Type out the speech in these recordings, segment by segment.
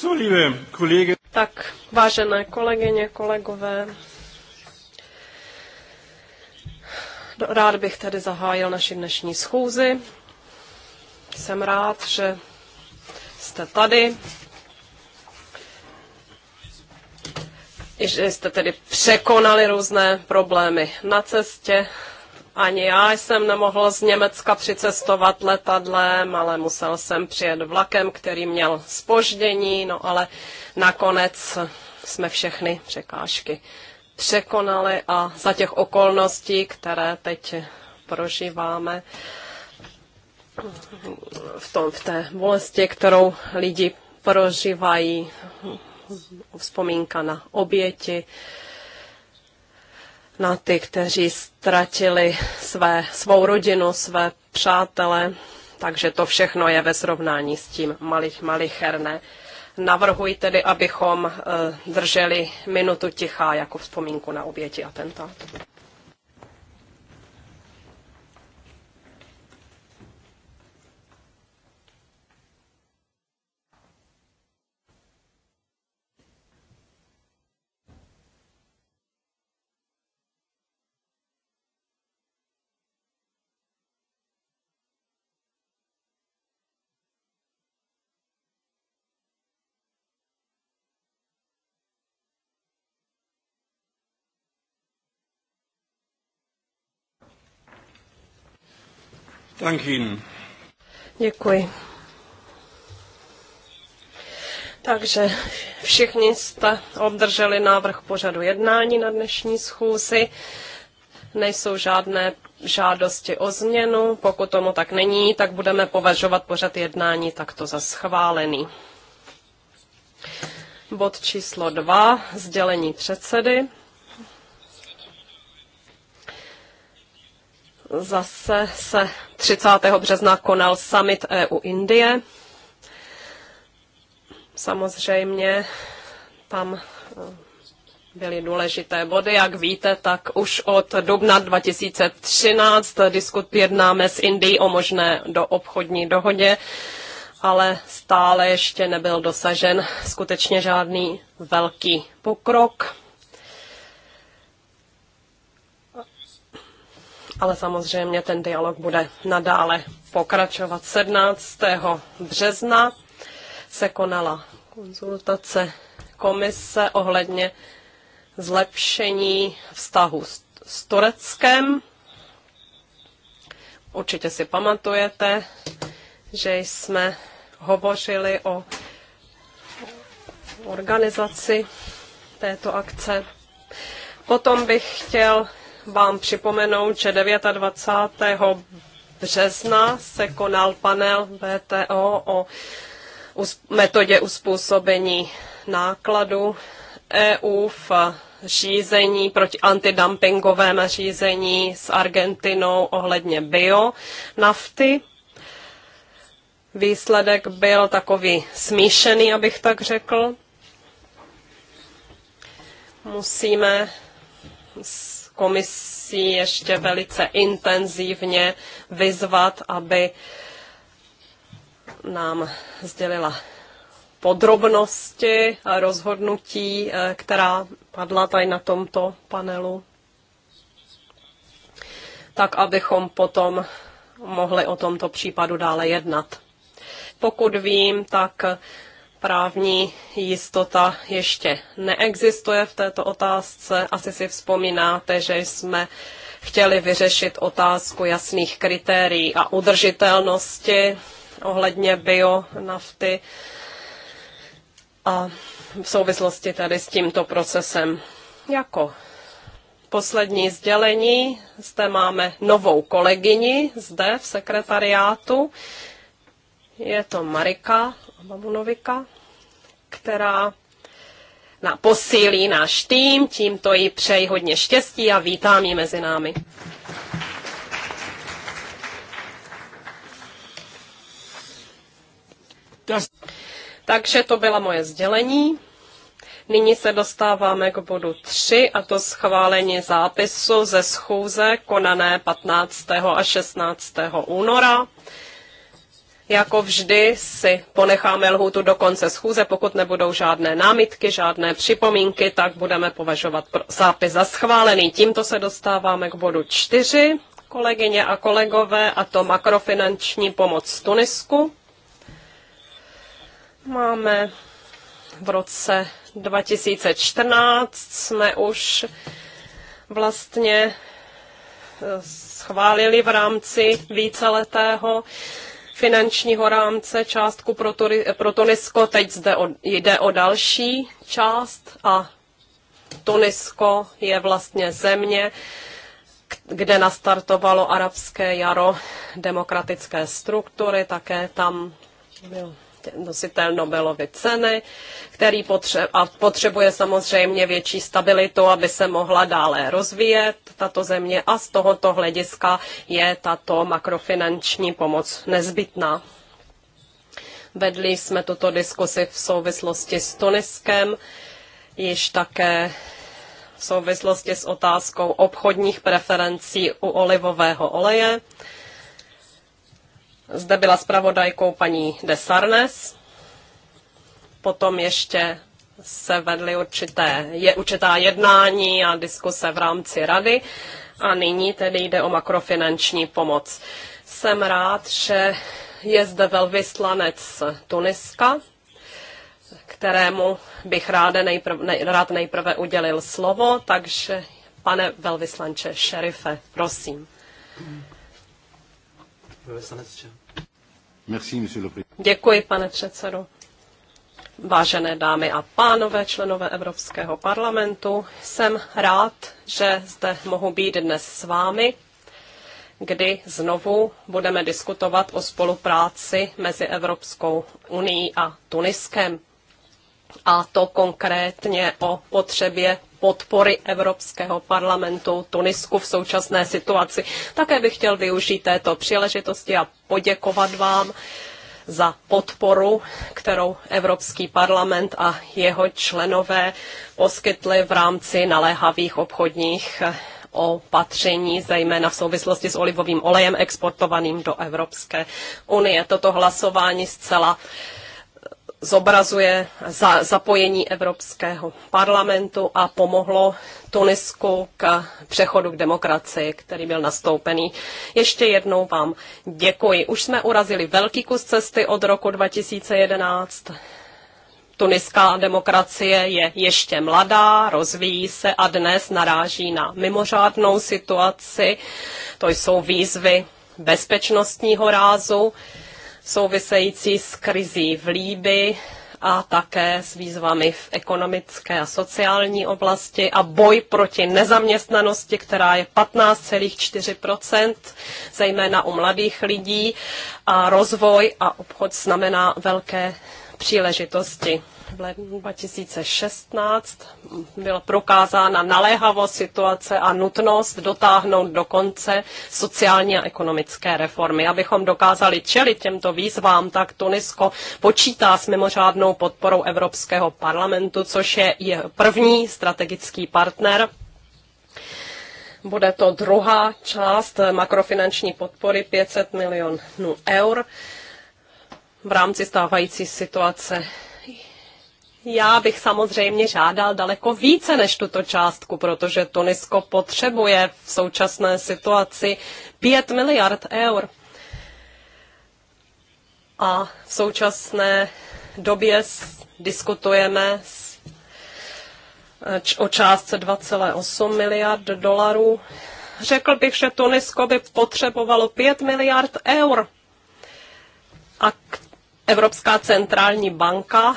So, liebe Kollege. Tak, vážené kolegyně, kolegové, rád bych tedy zahájil naši dnešní schůzi. Jsem rád, že jste tady. I že jste tedy překonali různé problémy na cestě. Ani já jsem nemohl z Německa přicestovat letadlem, ale musel jsem přijet vlakem, který měl spoždění, no ale nakonec jsme všechny překážky překonali a za těch okolností, které teď prožíváme v, tom, v té bolesti, kterou lidi prožívají, vzpomínka na oběti, na ty, kteří ztratili své, svou rodinu, své přátele, takže to všechno je ve srovnání s tím malých malicherné. Navrhuji tedy, abychom eh, drželi minutu tichá jako vzpomínku na oběti atentátu. Danke Děkuji. Takže všichni jste obdrželi návrh pořadu jednání na dnešní schůzi. Nejsou žádné žádosti o změnu. Pokud tomu tak není, tak budeme považovat pořad jednání takto za schválený. Bod číslo 2. Sdělení předsedy. Zase se 30. března konal summit EU-Indie. Samozřejmě tam eh, byly důležité body. Jak víte, tak už od dubna 2013 diskut jednáme s Indií o možné do obchodní dohodě, ale stále ještě nebyl dosažen skutečně žádný velký pokrok. ale samozřejmě ten dialog bude nadále pokračovat. 17. března se konala konzultace komise ohledně zlepšení vztahu s Tureckem. Určitě si pamatujete, že jsme hovořili o organizaci této akce. Potom bych chtěl vám připomenout, že 29. března se konal panel VTO o metodě uspůsobení nákladu EU v řízení proti antidumpingovém řízení s Argentinou ohledně bio nafty. Výsledek byl takový smíšený, abych tak řekl. Musíme komisí ještě velice intenzivně vyzvat, aby nám sdělila podrobnosti a rozhodnutí, eh, která padla tady na tomto panelu, tak abychom potom mohli o tomto případu dále jednat. Pokud vím, tak Právní jistota ještě neexistuje v této otázce. Asi si vzpomínáte, že jsme chtěli vyřešit otázku jasných kritérií a udržitelnosti ohledně bionafty a v souvislosti tady s tímto procesem. Jako poslední sdělení zde máme novou kolegyni zde v sekretariátu. Je to Marika Mamunovika, která na, posílí náš tým. Tímto jí přeji hodně štěstí a vítám ji mezi námi. Takže to byla moje sdělení. Nyní se dostáváme k bodu 3 a to schválení zápisu ze schůze konané 15. a 16. února. Jako vždy si ponecháme lhůtu do konce schůze, pokud nebudou žádné námitky, žádné připomínky, tak budeme považovat zápis za schválený. Tímto se dostáváme k bodu čtyři, kolegyně a kolegové, a to makrofinanční pomoc Tunisku. Máme v roce 2014 jsme už vlastně schválili v rámci víceletého finančního rámce částku pro, to pro Tunisko. Teď zde o, jde o další část a Tunisko je vlastně země, kde nastartovalo arabské jaro demokratické struktury, také tam byl nositel Nobelovy ceny, který potře- a potřebuje samozřejmě větší stabilitu, aby se mohla dále rozvíjet tato země a z tohoto hlediska je tato makrofinanční pomoc nezbytná. Vedli jsme tuto diskusi v souvislosti s Tuniskem, již také v souvislosti s otázkou obchodních preferencí u olivového oleje. Zde byla zpravodajkou paní Desarnes. Potom ještě se vedly určité, je určitá jednání a diskuse v rámci rady a nyní tedy jde o makrofinanční pomoc. Jsem rád, že je zde velvyslanec Tuniska, kterému bych ráde nejprve, nej, rád nejprve udělil slovo, takže pane velvyslanče šerife, prosím. Velvyslanec čeho? Děkuji, pane předsedo. Vážené dámy a pánové, členové Evropského parlamentu, jsem rád, že zde mohu být dnes s vámi, kdy znovu budeme diskutovat o spolupráci mezi Evropskou unii a Tuniskem. A to konkrétně o potřebě podpory Evropského parlamentu Tunisku v současné situaci. Také bych chtěl využít této příležitosti a poděkovat vám za podporu, kterou Evropský parlament a jeho členové poskytli v rámci naléhavých obchodních opatření, zejména v souvislosti s olivovým olejem exportovaným do Evropské unie. Toto hlasování zcela uh, zobrazuje za, zapojení Evropského parlamentu a pomohlo Tunisku k přechodu k demokracii, který byl nastoupený. Ještě jednou vám děkuji. Už jsme urazili velký kus cesty od roku 2011. Tuniská demokracie je ještě mladá, rozvíjí se a dnes naráží na mimořádnou situaci. To jsou výzvy bezpečnostního rázu související s krizí v Líby a také s výzvami v ekonomické a sociální oblasti a boj proti nezaměstnanosti, která je 15,4 zejména u mladých lidí. A rozvoj a obchod znamená velké příležitosti v lednu 2016 byla prokázána naléhavost situace a nutnost dotáhnout do konce sociální a ekonomické reformy. Abychom dokázali čelit těmto výzvám, tak Tunisko počítá s mimořádnou podporou Evropského parlamentu, což je první strategický partner bude to druhá část makrofinanční podpory 500 milionů eur v rámci stávající situace já bych samozřejmě žádal daleko více než tuto částku, protože Tunisko potřebuje v současné situaci 5 miliard eur. A v současné době diskutujeme o částce 2,8 miliard dolarů. Řekl bych, že Tunisko by potřebovalo 5 miliard eur. A Evropská centrální banka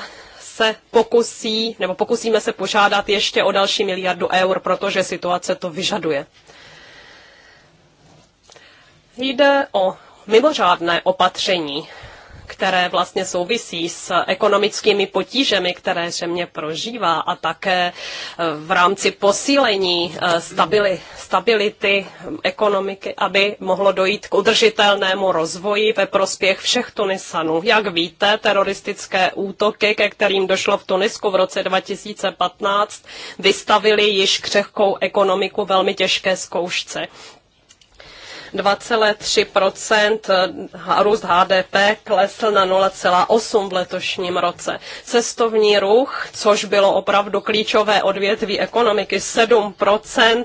se pokusí, nebo pokusíme se požádat ještě o další miliardu eur, protože situace to vyžaduje. Jde o mimořádné opatření, které vlastně souvisí s ekonomickými potížemi, které země prožívá a také eh, v rámci posílení eh, stabili, stability ekonomiky, aby mohlo dojít k udržitelnému rozvoji ve prospěch všech Tunisanů. Jak víte, teroristické útoky, ke kterým došlo v Tunisku v roce 2015, vystavili již křehkou ekonomiku velmi těžké zkoušce. 2,3 eh, růst HDP klesl na 0,8 v letošním roce. Cestovní ruch, což bylo opravdu klíčové odvětví ekonomiky, 7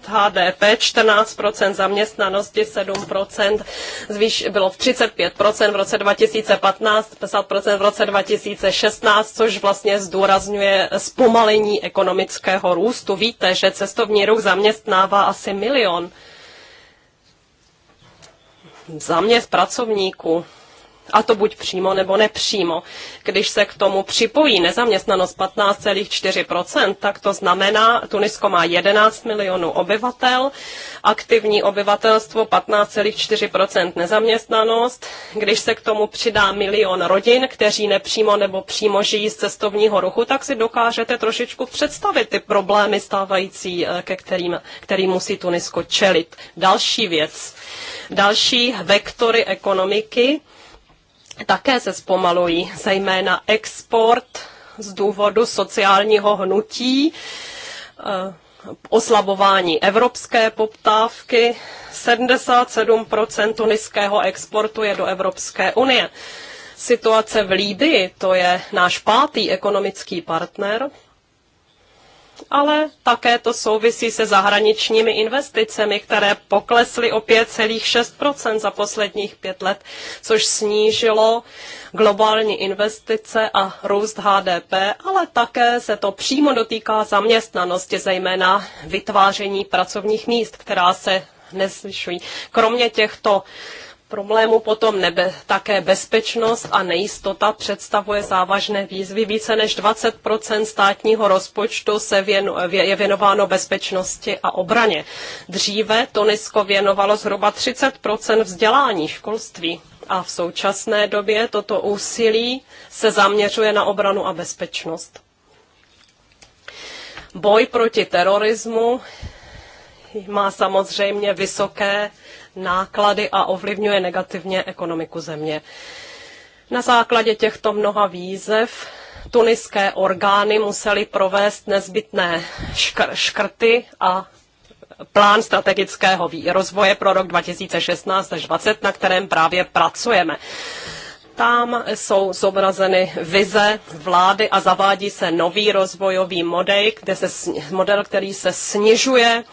HDP, 14 zaměstnanosti, 7 zvýš, bylo v 35 v roce 2015, 50 v roce 2016, což vlastně zdůrazňuje zpomalení ekonomického růstu. Víte, že cestovní ruch zaměstnává asi milion z pracovníků, a to buď přímo nebo nepřímo. Když se k tomu připojí nezaměstnanost 15,4%, tak to znamená, Tunisko má 11 milionů obyvatel, aktivní obyvatelstvo 15,4% nezaměstnanost. Když se k tomu přidá milion rodin, kteří nepřímo nebo přímo žijí z cestovního ruchu, tak si dokážete trošičku představit ty problémy stávající, eh, ke kterým, kterým musí Tunisko čelit. Další věc Další vektory ekonomiky také se zpomalují, zejména export z důvodu sociálního hnutí, eh, oslabování evropské poptávky, 77% tuniského exportu je do Evropské unie. Situace v Líbii, to je náš pátý ekonomický partner, ale také to souvisí se zahraničními investicemi, které poklesly o 5,6 za posledních pět let, což snížilo globální investice a růst HDP, ale také se to přímo dotýká zaměstnanosti, zejména vytváření pracovních míst, která se neslyšují. Kromě těchto problému potom nebe, také bezpečnost a nejistota představuje závažné výzvy. Více než 20 státního rozpočtu se věnu, vě, je věnováno bezpečnosti a obraně. Dříve Tunisko věnovalo zhruba 30 vzdělání školství a v současné době toto úsilí se zaměřuje na obranu a bezpečnost. Boj proti terorismu má samozřejmě vysoké náklady a ovlivňuje negativně ekonomiku země. Na základě těchto mnoha výzev tuniské orgány musely provést nezbytné škr- škrty a plán strategického rozvoje pro rok 2016 až 2020, na kterém právě pracujeme. Tam jsou zobrazeny vize vlády a zavádí se nový rozvojový model, kde se, model který se snižuje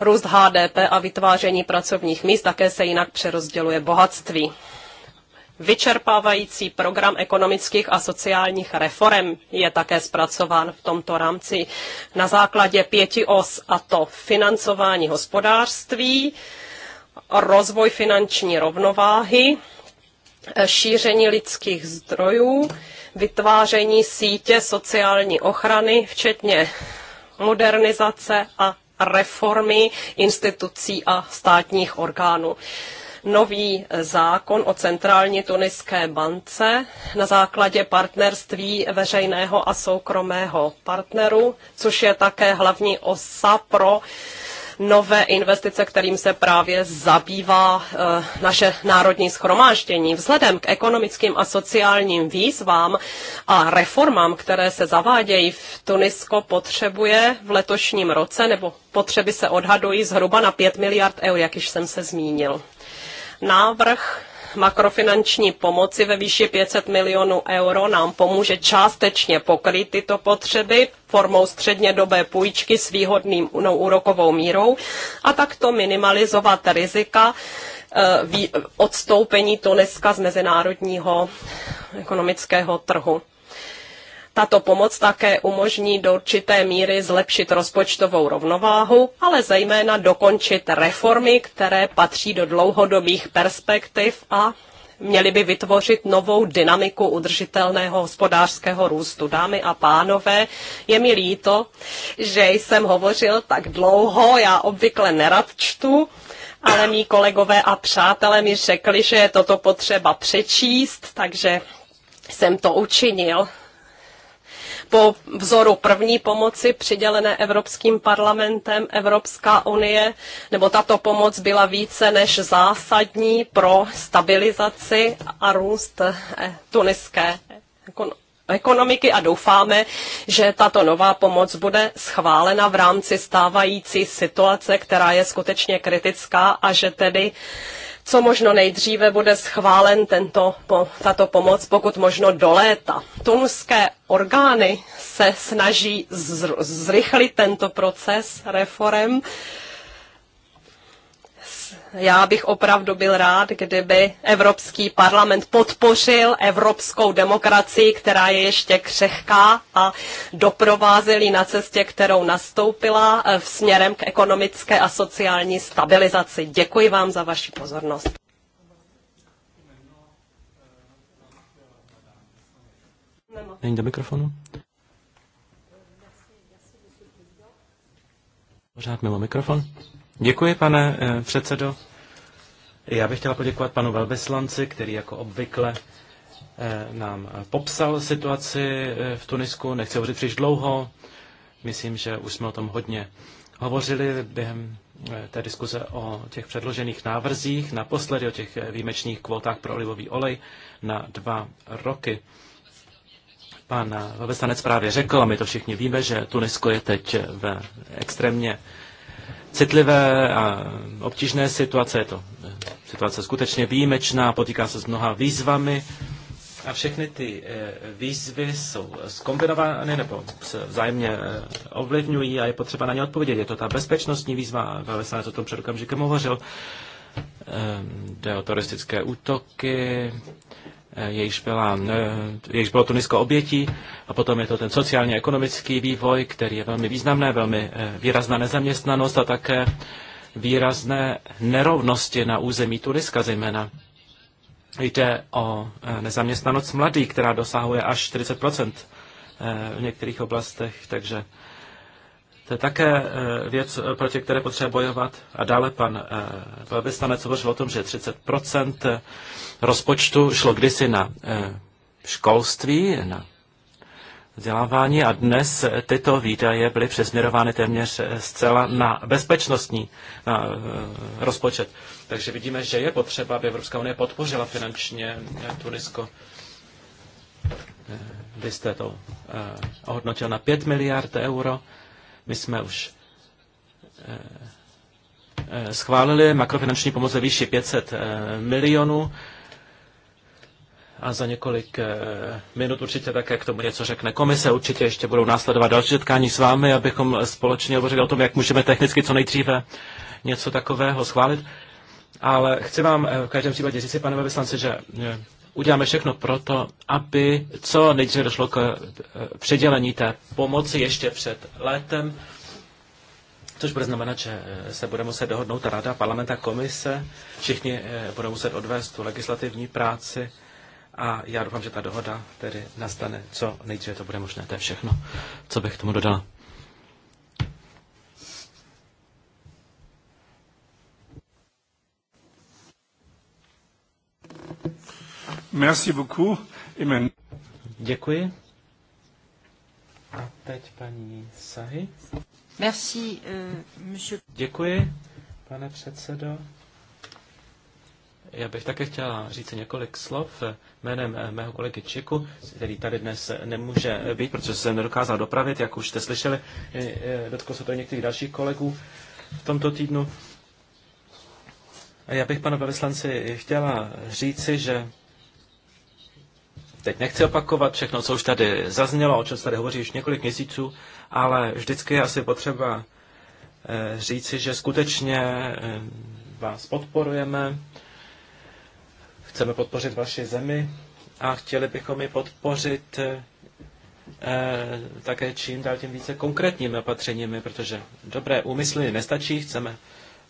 růst HDP a vytváření pracovních míst, také se jinak přerozděluje bohatství vyčerpávající program ekonomických a sociálních reform je také zpracován v tomto rámci na základě pěti os, a to financování hospodářství, rozvoj finanční rovnováhy, šíření lidských zdrojů, vytváření sítě sociální ochrany, včetně modernizace a reformy institucí a státních orgánů. Nový zákon o centrální tuniské bance na základě partnerství veřejného a soukromého partneru, což je také hlavní osa pro uh, nové investice, kterým se právě zabývá eh, naše národní schromáždění. Vzhledem k ekonomickým a sociálním výzvám a reformám, které se zavádějí v Tunisko, potřebuje v letošním roce, nebo potřeby se odhadují zhruba na 5 miliard eur, jak již jsem se zmínil. Návrh makrofinanční pomoci ve výši 500 milionů euro nám pomůže částečně pokrýt tyto potřeby formou střednědobé půjčky s výhodným no, úrokovou mírou a takto minimalizovat rizika eh, odstoupení Tuniska z mezinárodního ekonomického trhu. Tato pomoc také umožní do určité míry zlepšit rozpočtovou rovnováhu, ale zejména dokončit reformy, které patří do dlouhodobých perspektiv a měly by vytvořit novou dynamiku udržitelného hospodářského růstu. Dámy a pánové, je mi líto, že jsem hovořil tak dlouho, já obvykle nerad čtu, ale mý kolegové a přátelé mi řekli, že je toto potřeba přečíst, takže jsem to učinil po vzoru první pomoci přidělené Evropským parlamentem Evropská unie, nebo tato pomoc byla více než zásadní pro stabilizaci a růst eh, tuniské ekonomiky a doufáme, že tato nová pomoc bude schválena v rámci stávající situace, která je skutečně kritická a že tedy co možno nejdříve bude schválen tento, po, tato pomoc, pokud možno do léta. Tunuské orgány se snaží zrychlit tento proces reform já bych opravdu byl rád, kdyby Evropský parlament podpořil evropskou demokracii, která je ještě křehká a doprovázel ji na cestě, kterou nastoupila eh, v směrem k ekonomické a sociální stabilizaci. Děkuji vám za vaši pozornost. Není do mikrofonu? Pořád mimo mikrofon. Děkuji, pane eh, předsedo. Já bych chtěla poděkovat panu velvyslanci, který jako obvykle eh, nám eh, popsal situaci v Tunisku. Nechci hovořit příliš dlouho. Myslím, že už jsme o tom hodně hovořili během té diskuze o těch předložených návrzích, naposledy o těch výjimečných kvótách pro olivový olej na dva roky. Pan velvyslanec právě řekl, a my to všichni víme, že Tunisko je teď v extrémně citlivé a obtížné situace. Je to eh, situace skutečně výjimečná, potýká se s mnoha výzvami a všechny ty eh, výzvy jsou skombinovány nebo se vzájemně eh, ovlivňují a je potřeba na ně odpovědět. Je to ta bezpečnostní výzva, velvyslanec o tom před okamžikem hovořil, ehm, jde o teroristické útoky, Eh, jejichž, byla, eh, jejichž bylo Tunisko obětí. A potom je to ten sociálně ekonomický vývoj, který je velmi významný, velmi eh, výrazná nezaměstnanost a také výrazné nerovnosti na území Tuniska zejména. Jde o nezaměstnanost mladých, která dosahuje až 40 v některých oblastech, takže to je také věc, proti které potřeba bojovat. A dále pan velvyslanec hovořil o tom, že 30 rozpočtu šlo kdysi na eh, školství, na vzdělávání a dnes eh, tyto výdaje byly přesměrovány téměř eh, zcela na bezpečnostní na rozpočet. Takže vidíme, že je potřeba, aby Evropská unie podpořila finančně Tunisko. Vy jste to ohodnotil na 5 miliard euro. My jsme už schválili makrofinanční pomoc ve výši 500 milionů a za několik eh, minut určitě také k tomu něco řekne komise. Určitě ještě budou následovat další setkání s vámi, abychom společně hovořili o tom, jak můžeme technicky co nejdříve něco takového schválit. Ale chci vám eh, v každém případě říct, pane vyslanci, že eh, uděláme všechno proto, aby co nejdříve došlo k předělení té pomoci ještě před létem, což bude znamenat, že se bude muset dohodnout rada, parlament a komise. Všichni budou muset odvést tu legislativní práci a já doufám, že ta dohoda tedy nastane co nejdříve to bude možné. To je všechno, co bych k tomu dodal. Merci beaucoup. Amen. Děkuji. A teď paní Sahy. Merci, uh, monsieur. Děkuji, pane předsedo. Já bych také chtěla říct několik slov jménem mého kolegy Čeku, který tady dnes nemůže být, protože se nedokázal dopravit, jak už jste slyšeli. Dotklo se to i některých dalších kolegů v tomto týdnu. Já bych panu velvyslanci chtěla říci, že teď nechci opakovat všechno, co už tady zaznělo, o čem se tady hovoří už několik měsíců, ale vždycky je asi potřeba eh, říci, že skutečně eh, vás podporujeme Chceme podpořit vaši zemi a chtěli bychom ji podpořit eh, také čím dál tím více konkrétními opatřeními, protože dobré úmysly nestačí, chceme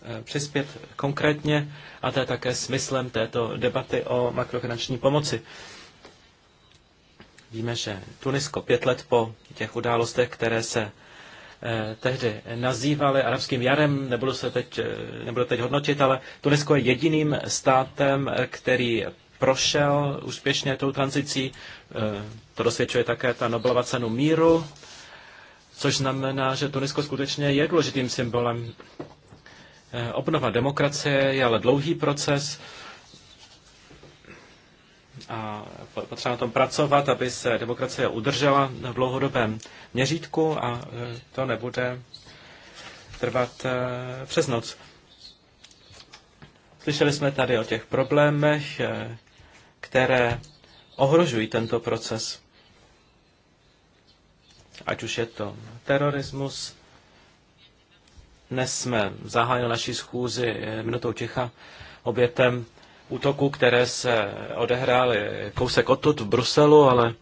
eh, přispět konkrétně a to je také smyslem této debaty o makrofinanční pomoci. Víme, že Tunisko pět let po těch událostech, které se Eh, tehdy nazývali arabským jarem, nebudu, se teď, eh, nebudu teď hodnotit, ale Tunisko je jediným státem, eh, který prošel úspěšně tou tranzicí. To dosvědčuje také ta Nobelova cenu míru, což znamená, že Tunisko skutečně je důležitým symbolem. Obnova demokracie je ale dlouhý proces a potřeba na tom pracovat, aby se demokracie udržela v dlouhodobém měřítku a e, to nebude trvat e, přes noc. Slyšeli jsme tady o těch problémech, e, které ohrožují tento proces. Ať už je to terorismus. Dnes jsme zahájili naši schůzi minutou ticha obětem útoků, které se odehrály kousek odtud v Bruselu, ale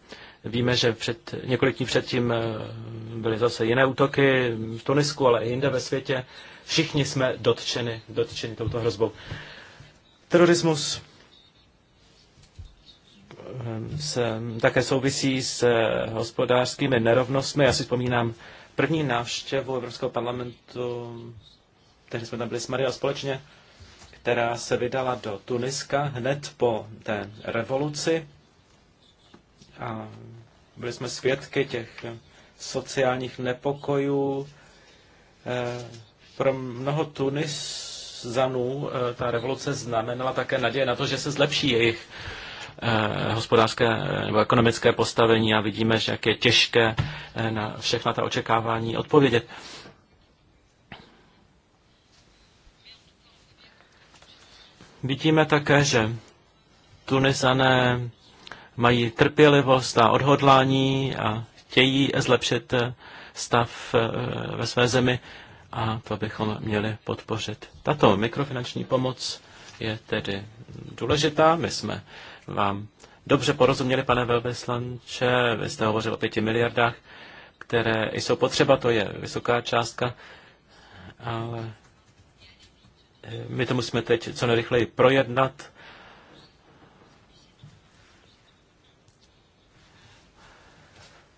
víme, že před, několik dní předtím eh, byly zase jiné útoky v Tunisku, ale i jinde ve světě. Všichni jsme dotčeni, dotčeni touto hrozbou. Terorismus eh, se také souvisí s eh, hospodářskými nerovnostmi. Já si vzpomínám první návštěvu Evropského parlamentu, tehdy jsme tam byli s Maria společně, která se vydala do Tuniska hned po té revoluci. A byli jsme svědky těch sociálních nepokojů. Eh, pro mnoho Tunisanů eh, ta revoluce znamenala také naděje na to, že se zlepší jejich eh, hospodářské nebo ekonomické postavení a vidíme, že jak je těžké na všechna ta očekávání odpovědět. Vidíme také, že Tunisané mají trpělivost a odhodlání a chtějí zlepšit eh, stav eh, ve své zemi a to bychom měli podpořit. Tato mikrofinanční pomoc je tedy důležitá. My jsme vám dobře porozuměli, pane velvyslanče. Vy jste hovořil o pěti miliardách, které jsou potřeba, to je vysoká částka, ale my to musíme teď co nejrychleji projednat.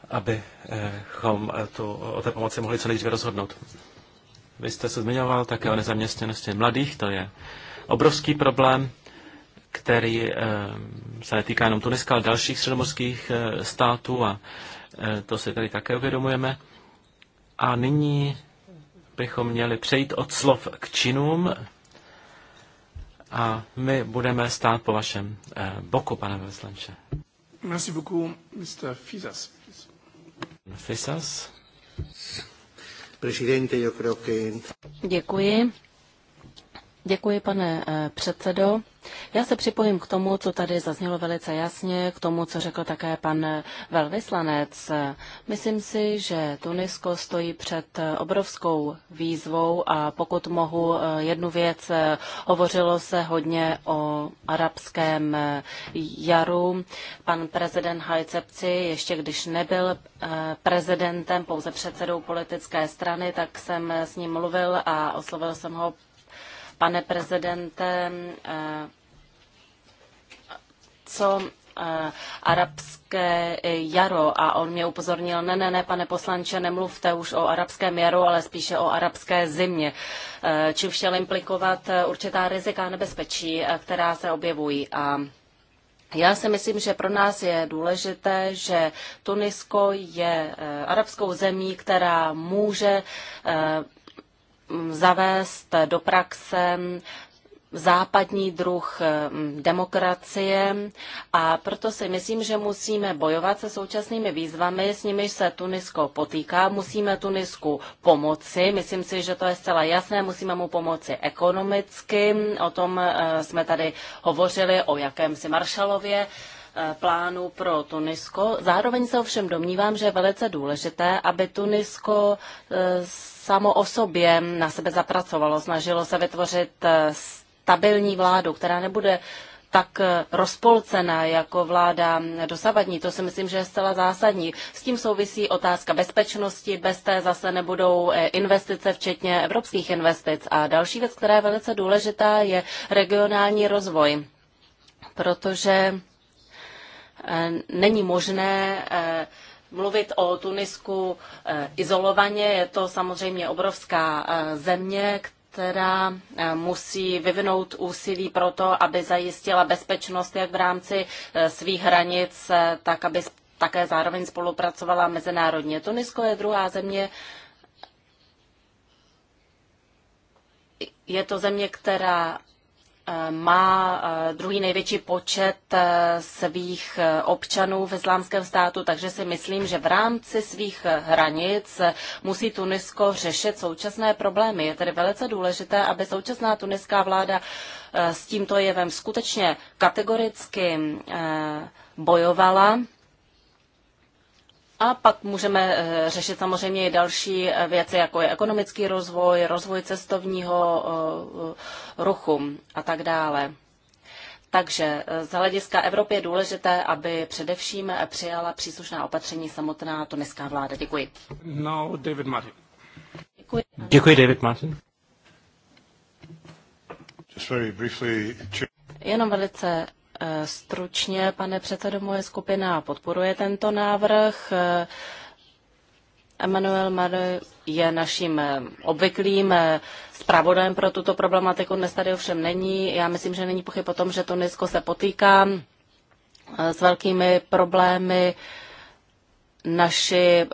abychom eh, to, o té pomoci mohli co nejdříve rozhodnout. Vy jste se zmiňoval také o nezaměstnanosti mladých, to je obrovský problém, který eh, se netýká jenom Tuniska, ale dalších středomorských eh, států a to si tady také uvědomujeme. A nyní bychom měli přejít od slov k činům a my budeme stát po vašem eh, boku, pane Veslenče. Merci beaucoup, Mr. Fisas. Fisas. Presidente, yo creo que... Děkuji. Děkuji, pane eh, předsedo. Já se připojím k tomu, co tady zaznělo velice jasně, k tomu, co řekl také pan eh, velvyslanec. Myslím si, že Tunisko stojí před eh, obrovskou výzvou a pokud mohu jednu věc, hovořilo se hodně o arabském jaru. Pan prezident Hajcepci, ještě když nebyl prezidentem, pouze předsedou politické strany, tak jsem s ním mluvil a oslovil jsem ho Pane prezidente, eh, co eh, arabské jaro a on mě upozornil, ne, ne, ne, pane poslanče, nemluvte už o arabském jaru, ale spíše o arabské zimě, eh, Či všel implikovat určitá rizika a nebezpečí, která se objevují. A já si myslím, že pro nás je důležité, že Tunisko je arabskou zemí, která může zavést do praxe západní druh eh, demokracie a proto si myslím, že musíme bojovat se současnými výzvami, s nimiž se Tunisko potýká. Musíme Tunisku pomoci, myslím si, že to je zcela jasné, musíme mu pomoci ekonomicky, o tom eh, jsme tady hovořili, o jakémsi Maršalově Eh, plánu pro Tunisko. Zároveň se ovšem domnívám, že je velice důležité, aby Tunisko eh, samo o sobě na sebe zapracovalo, snažilo se vytvořit eh, stabilní vládu, která nebude tak rozpolcená jako vláda dosavadní. To si myslím, že je zcela zásadní. S tím souvisí otázka bezpečnosti. Bez té zase nebudou investice, včetně evropských investic. A další věc, která je velice důležitá, je regionální rozvoj. Protože Eh, není možné eh, mluvit o Tunisku eh, izolovaně. Je to samozřejmě obrovská země, která musí vyvinout úsilí pro to, aby zajistila bezpečnost jak v rámci svých hranic, tak aby také zároveň spolupracovala mezinárodně. Tunisko je druhá země, je to země, která Eh, má eh, druhý největší počet eh, svých občanů v islámském státu, takže si myslím, že v rámci svých hranic musí Tunisko řešit současné problémy. Je tedy velice důležité, aby současná tuniská vláda s tímto jevem skutečně kategoricky bojovala a pak můžeme eh, řešit samozřejmě i další eh, věci, jako je ekonomický rozvoj, rozvoj cestovního eh, ruchu a tak dále. Takže z hlediska Evropy je důležité, aby především přijala příslušná opatření samotná tuniská vláda. Děkuji. No, David Martin. Děkuji. Děkuji, David Martin. Jenom velice Eh, stručně, pane předsedo, moje skupina podporuje tento návrh. Emmanuel eh, Mare je naším eh, obvyklým zpravodajem pro tuto problematiku. Dnes tady ovšem není. Já myslím, že není pochyb o tom, že Tunisko se potýká s velkými problémy. Naši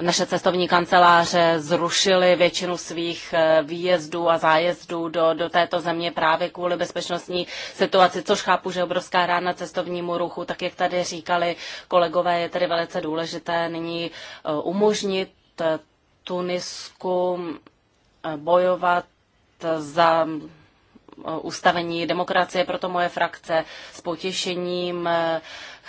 naše cestovní kanceláře zrušily většinu svých eh, výjezdů a zájezdů do, do této země právě kvůli bezpečnostní situaci, což chápu, že obrovská rána cestovnímu ruchu, tak jak tady říkali kolegové, je tedy velice důležité nyní eh, umožnit eh, Tunisku bojovat za ustavení demokracie, proto moje frakce s potěšením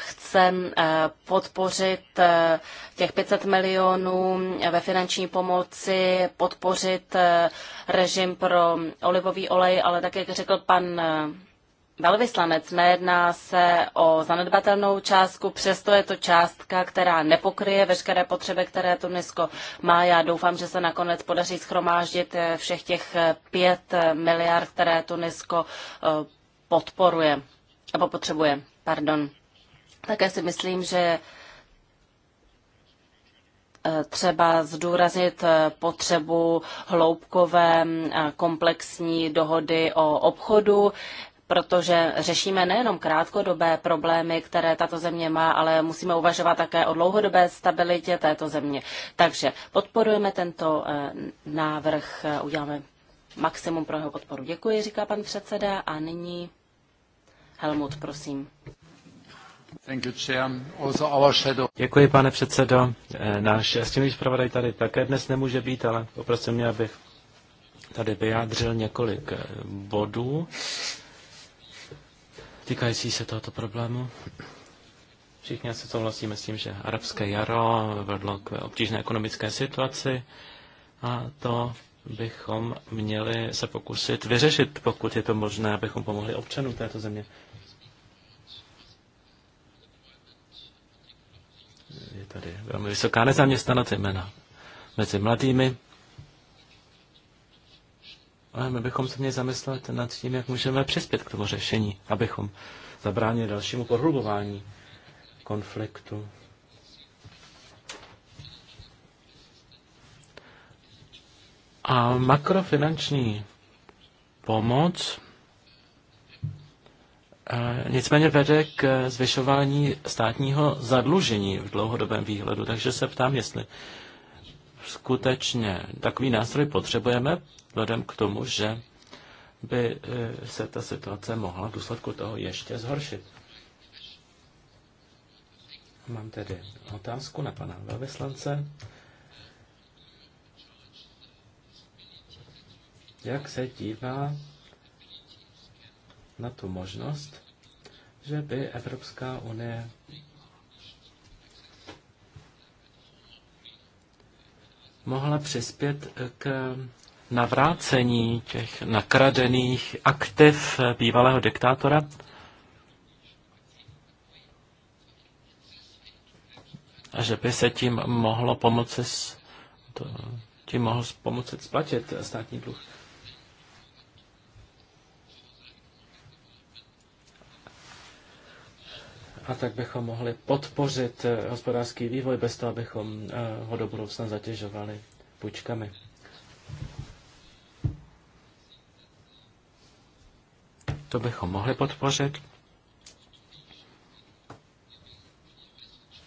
chce eh, podpořit eh, těch 500 milionů ve finanční pomoci, podpořit eh, režim pro olivový olej, ale tak, jak řekl pan velvyslanec, nejedná se o zanedbatelnou částku, přesto je to částka, která nepokryje veškeré potřeby, které Tunisko má. Já doufám, že se nakonec podaří schromáždit všech těch 5 miliard, které Tunisko podporuje, nebo potřebuje. Pardon. Také si myslím, že eh, třeba zdůraznit eh, potřebu hloubkové mm, komplexní dohody o obchodu, protože řešíme nejenom krátkodobé problémy, které tato země má, ale musíme uvažovat také o dlouhodobé stabilitě této země. Takže podporujeme tento eh, návrh, uděláme maximum pro jeho podporu. Děkuji, říká pan předseda. A nyní Helmut, prosím. Děkuji, pane předsedo. Eh, náš stínový zpravodaj tady také dnes nemůže být, ale poprosím mě, abych tady vyjádřil několik eh, bodů týkající se tohoto problému. Všichni se souhlasíme s tím, že arabské jaro vedlo k obtížné ekonomické situaci a to bychom měli se pokusit vyřešit, pokud je to možné, abychom pomohli občanům této země. tady velmi vysoká nezaměstnanost, jména mezi mladými. Ale my bychom se měli zamyslet nad tím, jak můžeme přispět k tomu řešení, abychom zabránili dalšímu prohlubování konfliktu. A makrofinanční pomoc nicméně vede k zvyšování státního zadlužení v dlouhodobém výhledu. Takže se ptám, jestli skutečně takový nástroj potřebujeme, vzhledem k tomu, že by eh, se ta situace mohla v důsledku toho ještě zhoršit. Mám tedy otázku na pana velvyslance. Jak se dívá na tu možnost, že by Evropská unie mohla přispět k navrácení těch nakradených aktiv bývalého diktátora. A že by se tím mohlo pomoci, tím mohl pomoci splatit státní dluh. A tak bychom mohli podpořit eh, hospodářský vývoj bez toho, abychom eh, ho do budoucna zatěžovali půjčkami. To bychom mohli podpořit.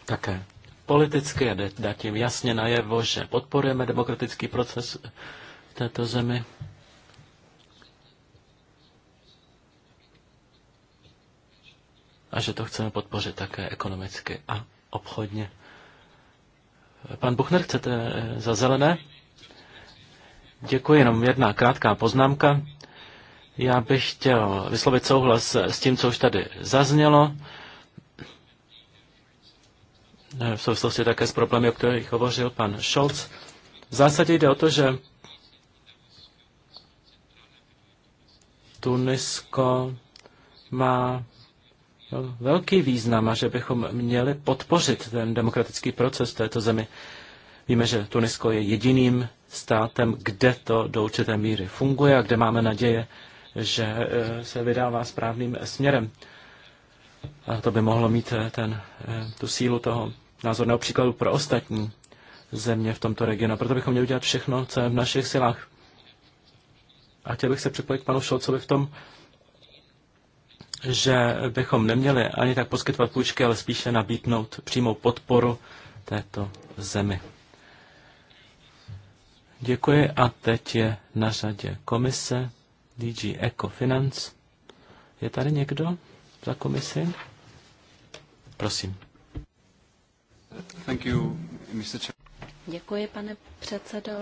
Také politicky a dát tím jasně najevo, že podporujeme demokratický proces v této zemi. a že to chceme podpořit také ekonomicky a obchodně. Pan Buchner, chcete eh, za zelené? Děkuji, jenom jedna krátká poznámka. Já bych chtěl vyslovit souhlas s tím, co už tady zaznělo. Eh, v souvislosti také s problémy, o kterých hovořil pan Scholz. V zásadě jde o to, že Tunisko má velký význam a že bychom měli podpořit ten demokratický proces v této zemi. Víme, že Tunisko je jediným státem, kde to do určité míry funguje a kde máme naděje, že eh, se vydává správným směrem. A to by mohlo mít eh, ten, eh, tu sílu toho názorného příkladu pro ostatní země v tomto regionu. Proto bychom měli udělat všechno, co je v našich silách. A chtěl bych se připojit k panu Šolcovi v tom, že bychom neměli ani tak poskytovat půjčky, ale spíše nabídnout přímou podporu této zemi. Děkuji a teď je na řadě komise DG Ecofinance. Je tady někdo za komisi? Prosím. Thank you, Mr. Děkuji, pane předsedo.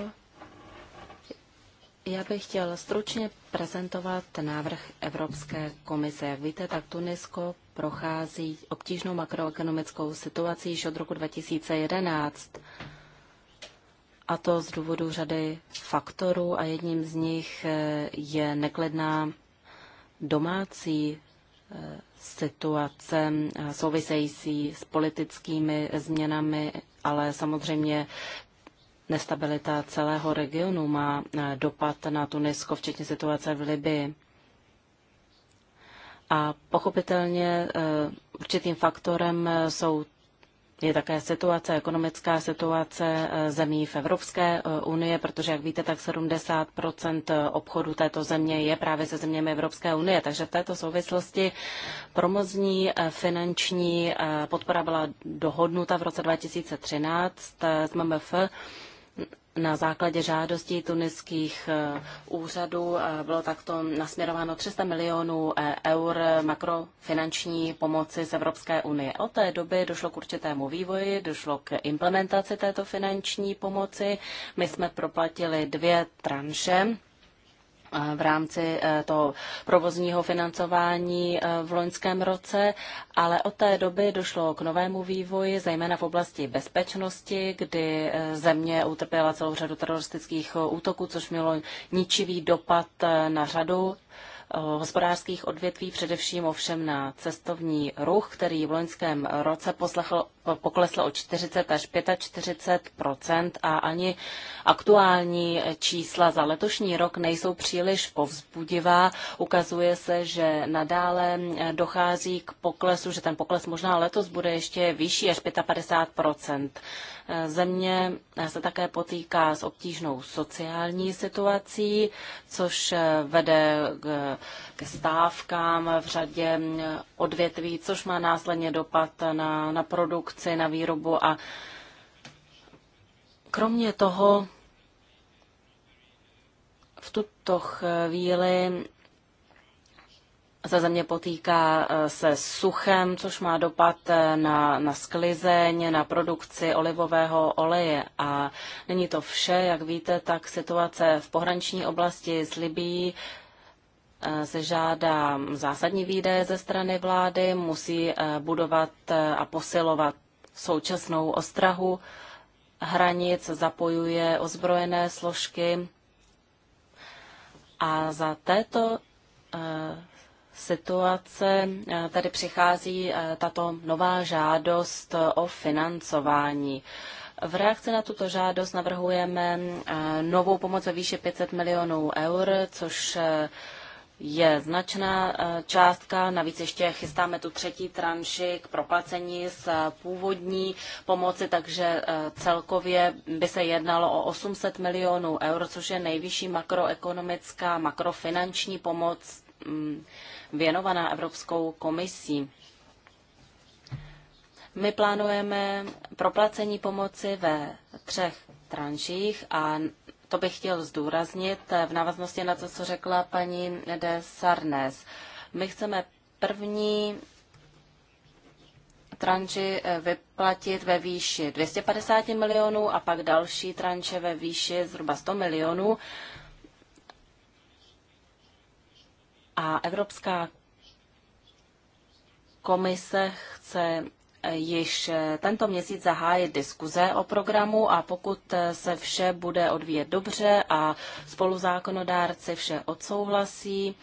Já bych chtěl stručně prezentovat návrh Evropské komise. Jak víte, tak Tunisko prochází obtížnou makroekonomickou situací již od roku 2011. A to z důvodu řady faktorů a jedním z nich eh, je neklidná domácí eh, situace eh, související s politickými změnami, ale samozřejmě Nestabilita celého regionu má eh, dopad na Tunisko, včetně situace v Libii. A pochopitelně eh, určitým faktorem eh, jsou je také situace, ekonomická situace zemí v Evropské unie, protože, jak víte, tak 70 obchodu této země je právě se zeměmi Evropské unie. Takže v této souvislosti promozní finanční podpora byla dohodnuta v roce 2013 s MMF na základě žádostí tuniských eh, úřadů eh, bylo takto nasměrováno 300 milionů eh, eur makrofinanční pomoci z Evropské unie. Od té doby došlo k určitému vývoji, došlo k implementaci této finanční pomoci. My jsme proplatili dvě tranše Eh, v rámci eh, toho provozního financování eh, v loňském roce, ale od té doby došlo k novému vývoji, zejména v oblasti bezpečnosti, kdy země utrpěla celou řadu teroristických útoků, což mělo ničivý dopad na řadu hospodářských odvětví, především ovšem na cestovní ruch, který v loňském roce poslechl poklesla o 40 až 45 a ani aktuální čísla za letošní rok nejsou příliš povzbudivá. Ukazuje se, že nadále eh, dochází k poklesu, že ten pokles možná letos bude ještě vyšší až 55 eh, Země eh, se také potýká s obtížnou sociální situací, což vede ke stávkám v řadě odvětví, což má následně dopad na, na produkci produkce, na výrobu a kromě toho v tuto chvíli se země potýká eh, se suchem, což má dopad eh, na, na sklizeň, na produkci olivového oleje. A není to vše, jak víte, tak situace v pohraniční oblasti s Libí eh, se žádá zásadní výdaje ze strany vlády, musí budovat a posilovat současnou ostrahu hranic, zapojuje ozbrojené složky a za této eh, situace eh, tady přichází eh, tato nová žádost o financování. V reakci na tuto žádost navrhujeme novou pomoc ve výši 500 milionů eur, což je značná eh, částka, navíc ještě chystáme tu třetí tranši k proplacení z eh, původní pomoci, takže eh, celkově by se jednalo o 800 milionů euro, což je nejvyšší makroekonomická, makrofinanční pomoc mm, věnovaná Evropskou komisí. My plánujeme proplacení pomoci ve třech tranších a to bych chtěl zdůraznit v návaznosti na to, co řekla paní de Sarnes. My chceme první tranži eh, vyplatit ve výši 250 milionů a pak další tranše ve výši zhruba 100 milionů. A Evropská komise chce již eh, tento měsíc zahájit diskuze o programu a pokud eh, se vše bude odvíjet dobře a spoluzákonodárci vše odsouhlasí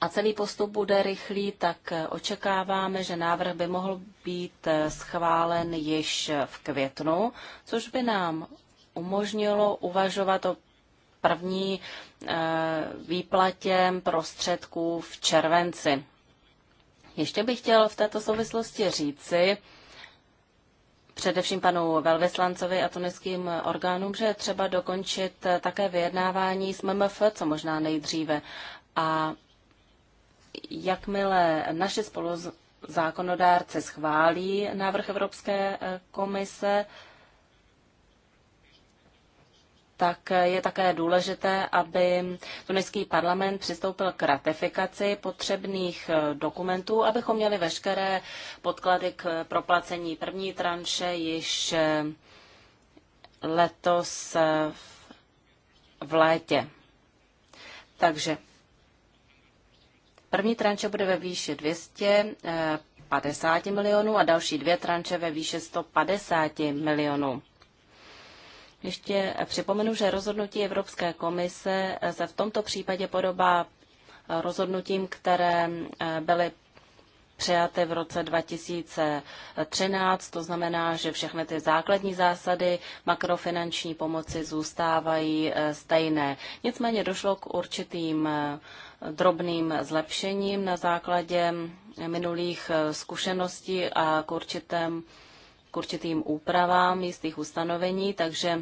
a celý postup bude rychlý, tak eh, očekáváme, že návrh by mohl být schválen již v květnu, což by nám umožnilo uvažovat o první výplatě prostředků v červenci. Ještě bych chtěl v této souvislosti říci, především panu velvyslancovi a tuneským orgánům, že je třeba dokončit také vyjednávání s MMF, co možná nejdříve. A jakmile naši spolu schválí návrh Evropské komise, tak je také důležité, aby tuniský parlament přistoupil k ratifikaci potřebných eh, dokumentů, abychom měli veškeré podklady k proplacení první tranše již eh, letos eh, v létě. Takže první tranše bude ve výši 250 milionů a další dvě tranše ve výši 150 milionů. Ještě připomenu, že rozhodnutí Evropské komise se v tomto případě podobá rozhodnutím, které eh, byly přijaty v roce 2013. To znamená, že všechny ty základní zásady makrofinanční pomoci zůstávají eh, stejné. Nicméně došlo k určitým eh, drobným zlepšením na základě minulých zkušeností a k určitém určitým úpravám jistých ustanovení, takže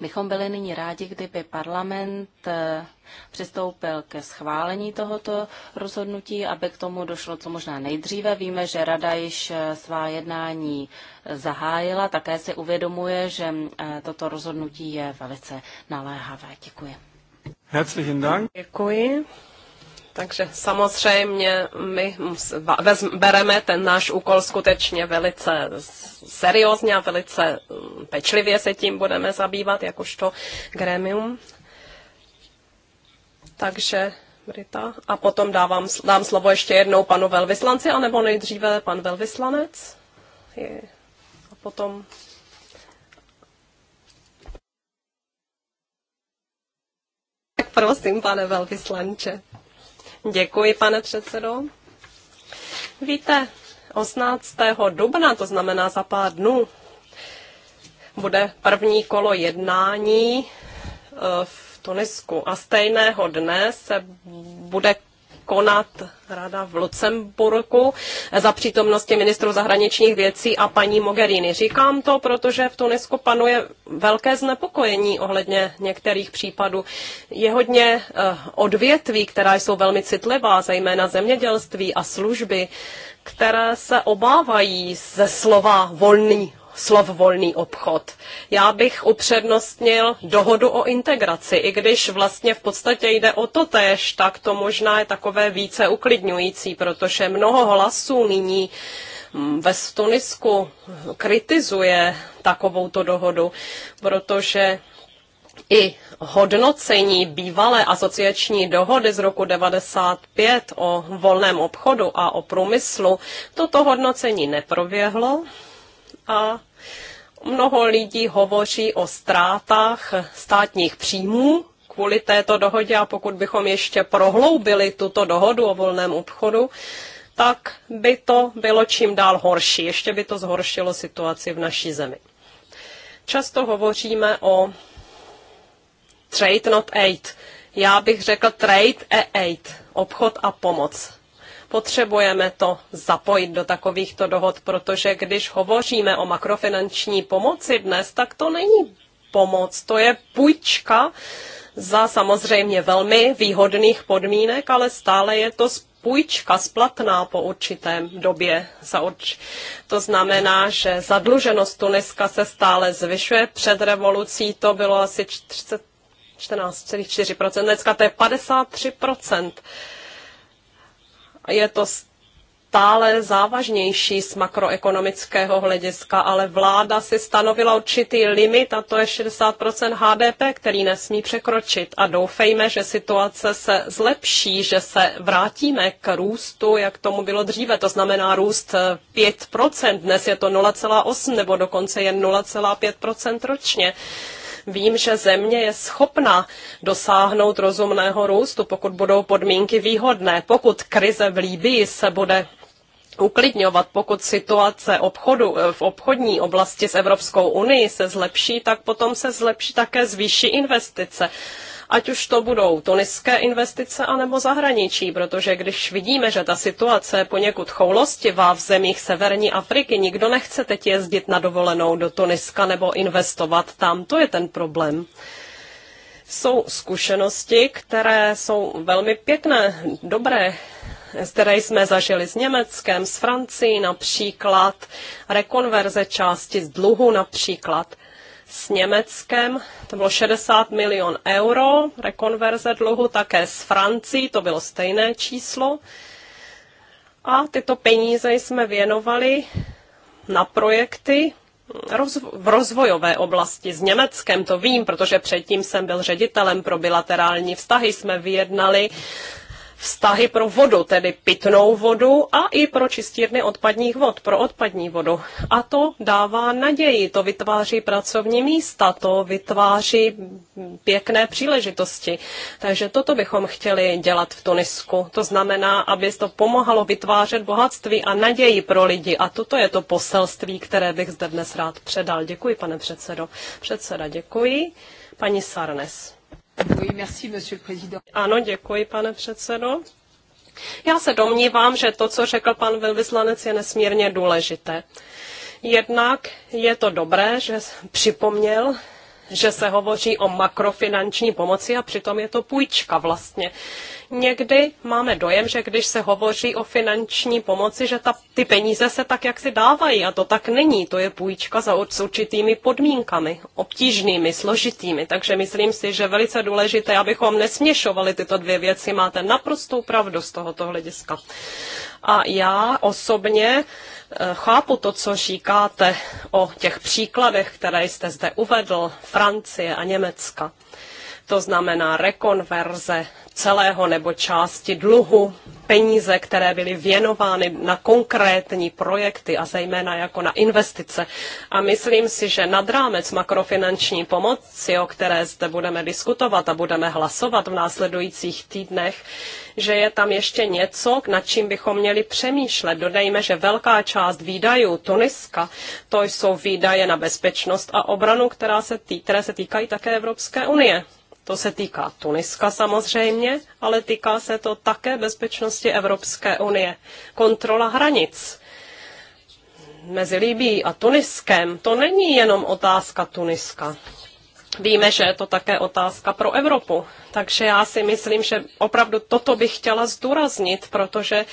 bychom byli nyní rádi, kdyby parlament eh, přistoupil ke schválení tohoto rozhodnutí, aby k tomu došlo co možná nejdříve. Víme, že Rada již eh, svá jednání zahájila, také si uvědomuje, že eh, toto rozhodnutí je velice naléhavé. Děkuji. Herzlichen Dank. Děkuji. Takže samozřejmě my bereme ten náš úkol skutečně velice seriózně a velice mm, pečlivě se tím budeme zabývat, jakožto gremium. Takže Brita. A potom dávám, dám slovo ještě jednou panu velvyslanci, anebo nejdříve pan velvyslanec. Je. A potom prosím, pane velvyslanče. Děkuji, pane předsedo. Víte, 18. dubna, to znamená za pár dnů, bude první kolo jednání eh, v Tunisku a stejného dne se bude konat rada v Lucemburku za přítomnosti ministru zahraničních věcí a paní Mogherini. Říkám to, protože v Tunisku panuje velké znepokojení ohledně některých případů. Je hodně eh, odvětví, která jsou velmi citlivá, zejména zemědělství a služby, které se obávají ze slova volný slov volný obchod. Já bych upřednostnil dohodu o integraci, i když vlastně v podstatě jde o to tež, tak to možná je takové více uklidňující, protože mnoho hlasů nyní mm, ve Tunisku kritizuje takovouto dohodu, protože i hodnocení bývalé asociační dohody z roku 95 o volném obchodu a o průmyslu toto hodnocení neproběhlo a mnoho lidí hovoří o ztrátách státních příjmů kvůli této dohodě a pokud bychom ještě prohloubili tuto dohodu o volném obchodu, tak by to bylo čím dál horší. Ještě by to zhoršilo situaci v naší zemi. Často hovoříme o trade not aid. Já bych řekl trade a aid, obchod a pomoc. Potřebujeme to zapojit do takovýchto dohod, protože když hovoříme o makrofinanční pomoci dnes, tak to není pomoc, to je půjčka za samozřejmě velmi výhodných podmínek, ale stále je to půjčka splatná po určitém době. Za urč... To znamená, že zadluženost Tuniska se stále zvyšuje. Před revolucí to bylo asi 14,4%, dneska to je 53% je to stále závažnější z makroekonomického hlediska, ale vláda si stanovila určitý limit a to je 60 HDP, který nesmí překročit. A doufejme, že situace se zlepší, že se vrátíme k růstu, jak tomu bylo dříve. To znamená růst 5 dnes je to 0,8 nebo dokonce jen 0,5 ročně vím, že země je schopna dosáhnout rozumného růstu, pokud budou podmínky výhodné. Pokud krize v Líbii se bude uklidňovat, pokud situace obchodu, eh, v obchodní oblasti s Evropskou unii se zlepší, tak potom se zlepší také zvýší investice ať už to budou tuniské investice anebo zahraničí, protože když vidíme, že ta situace je poněkud choulostivá v zemích severní Afriky, nikdo nechce teď jezdit na dovolenou do Tuniska nebo investovat tam, to je ten problém jsou zkušenosti, které jsou velmi pěkné, dobré, které jsme zažili s Německem, s Francií například, rekonverze části z dluhu například s Německem, to bylo 60 milion euro, rekonverze dluhu také s Francií, to bylo stejné číslo. A tyto peníze jsme věnovali na projekty v rozvojové oblasti. S Německem to vím, protože předtím jsem byl ředitelem pro bilaterální vztahy. Jsme vyjednali vztahy pro vodu, tedy pitnou vodu a i pro čistírny odpadních vod, pro odpadní vodu. A to dává naději, to vytváří pracovní místa, to vytváří pěkné příležitosti. Takže toto bychom chtěli dělat v Tunisku. To znamená, aby to pomohlo vytvářet bohatství a naději pro lidi. A toto je to poselství, které bych zde dnes rád předal. Děkuji, pane předsedo. Předseda, děkuji. Paní Sarnes. Ano, děkuji, pane předsedo. Já se domnívám, že to, co řekl pan velvyslanec, je nesmírně důležité. Jednak je to dobré, že připomněl že se hovoří o makrofinanční pomoci a přitom je to půjčka vlastně. Někdy máme dojem, že když se hovoří o finanční pomoci, že ta, ty peníze se tak jak si dávají a to tak není. To je půjčka za, s určitými podmínkami, obtížnými, složitými. Takže myslím si, že velice důležité, abychom nesměšovali tyto dvě věci. Máte naprostou pravdu z tohoto hlediska. A já osobně Eh, chápu to, co říkáte o těch příkladech, které jste zde uvedl, Francie a Německa. To znamená rekonverze celého nebo části dluhu, peníze, které byly věnovány na konkrétní projekty a zejména jako na investice. A myslím si, že nad rámec makrofinanční pomoci, o které zde budeme diskutovat a budeme hlasovat v následujících týdnech, že je tam ještě něco, nad čím bychom měli přemýšlet. Dodejme, že velká část výdajů Tuniska, to jsou výdaje na bezpečnost a obranu, která se tý, které se týkají také Evropské unie. To se týká Tuniska samozřejmě, ale týká se to také bezpečnosti Evropské unie. Kontrola hranic mezi Libí a Tuniskem, to není jenom otázka Tuniska. Víme, že je to také otázka pro Evropu. Takže já si myslím, že opravdu toto bych chtěla zdůraznit, protože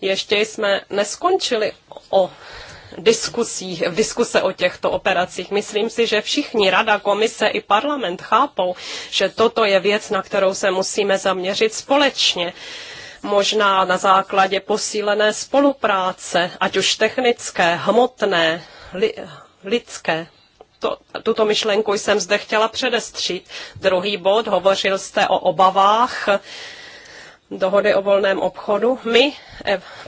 ještě jsme neskončili o diskusích, v diskuse o těchto operacích. Myslím si, že všichni, Rada, Komise i parlament chápou, že toto je věc, na kterou se musíme zaměřit společně možná na základě posílené spolupráce, ať už technické, hmotné, li, lidské. To, tuto myšlenku jsem zde chtěla předestřít. Druhý bod, hovořil jste o obavách dohody o volném obchodu. My,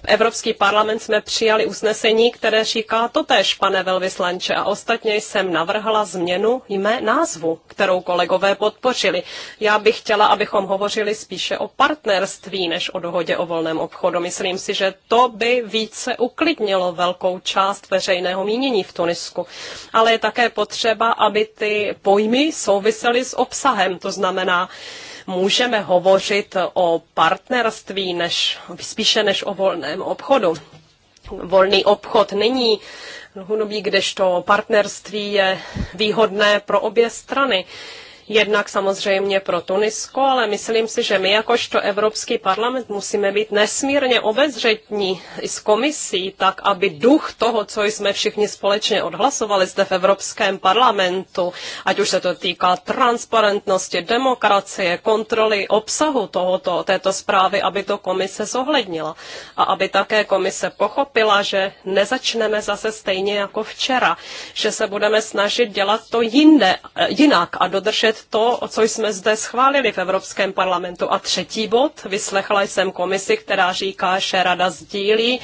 Evropský parlament, jsme přijali usnesení, které říká totéž, pane velvyslanče, a ostatně jsem navrhla změnu jmé názvu, kterou kolegové podpořili. Já bych chtěla, abychom hovořili spíše o partnerství, než o dohodě o volném obchodu. Myslím si, že to by více uklidnilo velkou část veřejného mínění v Tunisku. Ale je také potřeba, aby ty pojmy souvisely s obsahem, to znamená, můžeme hovořit o partnerství než, spíše než o volném obchodu. Volný obchod není dlouhodobý, kdežto partnerství je výhodné pro obě strany. Uh, Jednak samozřejmě pro Tunisko, ale myslím si, že my jakožto Evropský parlament musíme být nesmírně obezřetní i s komisí, tak aby duch toho, co jsme všichni společně odhlasovali zde v Evropském parlamentu, ať už se to týká transparentnosti, demokracie, kontroly obsahu tohoto, této zprávy, aby to komise zohlednila. A aby také komise pochopila, že nezačneme zase stejně jako včera, že se budeme snažit dělat to jinde, jinak a dodržet plnit to, co jsme zde schválili v Evropském parlamentu. A třetí bod, vyslechla jsem komisi, která říká, že rada sdílí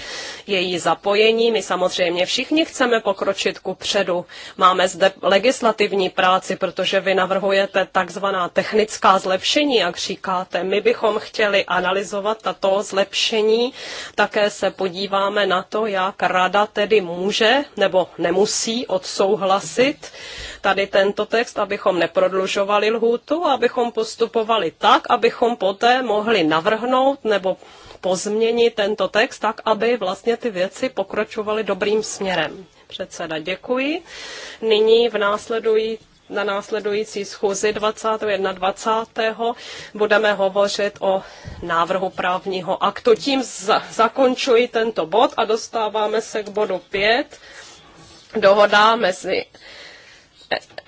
její zapojení. My samozřejmě všichni chceme pokročit ku předu. Máme zde legislativní práci, protože vy navrhujete takzvaná technická zlepšení, jak říkáte. My bychom chtěli analyzovat tato zlepšení. Také se podíváme na to, jak rada tedy může nebo nemusí odsouhlasit tady tento text, abychom neprodlužovali lhůtu, abychom postupovali tak, abychom poté mohli navrhnout nebo pozměnit tento text tak, aby vlastně ty věci pokračovaly dobrým směrem. Předseda, děkuji. Nyní v následují na následující schůzi 21. 20. budeme hovořit o návrhu právního aktu. Tím za- zakončuji tento bod a dostáváme se k bodu 5. Dohoda mezi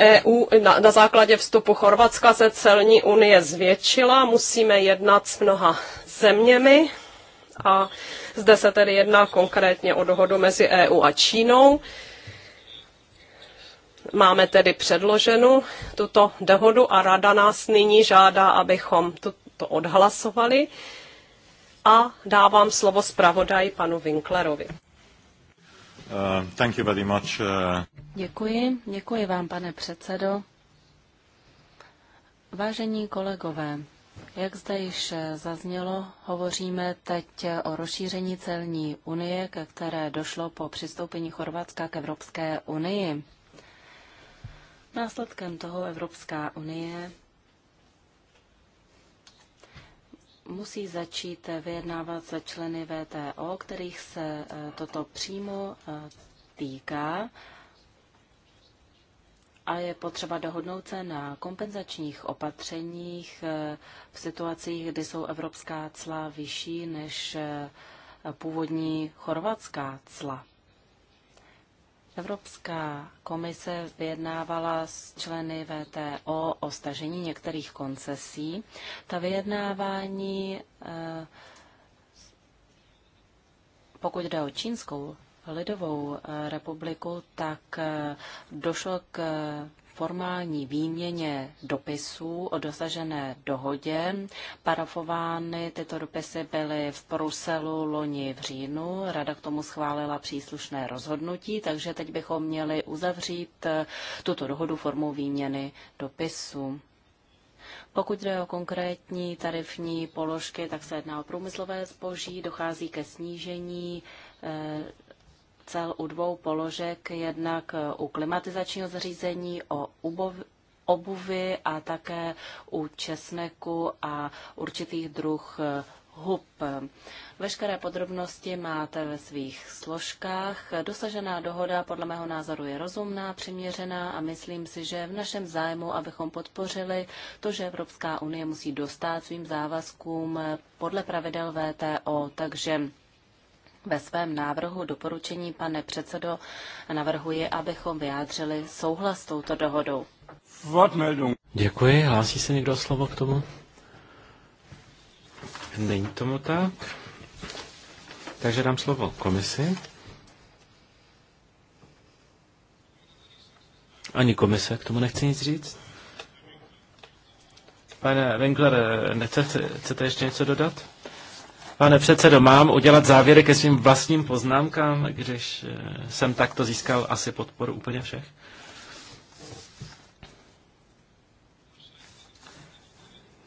EU na, na základě vstupu Chorvatska se celní unie zvětšila, musíme jednat s mnoha zeměmi a zde se tedy jedná konkrétně o dohodu mezi EU a Čínou. Máme tedy předloženu tuto dohodu a rada nás nyní žádá, abychom to, to odhlasovali. A dávám slovo zpravodaji panu Winklerovi. Uh, thank you very much. Uh, děkuji, děkuji vám, pane předsedo. Vážení kolegové, jak zde již zaznělo, hovoříme teď o rozšíření celní unie, ke které došlo po přistoupení Chorvatska k Evropské unii. Následkem toho Evropská unie musí začít vyjednávat se členy VTO, kterých se eh, toto přímo eh, týká a je potřeba dohodnout se na kompenzačních opatřeních eh, v situacích, kdy jsou evropská cla vyšší než původní chorvatská cla. Evropská komise vyjednávala s členy VTO o stažení některých koncesí. Ta vyjednávání, eh, pokud jde o Čínskou lidovou eh, republiku, tak eh, došlo k formální výměně dopisů o dosažené dohodě. Parafovány tyto dopisy byly v Bruselu loni v říjnu. Rada k tomu schválila příslušné rozhodnutí, takže teď bychom měli uzavřít eh, tuto dohodu formou výměny dopisů. Pokud jde o konkrétní tarifní položky, tak se jedná o průmyslové zboží, dochází ke snížení eh, cel u dvou položek, jednak u klimatizačního zařízení, o ubov, obuvy a také u česneku a určitých druh eh, hub. Veškeré podrobnosti máte ve svých složkách. Dosažená dohoda podle mého názoru je rozumná, přiměřená a myslím si, že v našem zájmu, abychom podpořili to, že Evropská unie musí dostat svým závazkům podle pravidel VTO. Takže ve svém návrhu doporučení, pane předsedo, navrhuji, abychom vyjádřili souhlas s touto dohodou. Děkuji. Hlásí se někdo slovo k tomu? Není tomu tak. Takže dám slovo komisi. Ani komise k tomu nechce nic říct. Pane Winkler, nechcete chcete ještě něco dodat? Pane předsedo, mám udělat závěry ke svým vlastním poznámkám, když eh, jsem takto získal asi podporu úplně všech?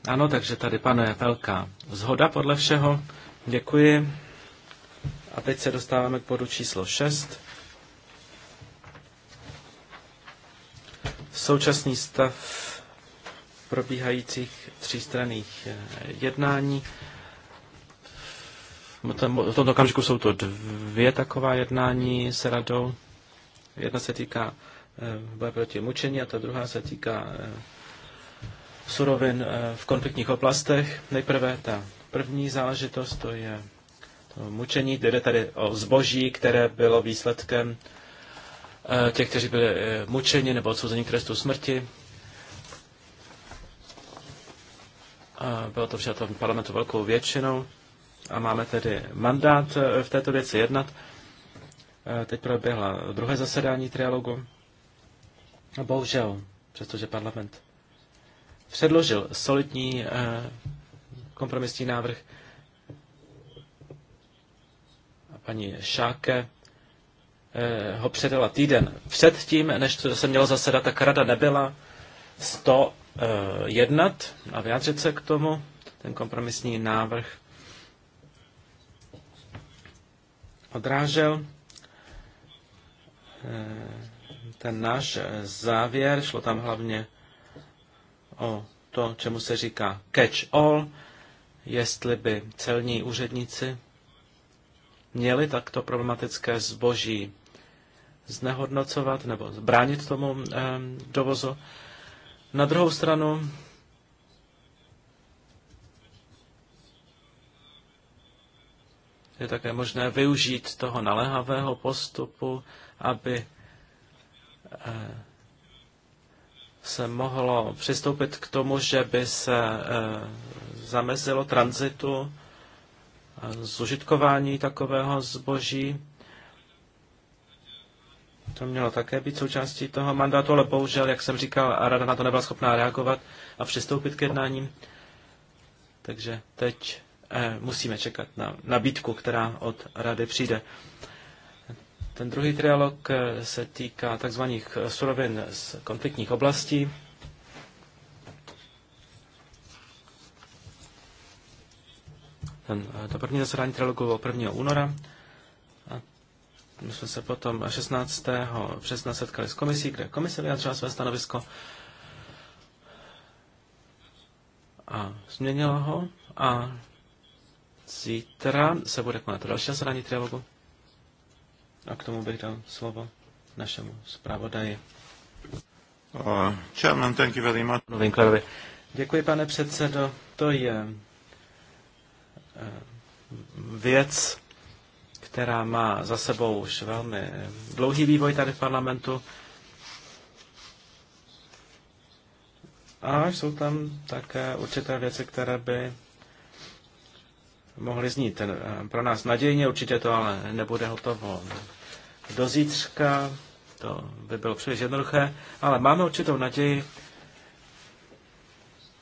Ano, takže tady panuje velká zhoda podle všeho. Děkuji. A teď se dostáváme k bodu číslo 6. Současný stav probíhajících třístranných eh, jednání. V tomto okamžiku jsou to dvě taková jednání s radou. Jedna se týká eh, boje proti mučení a ta druhá se týká eh, surovin eh, v konfliktních oblastech. Nejprve ta první záležitost, to je to mučení, jde tady o zboží, které bylo výsledkem těch, kteří byli mučeni nebo odsouzeni k trestu smrti. Bylo to všechno v parlamentu velkou většinou a máme tedy mandát eh, v této věci jednat. Eh, teď proběhla druhé zasedání trialogu. A bohužel, přestože parlament předložil solidní eh, kompromisní návrh, a paní Šáke ho předala týden předtím, než se mělo zasedat, tak rada nebyla z to jednat a vyjádřit se k tomu. Ten kompromisní návrh odrážel eh, ten náš eh, závěr. Šlo tam hlavně o to, čemu se říká catch-all, jestli by celní úředníci měli takto problematické zboží znehodnocovat nebo bránit tomu eh, dovozu. Na druhou stranu je také možné využít toho naléhavého postupu, aby eh, se mohlo přistoupit k tomu, že by se eh, zamezilo tranzitu eh, zužitkování takového zboží. To mělo také být součástí toho mandátu, ale bohužel, jak jsem říkal, rada na to nebyla schopná reagovat a přistoupit k jednáním. Takže teď Eh, musíme čekat na nabídku, která od rady přijde. Ten druhý trialog eh, se týká tzv. Eh, surovin z konfliktních oblastí. Ten, to první zasedání trialogu bylo 1. února. A my jsme se potom 16. března setkali s komisí, kde komise vyjádřila své stanovisko a změnila ho. A Zítra se bude konat další zasedání trialogu a k tomu bych dal slovo našemu zpravodaji. Uh, chairman, thank you very much. Winklerovi. Děkuji, pane předsedo. To je uh, věc, která má za sebou už velmi dlouhý vývoj tady v parlamentu. A jsou tam také určité věci, které by mohly znít eh, pro nás nadějně, určitě to ale nebude hotovo do zítřka, to by bylo příliš jednoduché, ale máme určitou naději,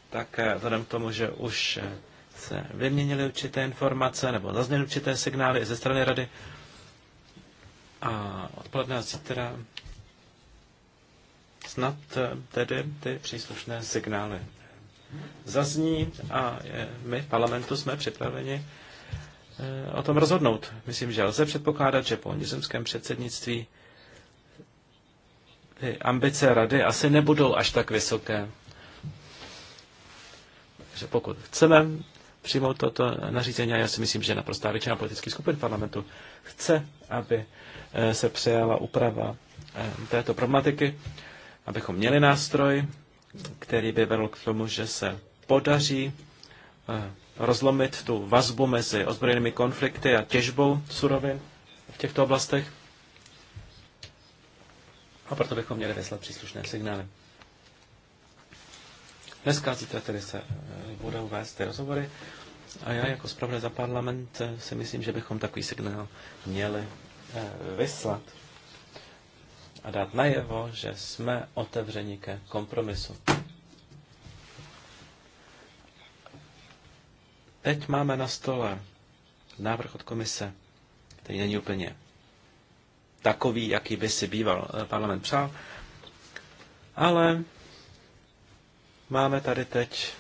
tak eh, vzhledem k tomu, že už eh, se vyměnily určité informace nebo zazněly určité signály ze strany rady a odpoledne a zítra snad tedy ty příslušné signály zazní a eh, my v parlamentu jsme připraveni eh, o tom rozhodnout. Myslím, že lze předpokládat, že po nizozemském předsednictví ty ambice rady asi nebudou až tak vysoké. Takže pokud chceme přijmout toto nařízení, a já si myslím, že naprostá většina politických skupin parlamentu chce, aby eh, se přijala úprava této problematiky, abychom měli nástroj, který by vedl k tomu, že se podaří eh, rozlomit tu vazbu mezi ozbrojenými konflikty a těžbou surovin v těchto oblastech. A proto bychom měli vyslat příslušné signály. Dneska zítra tedy se eh, budou vést ty rozhovory a já jako zpravodaj za parlament eh, si myslím, že bychom takový signál měli vyslat a dát najevo, že jsme otevřeni ke kompromisu. Teď máme na stole návrh od komise, který není úplně takový, jaký by si býval eh, parlament přál, ale máme tady teď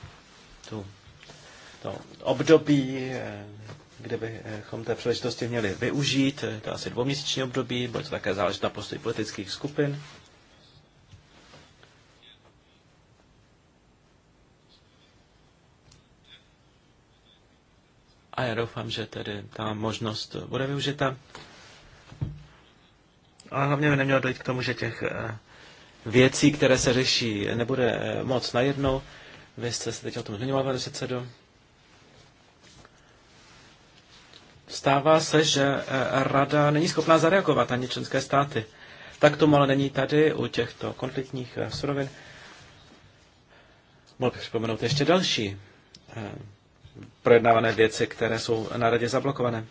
tu, to období eh, kde bychom té příležitosti měli využít, to asi dvouměsíční období, bude to také záležet na postoji politických skupin. A já doufám, že tedy ta možnost bude využita. A hlavně by nemělo dojít k tomu, že těch eh, věcí, které se řeší, nebude eh, moc najednou. Vy jste se teď o tom zmiňoval, pane předsedo. stává se, že eh, rada není schopná zareagovat ani členské státy. Tak tomu ale není tady u těchto konfliktních eh, surovin. Mohl bych připomenout ještě další eh, projednávané věci, které jsou na radě zablokované.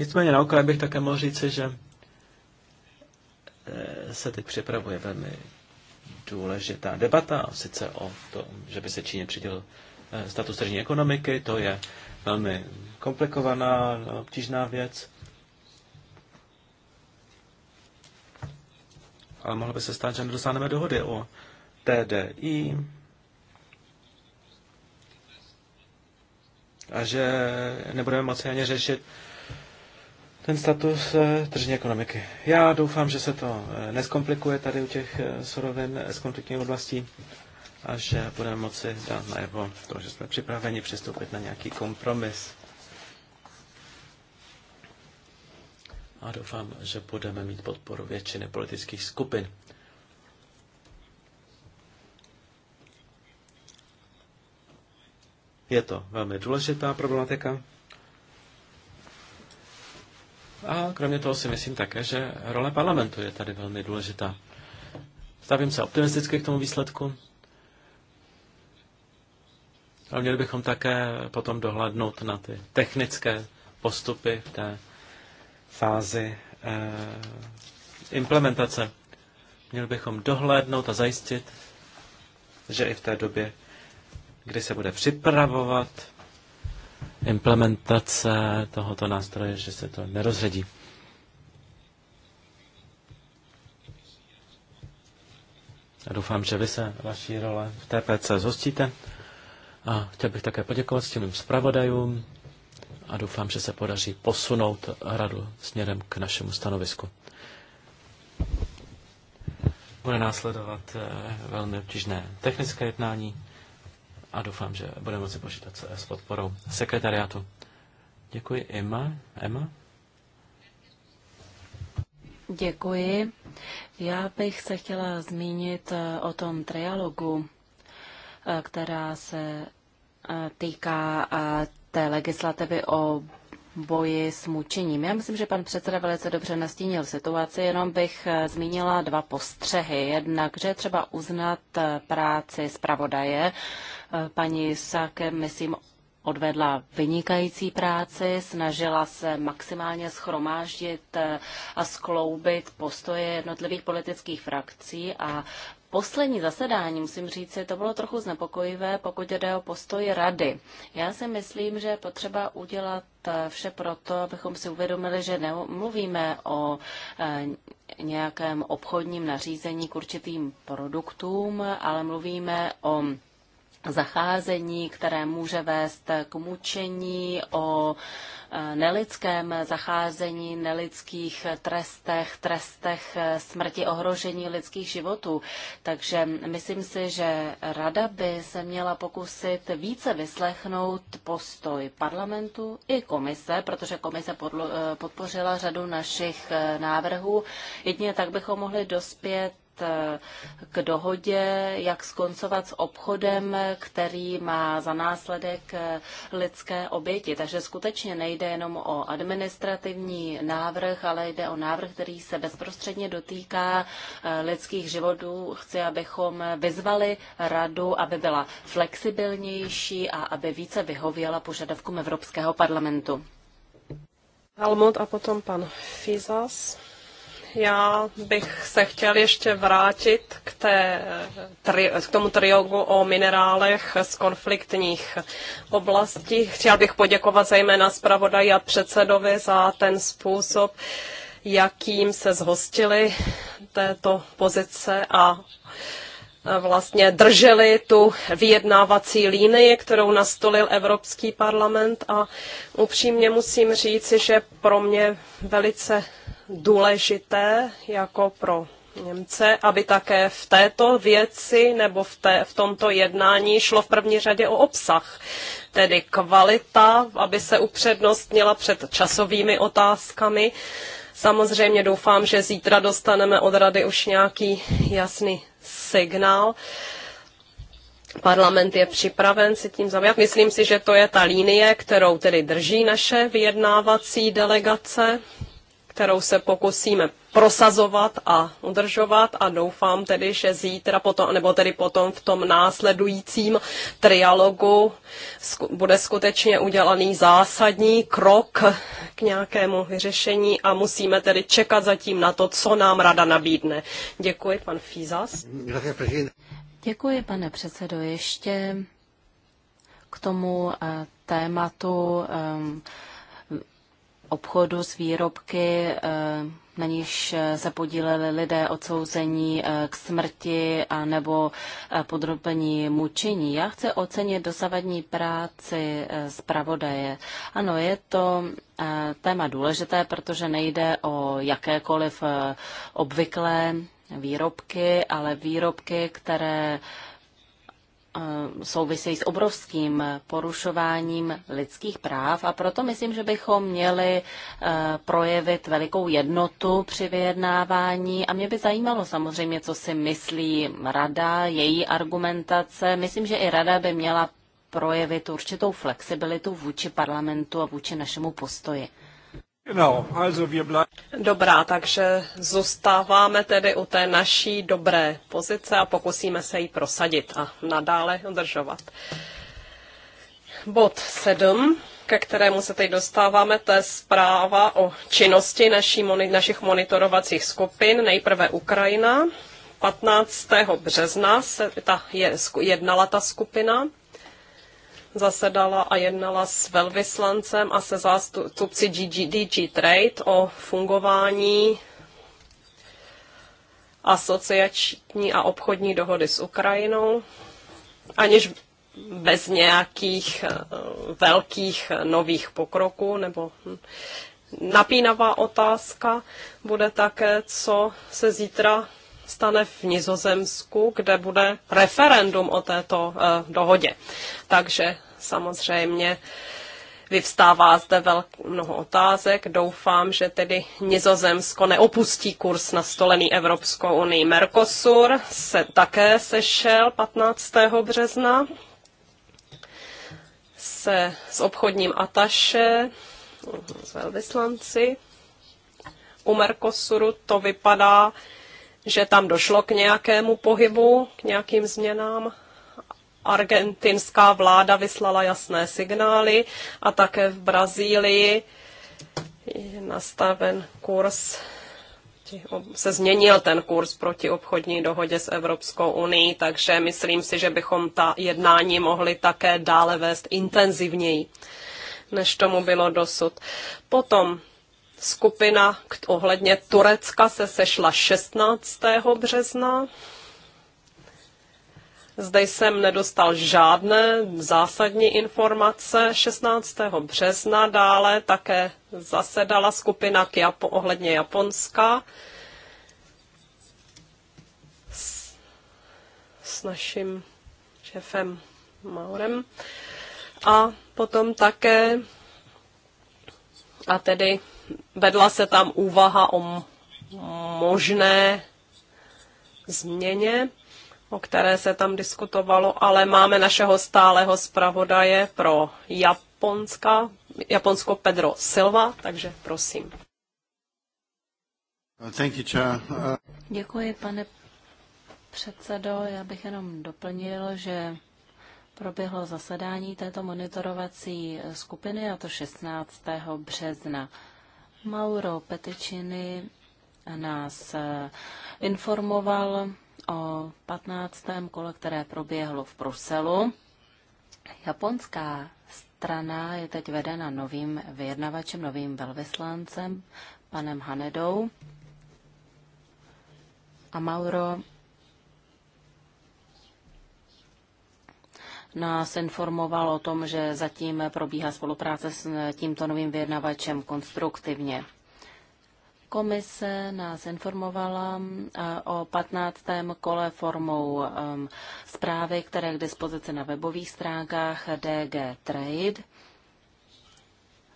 Nicméně na okraj bych také mohl říci, že se teď připravuje velmi důležitá debata, sice o tom, že by se Číně přidělil eh, status tržní ekonomiky, to je velmi komplikovaná, obtížná věc. Ale mohlo by se stát, že nedosáhneme dohody o TDI a že nebudeme moci ani řešit ten status eh, tržní ekonomiky. Já doufám, že se to eh, neskomplikuje tady u těch eh, surovin z konfliktních oblastí a že budeme moci dát najevo to, že jsme připraveni přistoupit na nějaký kompromis. A doufám, že budeme mít podporu většiny politických skupin. Je to velmi důležitá problematika. A kromě toho si myslím také, že role parlamentu je tady velmi důležitá. Stavím se optimisticky k tomu výsledku. Ale měli bychom také potom dohlednout na ty technické postupy v té fázi eh, implementace. Měli bychom dohlédnout a zajistit, že i v té době, kdy se bude připravovat implementace tohoto nástroje, že se to nerozředí. A doufám, že vy se vaší role v TPC zhostíte. A chtěl bych také poděkovat stínovým zpravodajům a doufám, že se podaří posunout radu směrem k našemu stanovisku. Bude následovat eh, velmi obtížné technické jednání a doufám, že budeme moci počítat se s podporou sekretariátu. Děkuji, Emma. Emma? Děkuji. Já bych se chtěla zmínit eh, o tom trialogu, eh, která se eh, týká té legislativy o boji s mučením. Já myslím, že pan předseda velice dobře nastínil situaci, jenom bych zmínila dva postřehy. Jednak, že třeba uznat práci zpravodaje, paní Sáke, myslím, odvedla vynikající práci, snažila se maximálně schromáždit eh, a skloubit postoje jednotlivých politických frakcí a poslední zasedání, musím říct, to bylo trochu znepokojivé, pokud jde o postoj rady. Já si myslím, že je potřeba udělat eh, vše proto, abychom si uvědomili, že nemluvíme o eh, nějakém obchodním nařízení k určitým produktům, ale mluvíme o zacházení, které může vést k mučení, o e, nelidském zacházení, nelidských trestech, trestech e, smrti, ohrožení lidských životů. Takže myslím si, že rada by se měla pokusit více vyslechnout postoj parlamentu i komise, protože komise e, podpořila řadu našich návrhů. Jedině tak bychom mohli dospět Eh, k dohodě, jak skoncovat s obchodem, který má za následek eh, lidské oběti. Takže skutečně nejde jenom o administrativní návrh, ale jde o návrh, který se bezprostředně dotýká eh, lidských životů. Chci, abychom vyzvali radu, aby byla flexibilnější a aby více vyhověla požadavkům Evropského parlamentu. Almond a potom pan Fizas. Já bych se chtěl ještě vrátit k, té, tri, k tomu triogu o minerálech z konfliktních oblastí. Chtěl bych poděkovat zejména zpravodaji a předsedovi za ten způsob, jakým se zhostili této pozice a vlastně drželi tu vyjednávací línii, kterou nastolil Evropský parlament a upřímně musím říci, že pro mě velice důležité jako pro Němce, aby také v této věci nebo v, té, v tomto jednání šlo v první řadě o obsah, tedy kvalita, aby se upřednostnila před časovými otázkami. Samozřejmě doufám, že zítra dostaneme od rady už nějaký jasný signál. Parlament je připraven se tím zabývat. Myslím si, že to je ta linie, kterou tedy drží naše vyjednávací delegace kterou se pokusíme prosazovat a udržovat a doufám tedy, že zítra potom, nebo tedy potom v tom následujícím trialogu bude skutečně udělaný zásadní krok k nějakému vyřešení a musíme tedy čekat zatím na to, co nám rada nabídne. Děkuji, pan Fízas. Děkuji, pane předsedo. Ještě k tomu eh, tématu um, obchodu s výrobky, eh, na níž eh, se podíleli lidé odsouzení eh, k smrti a nebo podrobení mučení. Já chci ocenit dosavadní práci zpravodaje. Ano, je to téma důležité, protože nejde o jakékoliv obvyklé výrobky, ale výrobky, které souvisejí s obrovským porušováním lidských práv a proto myslím, že bychom měli e, projevit velikou jednotu při vyjednávání a mě by zajímalo samozřejmě, co si myslí rada, její argumentace. Myslím, že i rada by měla projevit určitou flexibilitu vůči parlamentu a vůči našemu postoji. Dobrá, takže zůstáváme tedy u té naší dobré pozice a pokusíme se ji prosadit a nadále udržovat. Bod 7, ke kterému se teď dostáváme, to je zpráva o činnosti naší, našich monitorovacích skupin. Nejprve Ukrajina. 15. března se ta je, jednala ta skupina zasedala a jednala s velvyslancem a se zástupci DG Trade o fungování asociační a obchodní dohody s Ukrajinou, aniž bez nějakých eh, velkých eh, nových pokroků nebo hm, napínavá otázka bude také, co se zítra stane v Nizozemsku, kde bude referendum o této eh, dohodě. Takže samozřejmě vyvstává zde velk, mnoho otázek. Doufám, že tedy Nizozemsko neopustí kurz nastolený Evropskou unii. Mercosur se také sešel 15. března se s obchodním ataše, s velvyslanci. U Mercosuru to vypadá, že tam došlo k nějakému pohybu, k nějakým změnám. Argentinská vláda vyslala jasné signály a také v Brazílii je nastaven kurz, se změnil ten kurz proti obchodní dohodě s Evropskou unii, takže myslím si, že bychom ta jednání mohli také dále vést intenzivněji, než tomu bylo dosud. Potom Skupina ohledně Turecka se sešla 16. března. Zde jsem nedostal žádné zásadní informace. 16. března dále také zasedala skupina k Japo- ohledně Japonska s, s naším šéfem Maurem. A potom také, a tedy vedla se tam úvaha o možné změně, o které se tam diskutovalo, ale máme našeho stálého zpravodaje pro Japonska, Japonsko Pedro Silva, takže prosím. Uh, uh, Děkuji, pane předsedo. Já bych jenom doplnil, že proběhlo zasedání této monitorovací skupiny, a to 16. března. Mauro Petečiny nás eh, informoval o 15. kole, které proběhlo v Bruselu. Japonská strana je teď vedena novým vyjednavačem, novým velvyslancem, panem Hanedou. A Mauro nás informoval o tom, že zatím probíhá spolupráce s tímto novým vyjednavačem konstruktivně. Komise nás informovala um, o 15. kole formou um, zprávy, které je k dispozici na webových stránkách DG Trade,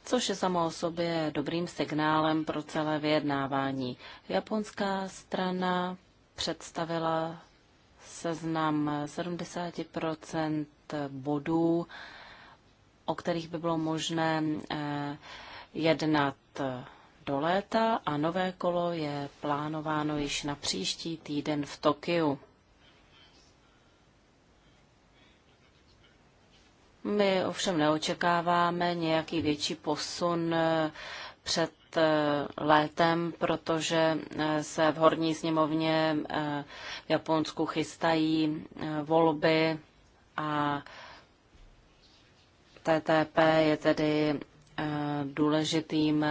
což je samo o sobě dobrým signálem pro celé vyjednávání. Japonská strana představila seznam 70 bodů, o kterých by bylo možné eh, jednat do léta a nové kolo je plánováno již na příští týden v Tokiu. My ovšem neočekáváme nějaký větší posun eh, před létem, protože eh, se v horní sněmovně eh, v Japonsku chystají eh, volby a TTP je tedy důležitým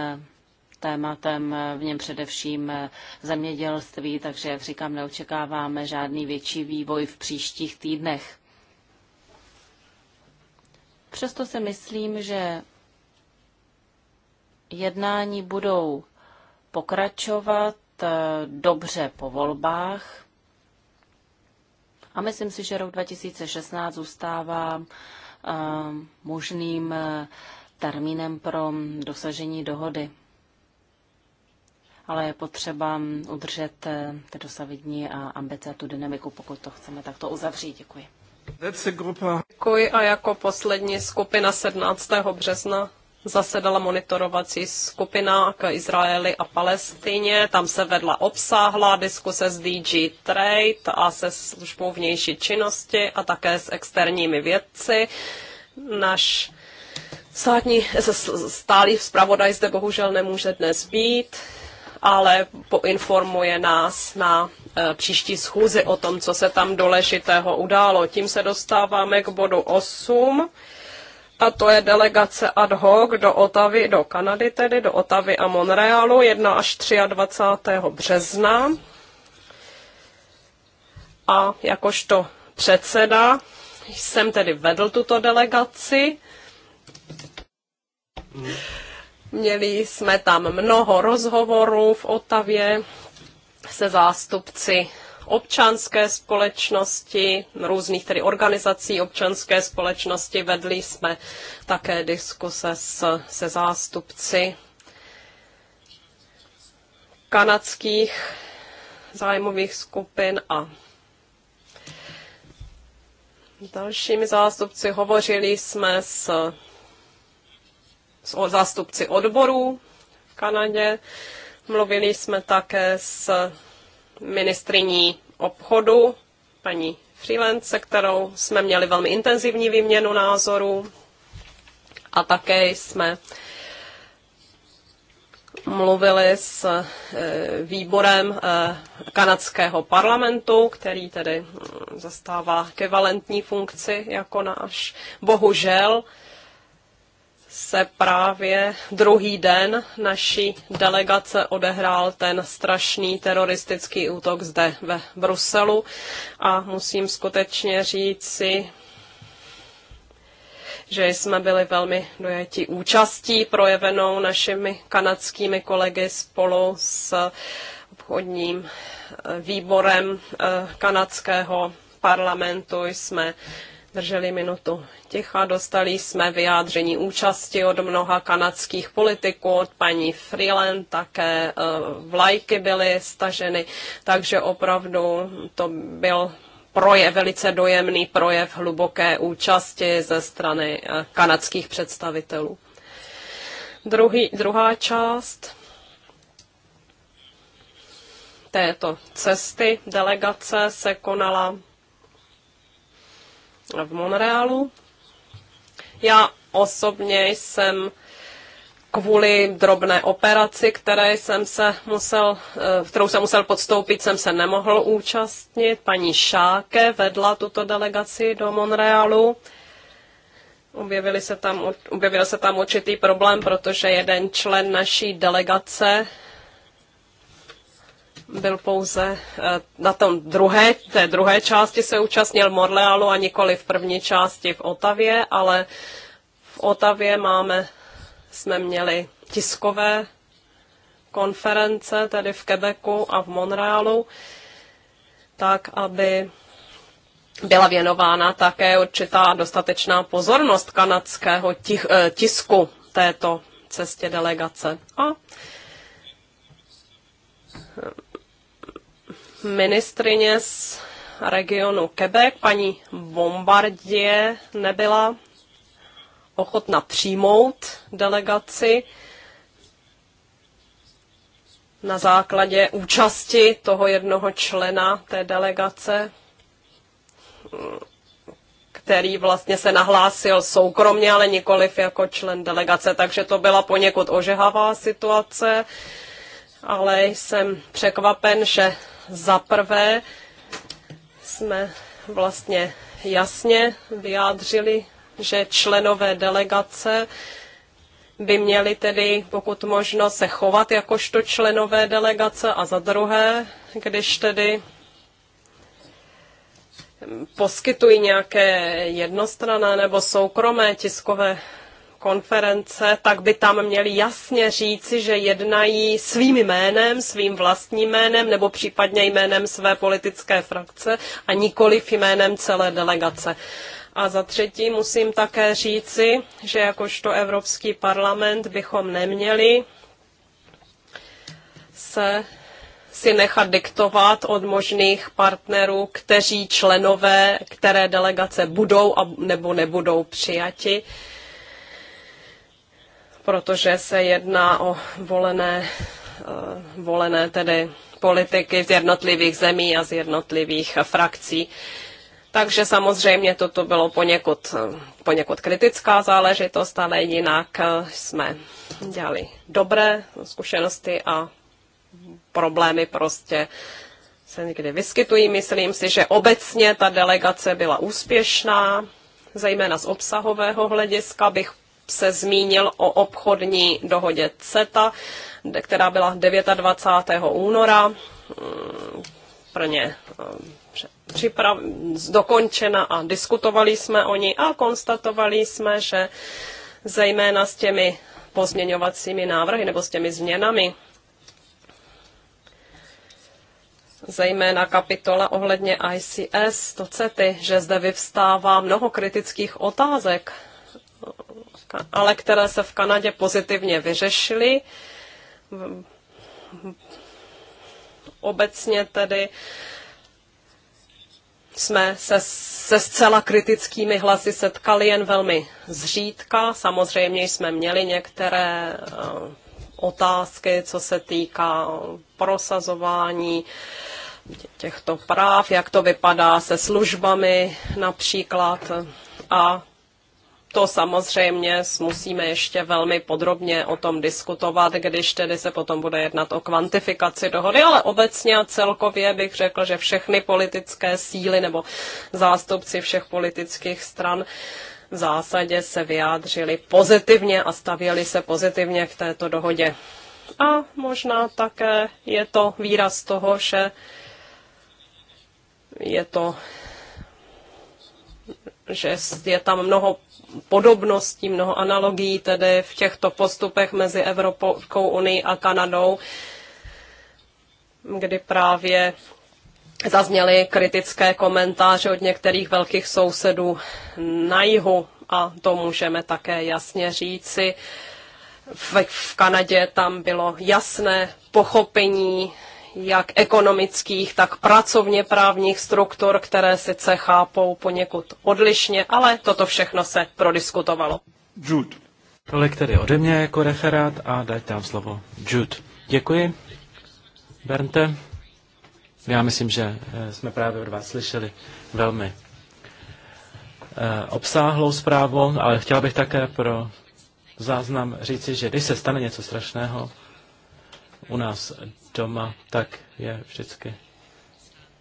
tématem, v něm především zemědělství, takže, jak říkám, neočekáváme žádný větší vývoj v příštích týdnech. Přesto si myslím, že jednání budou pokračovat eh, dobře po volbách. A myslím si, že rok 2016 zůstává eh, možným eh, termínem pro dosažení dohody. Ale je potřeba udržet ty dosavidní a ambice a tu dynamiku, pokud to chceme takto uzavřít. Děkuji. Uh, Děkuji a jako poslední skupina 17. března zasedala monitorovací skupina k Izraeli a Palestině. Tam se vedla obsáhlá diskuse s DG Trade a se službou vnější činnosti a také s externími vědci. Náš státní, stálý zpravodaj zde bohužel nemůže dnes být, ale poinformuje nás na e, příští schůzi o tom, co se tam doležitého událo. Tím se dostáváme k bodu 8 a to je delegace ad hoc do Otavy, do Kanady tedy, do Otavy a Monrealu, 1 až 23. března. A jakožto předseda jsem tedy vedl tuto delegaci. Měli jsme tam mnoho rozhovorů v Otavě se zástupci občanské společnosti, různých tedy organizací občanské společnosti. Vedli jsme také diskuse s, se zástupci kanadských zájmových skupin a dalšími zástupci. Hovořili jsme s, s zástupci odborů v Kanadě. Mluvili jsme také s ministriní obchodu, paní Freelance, se kterou jsme měli velmi intenzivní výměnu názorů a také jsme mluvili s e, výborem e, kanadského parlamentu, který tedy mm, zastává kevalentní funkci jako náš. Bohužel se právě druhý den naší delegace odehrál ten strašný teroristický útok zde ve Bruselu a musím skutečně říci, že jsme byli velmi dojatí účastí projevenou našimi kanadskými kolegy spolu s obchodním eh, výborem eh, kanadského parlamentu. Jsme drželi minutu ticha. Dostali jsme vyjádření účasti od mnoha kanadských politiků, od paní Freeland, také eh, vlajky byly staženy, takže opravdu to byl projev, velice dojemný projev hluboké účasti ze strany eh, kanadských představitelů. Druhý, druhá část této cesty delegace se konala v Monrealu. Já osobně jsem kvůli drobné operaci, které jsem se musel, eh, kterou jsem musel podstoupit, jsem se nemohl účastnit. Paní Šáke vedla tuto delegaci do Monrealu. Objevil se tam, objevil se tam určitý problém, protože jeden člen naší delegace byl pouze eh, na tom druhé, té druhé části se účastnil Morlealu a nikoli v první části v Otavě, ale v Otavě máme, jsme měli tiskové konference, tedy v Quebecu a v Monrealu, tak, aby byla věnována také určitá dostatečná pozornost kanadského eh, tisku této cestě delegace. A ministrině z regionu Quebec, paní Bombardie, nebyla ochotna přijmout delegaci na základě účasti toho jednoho člena té delegace, který vlastně se nahlásil soukromně, ale nikoliv jako člen delegace, takže to byla poněkud ožehavá situace, ale jsem překvapen, že za prvé jsme vlastně jasně vyjádřili, že členové delegace by měli tedy pokud možno se chovat jakožto členové delegace a za druhé, když tedy poskytují nějaké jednostrané nebo soukromé tiskové konference, tak by tam měli jasně říci, že jednají svým jménem, svým vlastním jménem nebo případně jménem své politické frakce a nikoliv jménem celé delegace. A za třetí musím také říci, že jakožto Evropský parlament bychom neměli se si nechat diktovat od možných partnerů, kteří členové, které delegace budou a nebo nebudou přijati. Uh, protože se jedná o volené, eh, volené tedy politiky z jednotlivých zemí a z jednotlivých frakcí. Takže samozřejmě toto bylo poněkud, eh, poněkud kritická záležitost, ale jinak eh, jsme dělali dobré zkušenosti a problémy prostě se někdy vyskytují. Myslím si, že obecně ta delegace byla úspěšná, zejména z obsahového hlediska bych se zmínil o obchodní dohodě CETA, která byla 29. února mm, prvně eh, připrav, dokončena a diskutovali jsme o ní a konstatovali jsme, že zejména s těmi pozměňovacími návrhy nebo s těmi změnami, zejména kapitola ohledně ICS, to CETY, že zde vyvstává mnoho kritických otázek ale které se v Kanadě pozitivně vyřešily. Obecně tedy jsme se, se zcela kritickými hlasy setkali jen velmi zřídka. Samozřejmě jsme měli některé eh, otázky, co se týká prosazování těchto práv, jak to vypadá se službami například. A to samozřejmě musíme ještě velmi podrobně o tom diskutovat, když tedy se potom bude jednat o kvantifikaci dohody, ale obecně a celkově bych řekl, že všechny politické síly nebo zástupci všech politických stran v zásadě se vyjádřili pozitivně a stavěli se pozitivně k této dohodě. A možná také je to výraz toho, že je to že je tam mnoho podobností, mnoho analogií tedy v těchto postupech mezi Evropskou unii a Kanadou, kdy právě zazněly kritické komentáře od některých velkých sousedů na jihu a to můžeme také jasně říci. V, v Kanadě tam bylo jasné pochopení jak ekonomických, tak pracovně právních struktur, které sice chápou poněkud odlišně, ale toto všechno se prodiskutovalo. Jude. Tolik tedy ode mě jako referát a dať tam slovo Jude. Děkuji. Bernte. Já myslím, že eh, jsme právě od vás slyšeli velmi eh, obsáhlou zprávu, ale chtěla bych také pro záznam říci, že když se stane něco strašného, u nás doma, tak je vždycky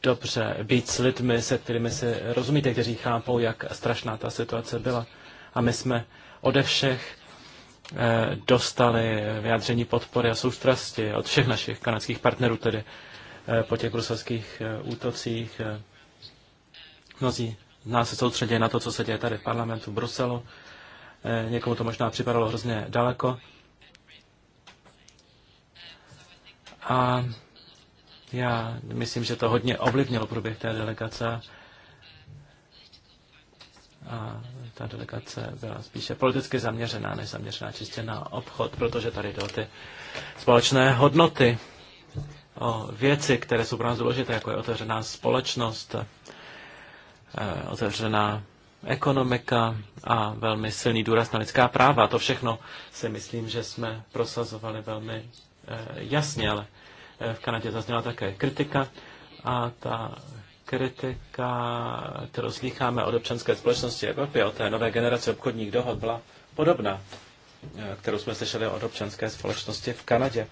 dobře být s lidmi, se kterými si rozumíte, kteří chápou, jak strašná ta situace byla. A my jsme ode všech eh, dostali vyjádření podpory a soustrasti od všech našich kanadských partnerů, tedy eh, po těch bruselských eh, útocích. Mnozí z nás se soustředí na to, co se děje tady v parlamentu v Bruselu. Někomu to možná připadalo hrozně daleko. A já myslím, že to hodně ovlivnilo průběh té delegace. A ta delegace byla spíše politicky zaměřená, než zaměřená čistě na obchod, protože tady jde o ty společné hodnoty, o věci, které jsou pro nás důležité, jako je otevřená společnost, eh, otevřená ekonomika a velmi silný důraz na lidská práva. To všechno si myslím, že jsme prosazovali velmi eh, jasně, ale Eh, v Kanadě zazněla také kritika a ta kritika, kterou slycháme od občanské společnosti Evropy, od té nové generace obchodních dohod, byla podobná, eh, kterou jsme slyšeli od občanské společnosti v Kanadě.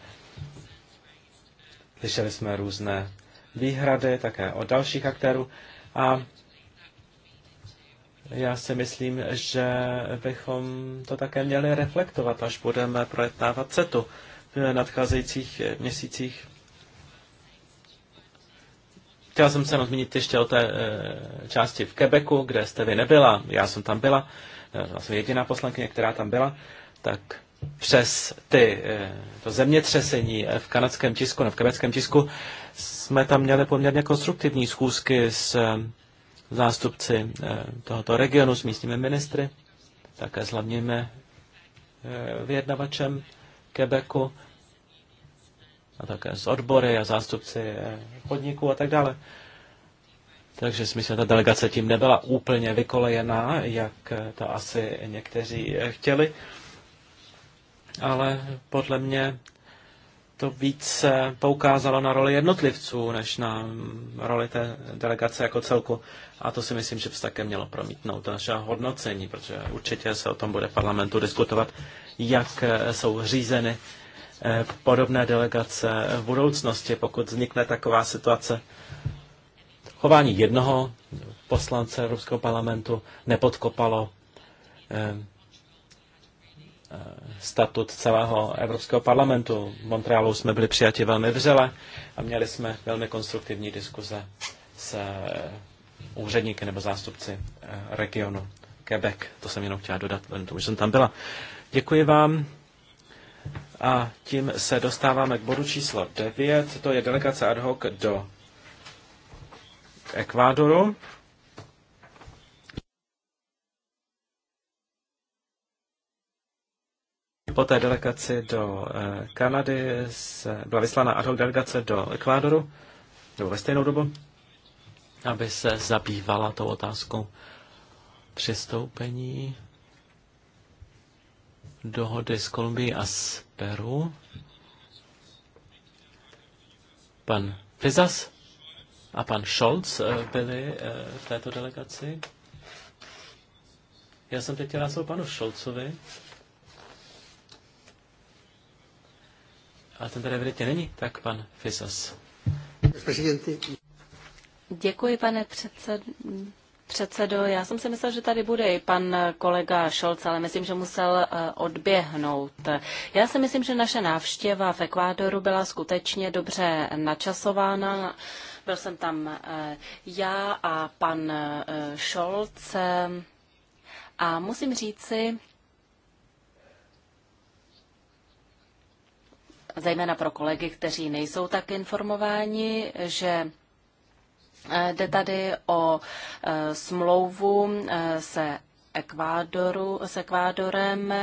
Slyšeli jsme různé výhrady také od dalších aktérů a já si myslím, že bychom to také měli reflektovat, až budeme projednávat CETu v nadcházejících měsících. Chtěl jsem se zmínit ještě o té e, části v Quebecu, kde jste vy nebyla, já jsem tam byla, já eh, jsem jediná poslankyně, která tam byla, tak přes ty, e, to zemětřesení v kanadském tisku, ne, v kebeckém tisku, jsme tam měli poměrně konstruktivní schůzky s e, zástupci e, tohoto regionu, s místními ministry, také s hlavním e, vyjednavačem Quebecu a také z odbory a zástupci eh, podniků a tak dále. Takže smysl ta delegace tím nebyla úplně vykolejená, jak eh, to asi někteří eh, chtěli, ale podle mě to více poukázalo na roli jednotlivců, než na mm, roli té delegace jako celku. A to si myslím, že by se také mělo promítnout to naše hodnocení, protože určitě se o tom bude parlamentu diskutovat, jak jsou řízeny Eh, podobné delegace v budoucnosti, pokud vznikne taková situace. Chování jednoho poslance Evropského parlamentu nepodkopalo eh, eh, statut celého Evropského parlamentu. V Montrealu jsme byli přijati velmi vřele a měli jsme velmi konstruktivní diskuze s úředníky nebo zástupci regionu Quebec. To jsem jenom chtěla dodat, protože jsem tam byla. Děkuji vám. A tím se dostáváme k bodu číslo 9, to je delegace ad hoc do Ekvádoru. Po té delegaci do eh, Kanady se byla vyslána ad hoc delegace do Ekvádoru, nebo ve stejnou dobu, aby se zabývala tou otázkou přistoupení dohody s Kolumbií a s Peru. Pan Fizas a pan Scholz eh, byli eh, v této delegaci. Já jsem teď chtěla panu Scholzovi. Ale ten tady vědětě není, tak pan Fisas. Děkuji, pane předsedo předsedo. Já jsem si myslel, že tady bude i pan kolega Šolc, ale myslím, že musel eh, odběhnout. Já si myslím, že naše návštěva v Ekvádoru byla skutečně dobře načasována. Byl jsem tam eh, já a pan Šolc. Eh, a musím říci, zejména pro kolegy, kteří nejsou tak informováni, že Eh, jde tady o eh, smlouvu eh, se, Ekvádoru, s Ekvádorem.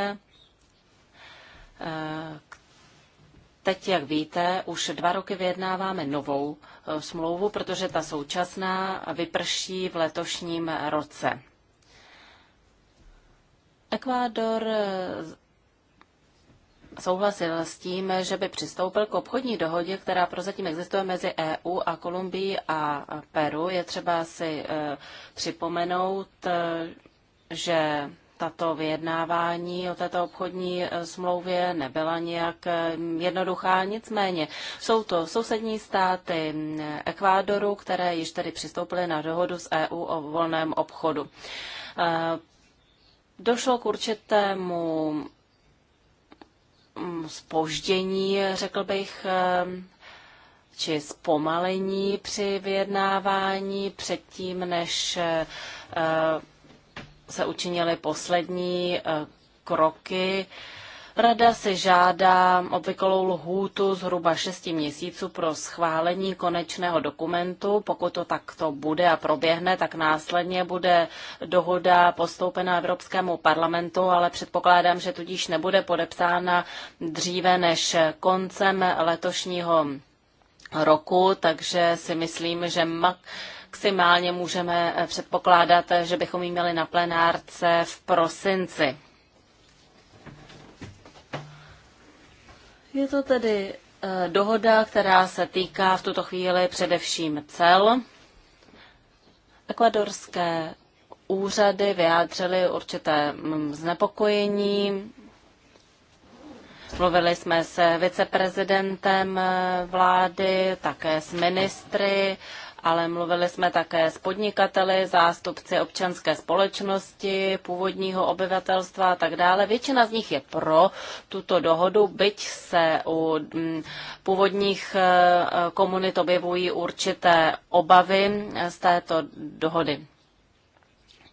Teď, jak víte, už dva roky vyjednáváme novou smlouvu, protože ta současná vyprší v letošním roce. Ekvádor souhlasil s tím, že by přistoupil k obchodní dohodě, která prozatím existuje mezi EU a Kolumbií a Peru. Je třeba si eh, připomenout, eh, že tato vyjednávání o této obchodní eh, smlouvě nebyla nějak jednoduchá, nicméně jsou to sousední státy Ekvádoru, které již tedy přistoupily na dohodu s EU o volném obchodu. Došlo k určitému spoždění, mm, řekl bych, eh, či zpomalení při vyjednávání předtím, než eh, se učinily poslední eh, kroky Rada se žádá obvyklou lhůtu zhruba 6 měsíců pro schválení konečného dokumentu. Pokud to takto bude a proběhne, tak následně bude dohoda postoupena Evropskému parlamentu, ale předpokládám, že tudíž nebude podepsána dříve než koncem letošního roku, takže si myslím, že maximálně můžeme předpokládat, že bychom ji měli na plenárce v prosinci. Je to tedy eh, dohoda, která se týká v tuto chvíli především cel. Ekvadorské úřady vyjádřily určité mm, znepokojení. Mluvili jsme s viceprezidentem eh, vlády, také s ministry ale mluvili jsme také s podnikateli, zástupci občanské společnosti, původního obyvatelstva a tak dále. Většina z nich je pro tuto dohodu, byť se u mm, původních e, e, komunit objevují určité obavy z této dohody.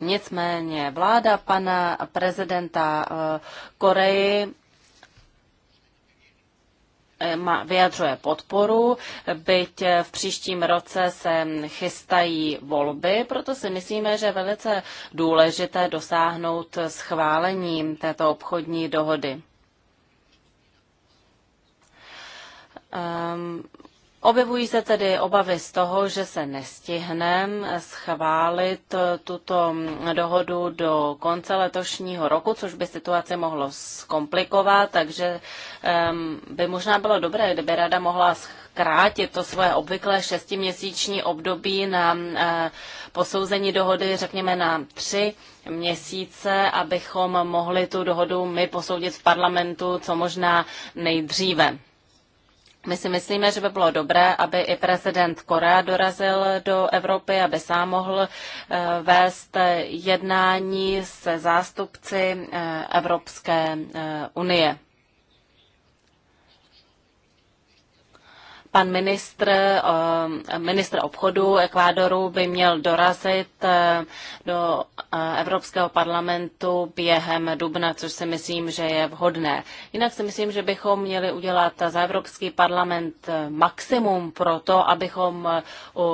Nicméně vláda pana prezidenta e, Koreji Eh, vyjadřuje podporu, byť eh, v příštím roce se chystají volby, proto si myslíme, že je velice důležité dosáhnout schválením této obchodní dohody. Um, Objevují se tedy obavy z toho, že se nestihne schválit tuto dohodu do konce letošního roku, což by situaci mohlo zkomplikovat, takže by možná bylo dobré, kdyby rada mohla zkrátit to svoje obvyklé šestiměsíční období na posouzení dohody, řekněme na tři měsíce, abychom mohli tu dohodu my posoudit v parlamentu co možná nejdříve. My si myslíme, že by bylo dobré, aby i prezident Korea dorazil do Evropy, aby sám mohl eh, vést jednání se zástupci eh, Evropské eh, unie. Pan ministr, eh, ministr obchodu Ekvádoru by měl dorazit eh, do eh, Evropského parlamentu během dubna, což si myslím, že je vhodné. Jinak si myslím, že bychom měli udělat za Evropský parlament maximum pro to, abychom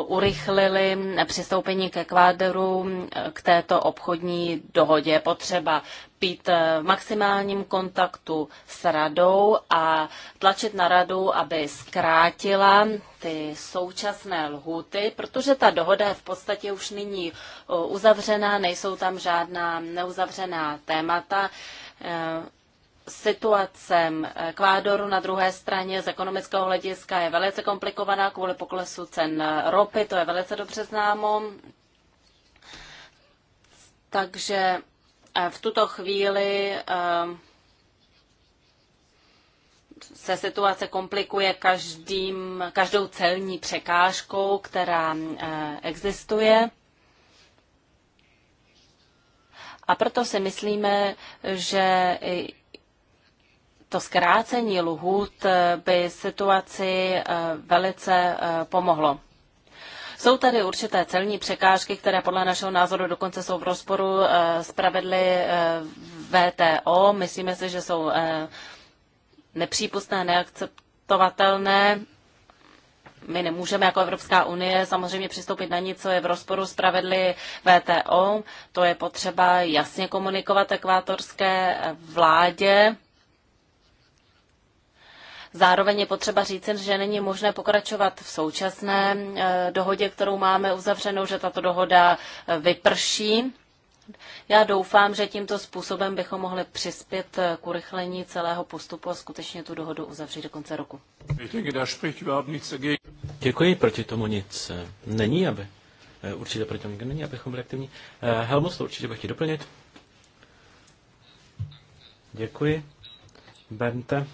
urychlili přistoupení k Ekvádoru k této obchodní dohodě. Potřeba být eh, v maximálním kontaktu s radou a tlačit na radu, aby zkrátila ty současné lhuty, protože ta dohoda je v podstatě už nyní eh, uzavřená, nejsou tam žádná neuzavřená témata eh, situace Ekvádoru na druhé straně z ekonomického hlediska je velice komplikovaná kvůli poklesu cen ropy, to je velice dobře známo. Takže v tuto chvíli ehm, se situace komplikuje každým, každou celní překážkou, která eh, existuje. A proto si myslíme, že to zkrácení lhůt by situaci eh, velice eh, pomohlo. Jsou tady určité celní překážky, které podle našeho názoru dokonce jsou v rozporu eh, s pravidly eh, VTO. Myslíme si, že jsou eh, nepřípustné, neakceptovatelné. My nemůžeme jako Evropská unie samozřejmě přistoupit na nic, co je v rozporu s pravidly VTO. To je potřeba jasně komunikovat ekvátorské vládě. Zároveň je potřeba říci, že není možné pokračovat v současné eh, dohodě, kterou máme uzavřenou, že tato dohoda eh, vyprší. Já doufám, že tímto způsobem bychom mohli přispět eh, k urychlení celého postupu a skutečně tu dohodu uzavřít do konce roku. Děkuji, proti tomu nic není, aby určitě proti tomu není, abychom byli aktivní. Helmus, to určitě bych chtěl doplnit. Děkuji. Bente.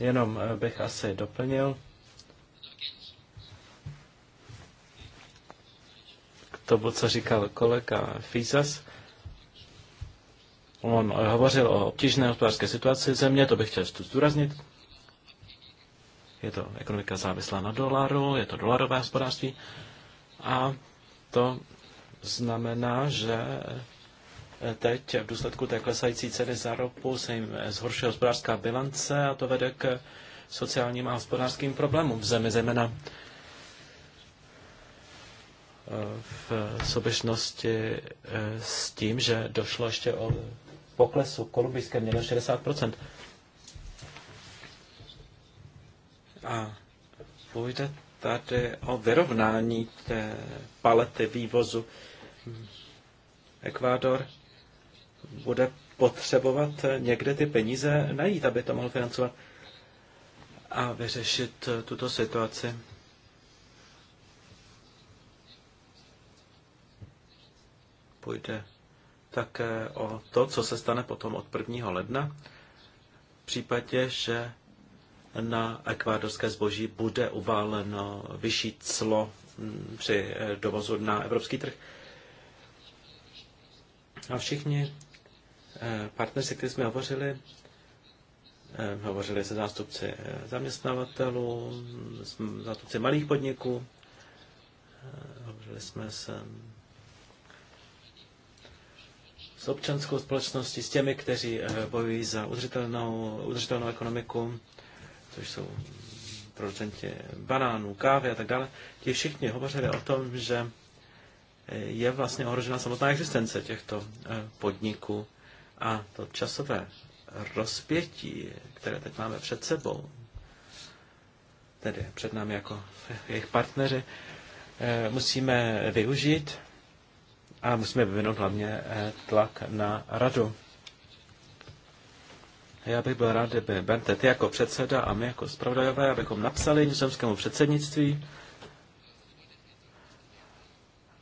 Jenom eh, bych asi doplnil k tomu, co říkal kolega Fízas. On eh, hovořil o obtížné hospodářské situaci země, to bych chtěl zdůraznit. Je to ekonomika závislá na dolaru, je to dolarové hospodářství a to znamená, že teď v důsledku té klesající ceny za ropu se jim zhoršuje hospodářská bilance a to vede k sociálním a hospodářským problémům v zemi, zejména eh, v soběžnosti eh, s tím, že došlo ještě o poklesu kolumbijské měny 60%. A půjde tady o vyrovnání té palety vývozu. Ekvádor bude potřebovat někde ty peníze najít, aby to mohl financovat a vyřešit tuto situaci. Půjde také o to, co se stane potom od 1. ledna, v případě, že na ekvádorské zboží bude uváleno vyšší clo mm, při dovozu na evropský trh. A všichni Eh, partner, se kterými jsme hovořili, eh, hovořili se zástupci eh, zaměstnavatelů, zástupci malých podniků, hovořili jsme se s občanskou společností, s těmi, kteří bojují za udržitelnou, udržitelnou ekonomiku, což jsou producenti banánů, kávy a tak dále. Ti všichni hovořili o tom, že je vlastně ohrožena samotná existence těchto podniků. A to časové rozpětí, které teď máme před sebou, tedy před námi jako jejich partneři, eh, musíme využít a musíme vyvinout hlavně eh, tlak na radu. Já bych byl rád, kdyby Bente, ty jako předseda a my jako zpravodajové, abychom napsali nizozemskému předsednictví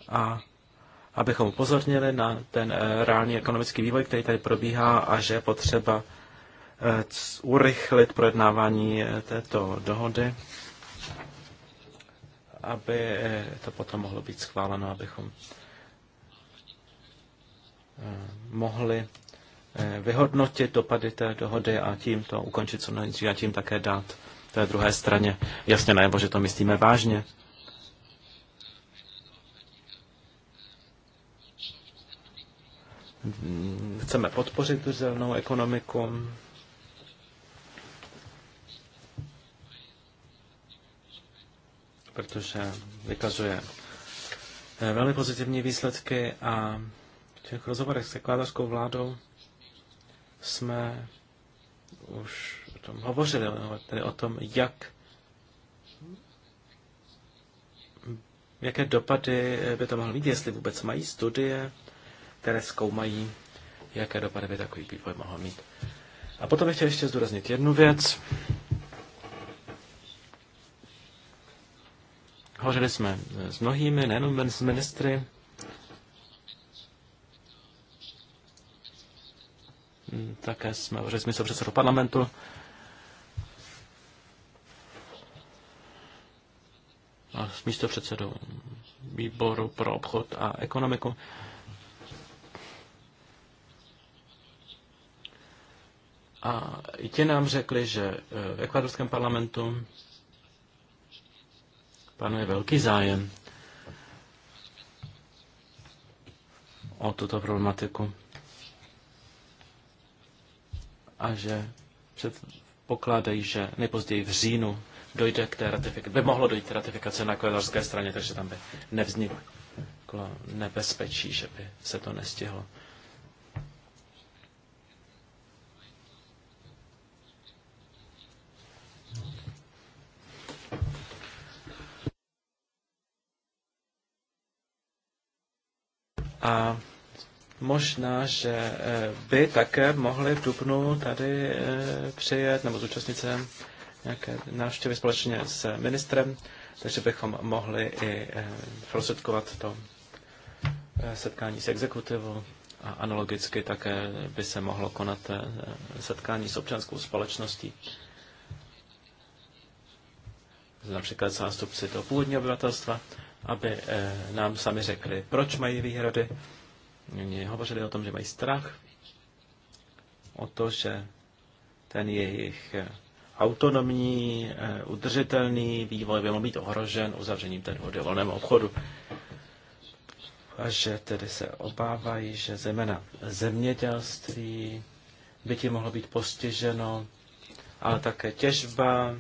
a abychom upozornili na ten eh, reálný ekonomický vývoj, který tady probíhá a že je potřeba eh, urychlit projednávání eh, této dohody, aby to potom mohlo být schváleno, abychom mohli vyhodnotit dopady té dohody a tím to ukončit co nejdříve a tím také dát té druhé straně jasně najevo, že to myslíme vážně. chceme podpořit tu zelenou ekonomiku. protože vykazuje eh, velmi pozitivní výsledky a v těch rozhovorech s ekvádorskou vládou jsme už o tom hovořili, tedy o tom, jak jaké dopady by to mohlo mít, jestli vůbec mají studie které zkoumají, jaké dopady by takový vývoj mohl mít. A potom bych chtěl ještě zdůraznit jednu věc. Hovořili jsme eh, s mnohými, nejenom s ministry. Hmm, také jsme hovořili s předsedou parlamentu. A s místo předsedou výboru pro obchod a ekonomiku. A ti nám řekli, že eh, v ekvádorském parlamentu panuje velký zájem o tuto problematiku a že předpokládají, že nejpozději v říjnu dojde k té ratifikaci, by mohlo dojít k ratifikaci na ekvádorské straně, takže tam by nevzniklo nebezpečí, že by se to nestihlo. A možná, že eh, by také mohli v Dubnu tady eh, přijet nebo zúčastnit se nějaké návštěvy společně s ministrem, takže bychom mohli i eh, prosvědkovat to setkání s exekutivou a analogicky také by se mohlo konat setkání s občanskou společností. Například zástupci toho původního obyvatelstva aby eh, nám sami řekli, proč mají výhrady. Oni hovořili o tom, že mají strach, o to, že ten jejich eh, autonomní, eh, udržitelný vývoj by mohl být ohrožen uzavřením té dohody o volném obchodu. A že tedy se obávají, že zejména zemědělství by ti mohlo být postiženo, ale také těžba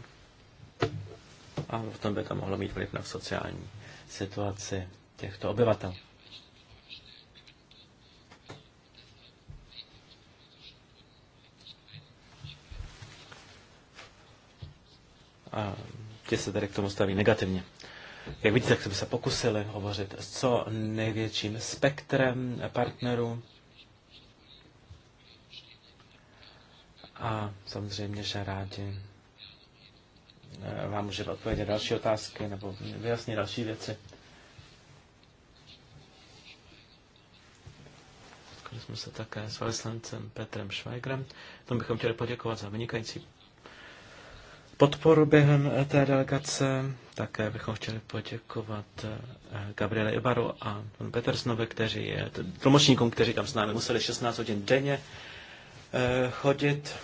a v tom by to mohlo mít vliv na sociální situaci těchto obyvatel. A ti se tady k tomu staví negativně. Jak vidíte, tak jsme se pokusili hovořit s co největším spektrem partnerů. A samozřejmě, že rádi Eh, vám můžeme odpovědět další otázky nebo vyjasnit další věci. Takže jsme se také s velvyslancem Petrem Švajgrem. Tomu bychom chtěli poděkovat za vynikající podporu během eh, té delegace. Také bychom chtěli poděkovat eh, Gabriele Ibaru a panu Petersnovi, kteří je tlumočníkům, kteří tam s námi museli 16 hodin denně chodit.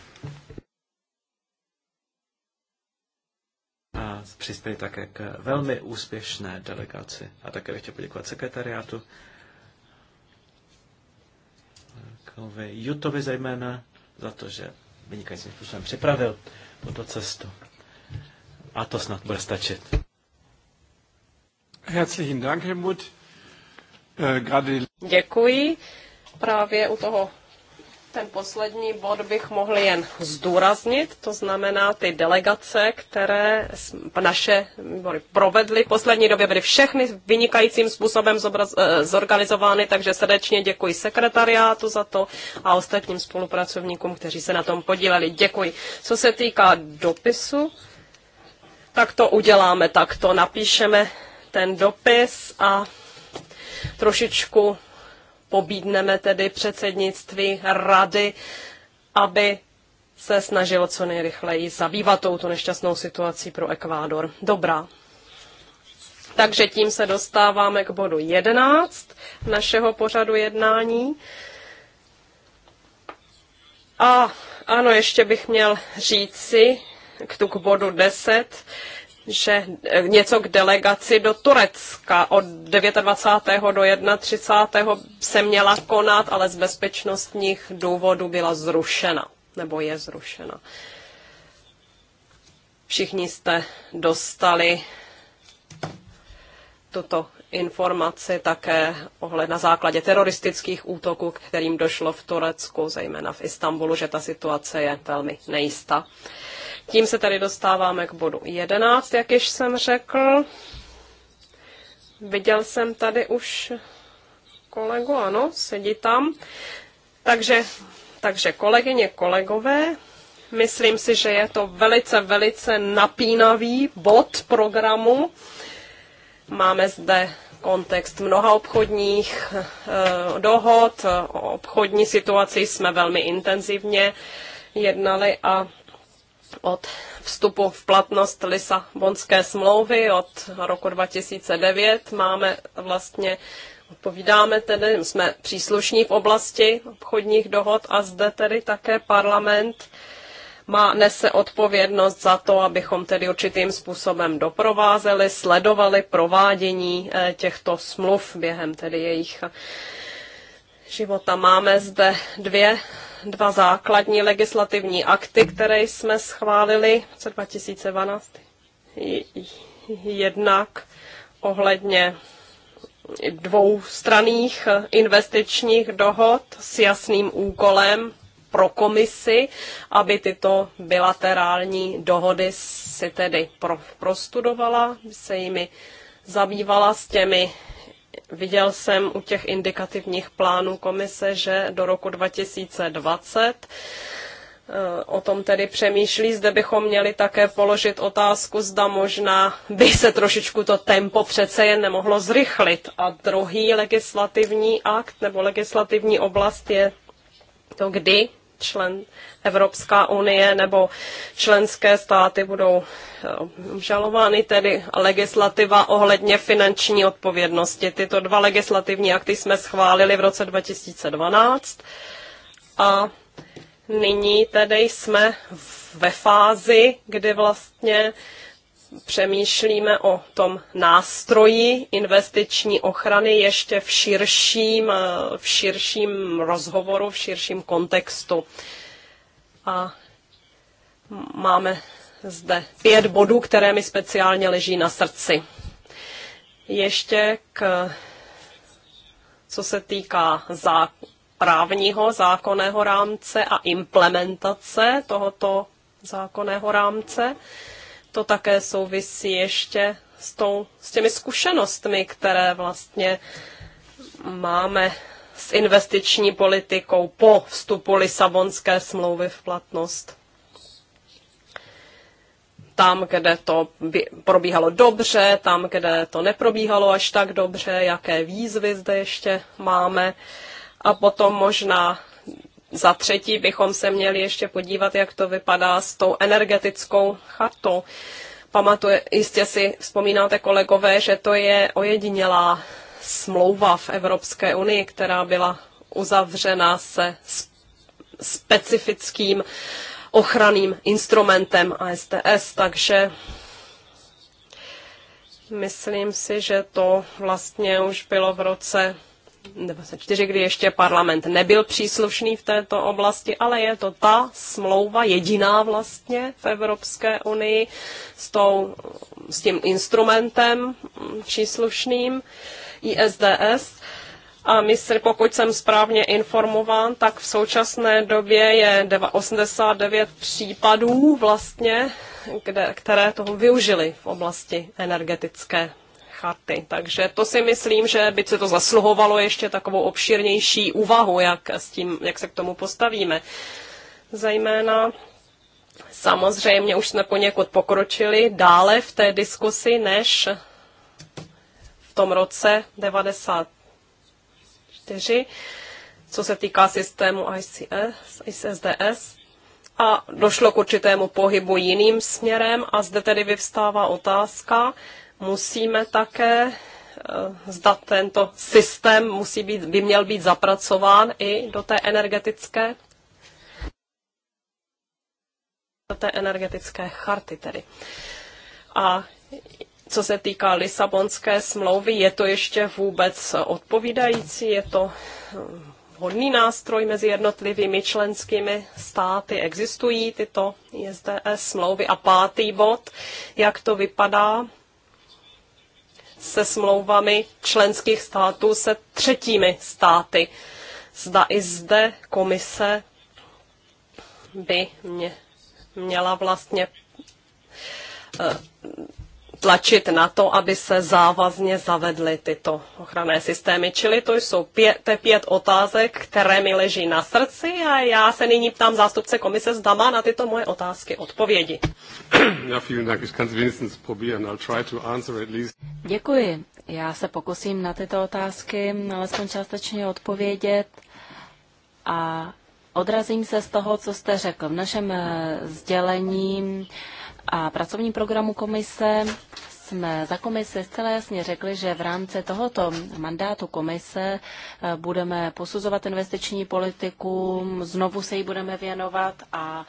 přispěli také k velmi úspěšné delegaci. A také bych chtěl poděkovat sekretariátu, Kovi Jutovi zejména, za to, že vynikajícím způsobem připravil tuto cestu. A to snad bude stačit. Herzlichen Dank, Helmut. Äh, Děkuji. Právě u toho ten poslední bod bych mohl jen zdůraznit, to znamená ty delegace, které naše výbory provedly poslední době, byly všechny vynikajícím způsobem eh, zorganizovány, takže srdečně děkuji sekretariátu za to a ostatním spolupracovníkům, kteří se na tom podíleli. Děkuji. Co se týká dopisu, tak to uděláme, tak to napíšeme ten dopis a trošičku pobídneme tedy předsednictví rady, aby se snažilo co nejrychleji zabývat touto nešťastnou situací pro Ekvádor. Dobrá. Takže tím se dostáváme k bodu 11 našeho pořadu jednání. A ano, ještě bych měl říci k tu k bodu 10, že eh, něco k delegaci do Turecka od 29. do 31. se měla konat, ale z bezpečnostních důvodů byla zrušena, nebo je zrušena. Všichni jste dostali tuto informaci také ohled na základě teroristických útoků, kterým došlo v Turecku, zejména v Istanbulu, že ta situace je velmi nejistá. Tím se tady dostáváme k bodu 11, jak již jsem řekl. Viděl jsem tady už kolegu, ano, sedí tam. Takže, takže kolegyně, kolegové, myslím si, že je to velice, velice napínavý bod programu. Máme zde kontext mnoha obchodních eh, dohod. O obchodní situaci jsme velmi intenzivně jednali a od vstupu v platnost Lisabonské smlouvy od roku 2009 máme vlastně Odpovídáme tedy, jsme příslušní v oblasti obchodních dohod a zde tedy také parlament má, nese odpovědnost za to, abychom tedy určitým způsobem doprovázeli, sledovali provádění eh, těchto smluv během tedy jejich života. Máme zde dvě dva základní legislativní akty, které jsme schválili v roce 2012. Jednak ohledně dvoustraných investičních dohod s jasným úkolem pro komisi, aby tyto bilaterální dohody si tedy prostudovala, se jimi zabývala s těmi Viděl jsem u těch indikativních plánů komise, že do roku 2020 eh, o tom tedy přemýšlí. Zde bychom měli také položit otázku, zda možná by se trošičku to tempo přece jen nemohlo zrychlit. A druhý legislativní akt nebo legislativní oblast je to, kdy člen Evropská unie nebo členské státy budou eh, žalovány, tedy legislativa ohledně finanční odpovědnosti. Tyto dva legislativní akty jsme schválili v roce 2012 a nyní tedy jsme ve fázi, kdy vlastně přemýšlíme o tom nástroji investiční ochrany ještě v širším, v širším rozhovoru, v širším kontextu. A máme zde pět bodů, které mi speciálně leží na srdci. Ještě k, co se týká zákonu právního zákonného rámce a implementace tohoto zákonného rámce. Uh, to také souvisí ještě s, tou, s těmi zkušenostmi, které vlastně máme s investiční politikou po vstupu Lisabonské smlouvy v platnost. Tam, kde to probíhalo dobře, tam, kde to neprobíhalo až tak dobře, jaké výzvy zde ještě máme. A potom možná za třetí bychom se měli ještě podívat, jak to vypadá s tou energetickou chatou. Pamatuje, jistě si vzpomínáte kolegové, že to je ojedinělá smlouva v Evropské unii, která byla uzavřena se specifickým ochranným instrumentem ASTS, takže myslím si, že to vlastně už bylo v roce 94, kdy ještě parlament nebyl příslušný v této oblasti, ale je to ta smlouva jediná vlastně v Evropské unii s, tou, s tím instrumentem příslušným ISDS. A mistr, pokud jsem správně informován, tak v současné době je 89 případů vlastně, kde, které toho využili v oblasti energetické charty. Takže to si myslím, že by se to zasluhovalo ještě takovou obširnější úvahu, jak, s tím, jak se k tomu postavíme. Zajména samozřejmě už jsme poněkud pokročili dále v té diskusi, než v tom roce 94, co se týká systému ICS, ICSDS, a došlo k určitému pohybu jiným směrem a zde tedy vyvstává otázka, musíme také eh, zda tento systém musí být, by měl být zapracován i do té energetické do té energetické charty tedy. A co se týká Lisabonské smlouvy, je to ještě vůbec odpovídající, je to eh, hodný nástroj mezi jednotlivými členskými státy. Existují tyto ISDS eh, smlouvy. A pátý bod, jak to vypadá se smlouvami členských států se třetími státy. Zda i zde komise by mě, měla vlastně eh, tlačit na to, aby se závazně zavedly tyto ochranné systémy. Čili to jsou pět, te pět otázek, které mi leží na srdci a já se nyní ptám zástupce komise zda na tyto moje otázky odpovědi. Děkuji. Já se pokusím na tyto otázky alespoň částečně odpovědět a odrazím se z toho, co jste řekl. V našem eh, sdělení a pracovním programu komise jsme za komise zcela jasně řekli, že v rámci tohoto mandátu komise eh, budeme posuzovat investiční politiku, znovu se jí budeme věnovat a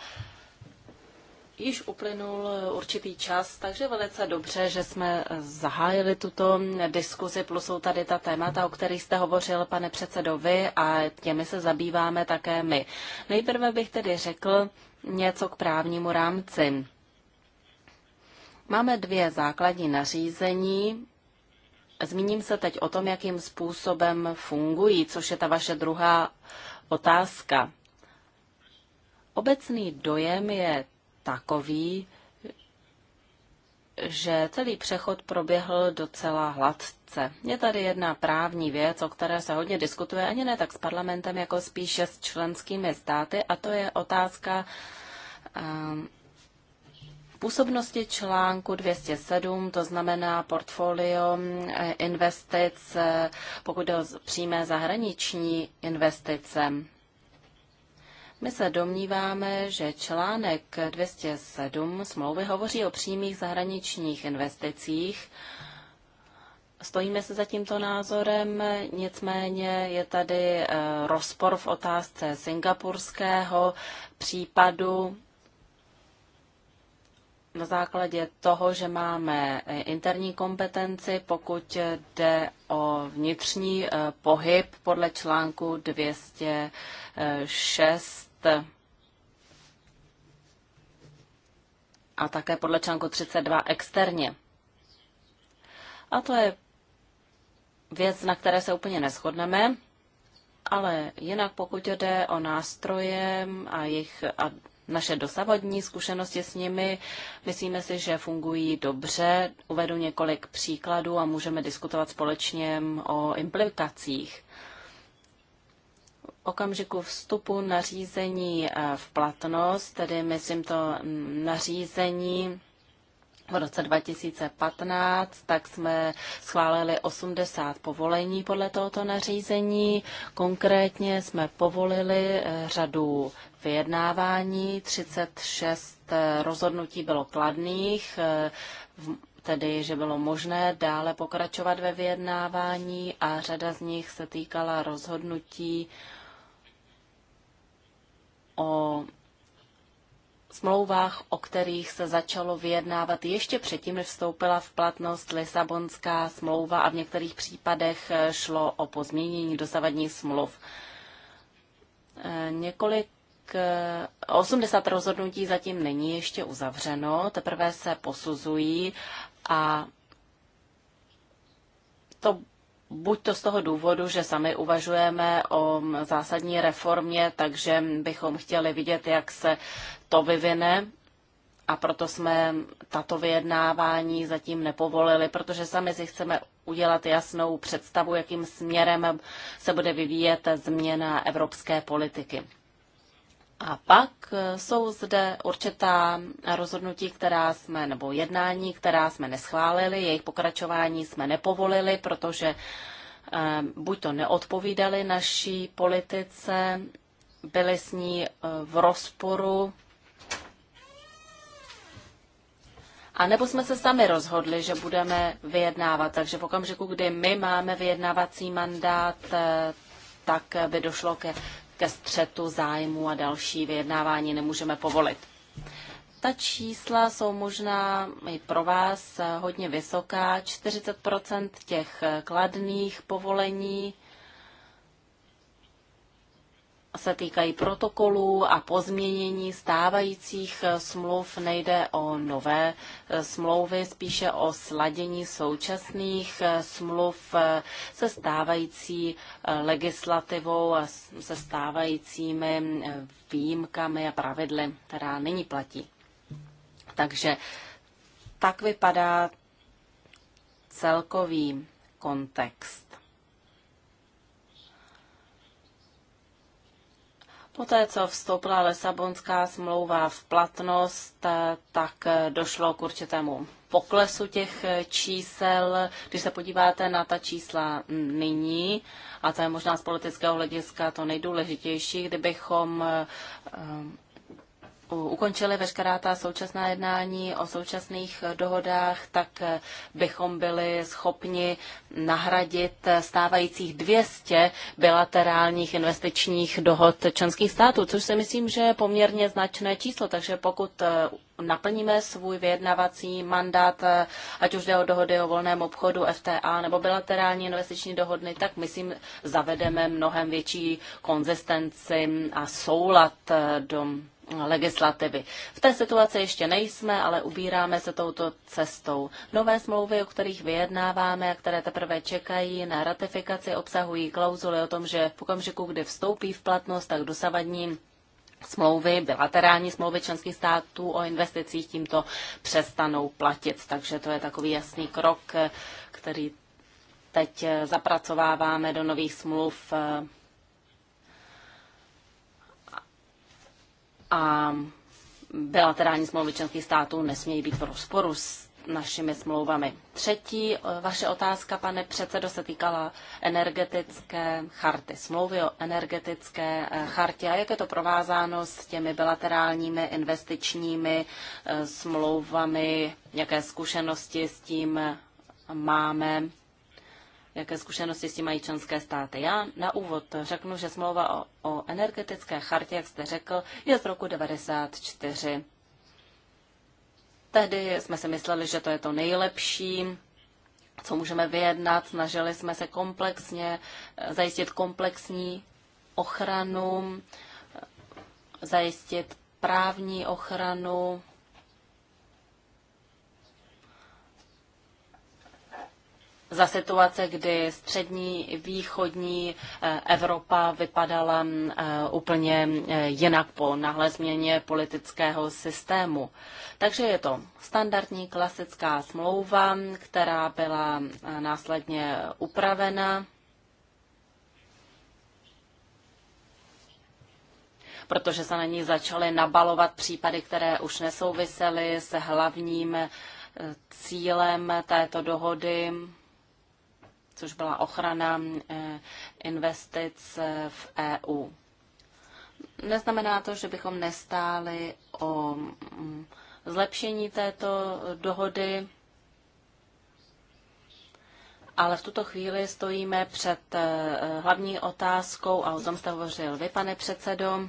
Již uplynul eh, určitý čas, takže velice dobře, že jsme eh, zahájili tuto diskuzi, plus jsou tady ta témata, o kterých jste hovořil, pane předsedo, vy a těmi se zabýváme také my. Nejprve bych tedy řekl něco k právnímu rámci. Máme dvě základní nařízení. Zmíním se teď o tom, jakým způsobem fungují, což je ta vaše druhá otázka. Obecný dojem je takový, že celý přechod proběhl docela hladce. Je tady jedna právní věc, o které se hodně diskutuje, ani ne tak s parlamentem, jako spíše s členskými státy, a to je otázka um, působnosti článku 207, to znamená portfolio eh, investic, eh, pokud jde o přímé zahraniční investice. My se domníváme, že článek 207 smlouvy hovoří o přímých zahraničních investicích. Stojíme se za tímto názorem, nicméně je tady eh, rozpor v otázce singapurského případu na základě toho, že máme eh, interní kompetenci, pokud jde o vnitřní eh, pohyb podle článku 206 a také podle článku 32 externě. A to je věc, na které se úplně neschodneme, ale jinak pokud jde o nástroje a jejich naše dosavadní zkušenosti s nimi. Myslíme si, že fungují dobře. Uvedu několik příkladů a můžeme diskutovat společně o implikacích. V okamžiku vstupu nařízení eh, v platnost, tedy myslím to nařízení v roce 2015, tak jsme schválili 80 povolení podle tohoto nařízení. Konkrétně jsme povolili eh, řadu vyjednávání, 36 eh, rozhodnutí bylo kladných, eh, tedy že bylo možné dále pokračovat ve vyjednávání a řada z nich se týkala rozhodnutí o smlouvách, o kterých se začalo vyjednávat ještě předtím, než vstoupila v platnost Lisabonská smlouva a v některých případech eh, šlo o pozměnění dosavadních smluv. Eh, několik 80 eh, rozhodnutí zatím není ještě uzavřeno, teprve se posuzují a to buď to z toho důvodu, že sami uvažujeme o zásadní reformě, takže bychom chtěli vidět, jak se to vyvine a proto jsme tato vyjednávání zatím nepovolili, protože sami si chceme udělat jasnou představu, jakým směrem se bude vyvíjet změna evropské politiky. A pak jsou zde určitá rozhodnutí, která jsme, nebo jednání, která jsme neschválili, jejich pokračování jsme nepovolili, protože eh, buď to neodpovídali naší politice, byli s ní eh, v rozporu A nebo jsme se sami rozhodli, že budeme vyjednávat. Takže v okamžiku, kdy my máme vyjednávací mandát, eh, tak by došlo ke, ke střetu zájmu a další vyjednávání nemůžeme povolit. Ta čísla jsou možná i pro vás hodně vysoká. 40 těch kladných povolení se týkají protokolů a pozměnění stávajících eh, smluv. Nejde o nové eh, smlouvy, spíše o sladění současných eh, smluv se stávající legislativou a se stávajícími výjimkami a pravidly, která nyní platí. Takže tak vypadá celkový kontext. Poté, co vstoupila Lesabonská smlouva v platnost, tak došlo k určitému poklesu těch čísel. Když se podíváte na ta čísla nyní, a to je možná z politického hlediska to nejdůležitější, kdybychom ukončili veškerá ta současná jednání o současných dohodách, tak eh, bychom byli schopni nahradit stávajících 200 bilaterálních investičních dohod členských států, což si myslím, že je poměrně značné číslo. Takže pokud eh, naplníme svůj vyjednavací mandát, eh, ať už jde o dohody o volném obchodu FTA nebo bilaterální investiční dohody, tak myslím, zavedeme mnohem větší konzistenci a soulad eh, do legislativy. V té situaci ještě nejsme, ale ubíráme se touto cestou. Nové smlouvy, o kterých vyjednáváme a které teprve čekají na ratifikaci, obsahují klauzuly o tom, že v okamžiku, kdy vstoupí v platnost, tak dosavadní smlouvy, bilaterální smlouvy členských států o investicích tímto přestanou platit. Takže to je takový jasný krok, který teď zapracováváme do nových smluv a bilaterální smlouvy členských států nesmějí být v rozporu s našimi smlouvami. Třetí eh, vaše otázka, pane předsedo, se týkala energetické charty, smlouvy o energetické eh, chartě a jak je to provázáno s těmi bilaterálními investičními eh, smlouvami, jaké zkušenosti s tím máme jaké zkušenosti s tím mají členské státy. Já na úvod řeknu, že smlouva o, o energetické chartě, jak jste řekl, je z roku 1994. Tehdy jsme si mysleli, že to je to nejlepší, co můžeme vyjednat. Snažili jsme se komplexně eh, zajistit komplexní ochranu, eh, zajistit právní ochranu za situace, kdy střední východní eh, Evropa vypadala eh, úplně eh, jinak po náhle změně politického systému. Takže je to standardní klasická smlouva, která byla následně upravena protože se na ní začaly nabalovat případy, které už nesouvisely s hlavním cílem této dohody, což byla ochrana eh, investic eh, v EU. Neznamená to, že bychom nestáli o mm, zlepšení této dohody, ale v tuto chvíli stojíme před eh, hlavní otázkou, a o tom jste hovořil vy, pane předsedo,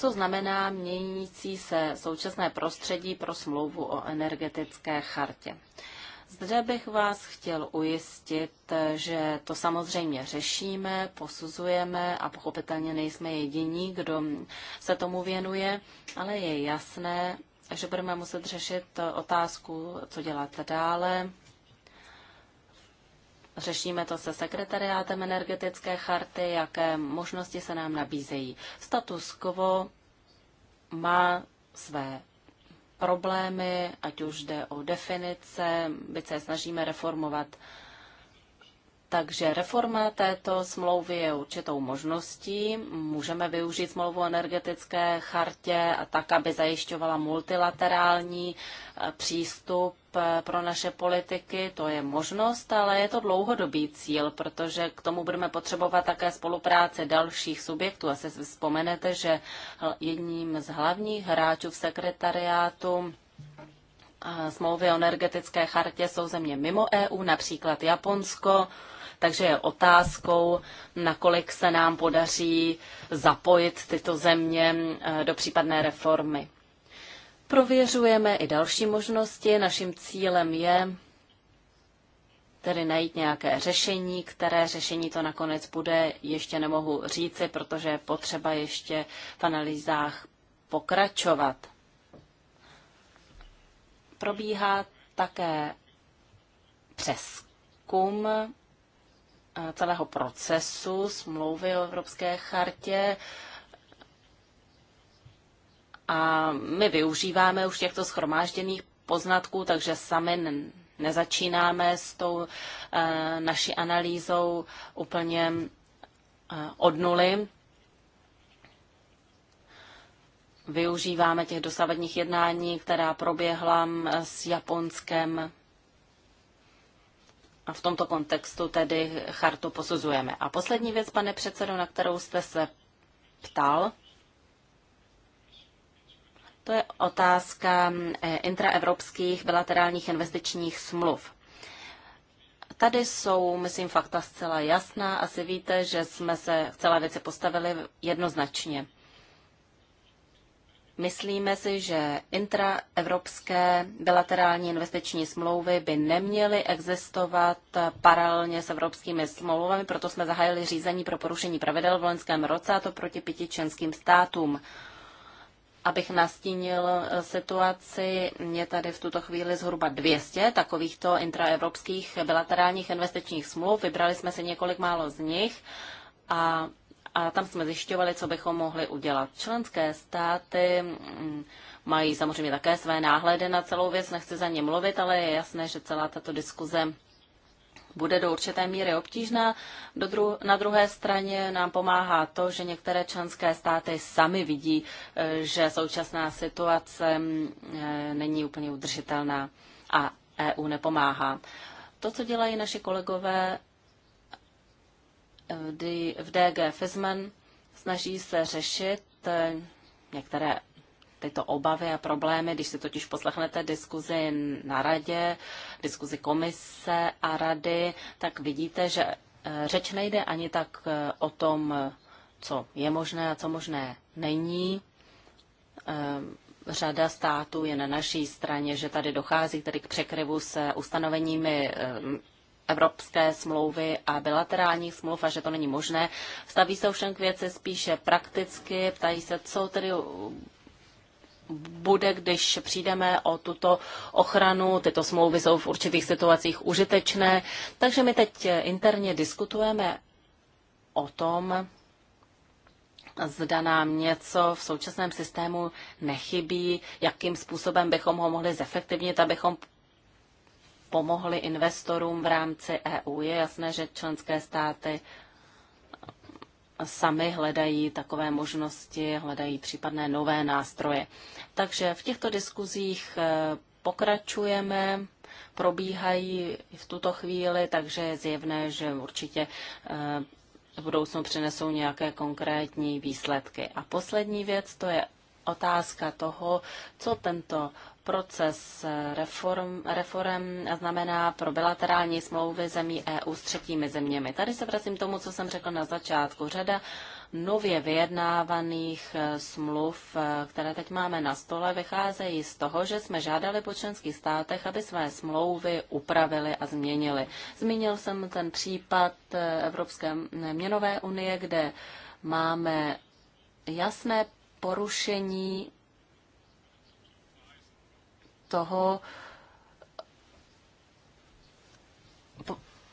co znamená měnící se současné prostředí pro smlouvu o energetické chartě. Zde bych vás chtěl ujistit, že to samozřejmě řešíme, posuzujeme a pochopitelně nejsme jediní, kdo se tomu věnuje, ale je jasné, že budeme muset řešit otázku, co dělat dále, Řešíme to se sekretariátem energetické charty, jaké možnosti se nám nabízejí. Status quo má své problémy, ať už jde o definice, byť se snažíme reformovat. Takže reforma této smlouvy je určitou možností. Můžeme využít smlouvu o energetické chartě a tak, aby zajišťovala multilaterální eh, přístup Eh, pro naše politiky, to je možnost, ale je to dlouhodobý cíl, protože k tomu budeme potřebovat také spolupráce dalších subjektů. Asi si vzpomenete, že jedním z hlavních hráčů v sekretariátu eh, smlouvy o energetické chartě jsou země mimo EU, například Japonsko, takže je otázkou, nakolik se nám podaří zapojit tyto země eh, do případné reformy. Prověřujeme i další možnosti. Naším cílem je tedy najít nějaké řešení, které řešení to nakonec bude, ještě nemohu říci, protože je potřeba ještě v analýzách pokračovat. Probíhá také přeskum eh, celého procesu smlouvy o Evropské chartě a my využíváme už těchto schromážděných poznatků, takže sami nezačínáme s tou eh, naší analýzou úplně eh, od nuly. Využíváme těch dosavadních jednání, která proběhla s Japonskem. A v tomto kontextu tedy chartu posuzujeme. A poslední věc, pane předsedo, na kterou jste se ptal, to je otázka eh, intraevropských bilaterálních investičních smluv. Tady jsou, myslím, fakta zcela jasná. Asi víte, že jsme se v celé věci postavili jednoznačně. Myslíme si, že intraevropské bilaterální investiční smlouvy by neměly existovat paralelně s evropskými smlouvami, proto jsme zahájili řízení pro porušení pravidel v loňském roce, a to proti pěti členským státům. Abych nastínil eh, situaci, je tady v tuto chvíli zhruba 200 takovýchto intraevropských bilaterálních investičních smluv. Vybrali jsme si několik málo z nich a, a tam jsme zjišťovali, co bychom mohli udělat. Členské státy mm, mají samozřejmě také své náhledy na celou věc, nechci za ně mluvit, ale je jasné, že celá tato diskuze bude do určité míry obtížná. Do dru- na druhé straně nám pomáhá to, že některé členské státy sami vidí, eh, že současná situace mm, eh, není úplně udržitelná a EU nepomáhá. To, co dělají naši kolegové eh, v DG FISMAN, snaží se řešit některé tyto obavy a problémy, když si totiž poslechnete diskuzi na radě, diskuzi komise a rady, tak vidíte, že eh, řeč nejde ani tak eh, o tom, eh, co je možné a co možné není. Řada států je na naší straně, že tady dochází tedy k překryvu se ustanoveními evropské smlouvy a bilaterálních smluv a že to není možné. Staví se ovšem k věci spíše prakticky, ptají se, co tedy bude, když přijdeme o tuto ochranu. Tyto smlouvy jsou v určitých situacích užitečné. Takže my teď interně diskutujeme o tom, zda nám něco v současném systému nechybí, jakým způsobem bychom ho mohli zefektivnit, abychom pomohli investorům v rámci EU. Je jasné, že členské státy sami hledají takové možnosti, hledají případné nové nástroje. Takže v těchto diskuzích eh, pokračujeme, probíhají v tuto chvíli, takže je zjevné, že určitě eh, v budoucnu přinesou nějaké konkrétní výsledky. A poslední věc, to je otázka toho, co tento proces reform, reform znamená pro bilaterální smlouvy zemí EU s třetími zeměmi. Tady se vracím k tomu, co jsem řekl na začátku. Řada nově vyjednávaných eh, smluv, eh, které teď máme na stole, vycházejí z toho, že jsme žádali po členských státech, aby své smlouvy upravili a změnili. Zmínil jsem ten případ eh, Evropské měnové unie, kde máme jasné porušení toho,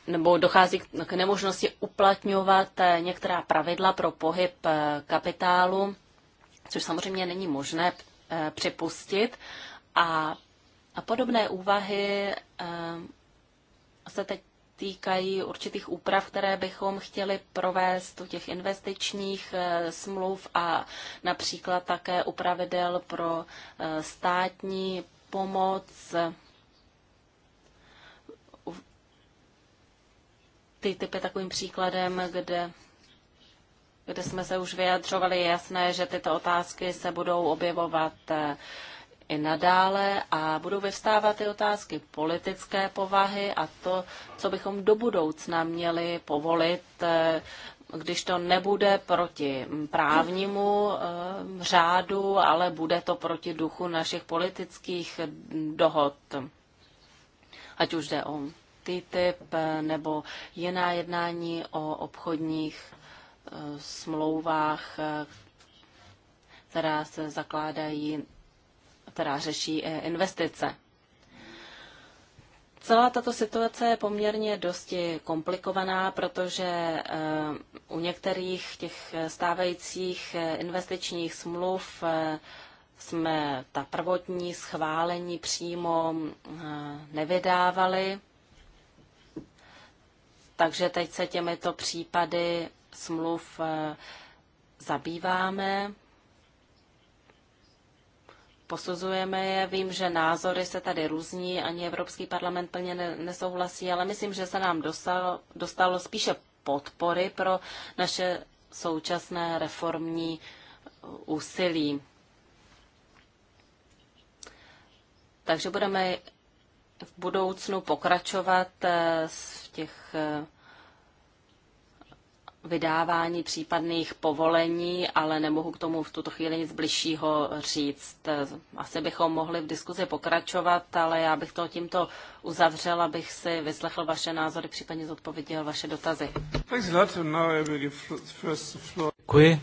nebo dochází k nemožnosti uplatňovat eh, některá pravidla pro pohyb eh, kapitálu, což samozřejmě není možné eh, připustit. A, a podobné úvahy se teď týkají určitých úprav, které bychom chtěli provést u těch investičních smluv a například také u pravidel pro státní pomoc ty typy takovým příkladem, kde, kde jsme se už vyjadřovali, je jasné, že tyto otázky se budou objevovat eh, i nadále a budou vyvstávat i otázky politické povahy a to, co bychom do budoucna měli povolit eh, když to nebude proti právnímu eh, řádu, ale bude to proti duchu našich politických dohod, ať už jde o TTIP eh, nebo jiná jednání o obchodních eh, smlouvách, která se zakládají, která řeší investice. Celá tato situace je poměrně dosti komplikovaná, protože eh, u některých těch stávajících eh, investičních smluv eh, jsme ta prvotní schválení přímo nevydávali. Takže teď se těmito případy smluv zabýváme posuzujeme je. Vím, že názory se tady různí, ani Evropský parlament plně nesouhlasí, ale myslím, že se nám dostalo, dostalo spíše podpory pro naše současné reformní úsilí. Takže budeme v budoucnu pokračovat eh, v těch eh, vydávání případných povolení, ale nemohu k tomu v tuto chvíli nic bližšího říct. Asi bychom mohli v diskuzi pokračovat, ale já bych to tímto uzavřel, abych si vyslechl vaše názory, případně zodpověděl vaše dotazy. Děkuji.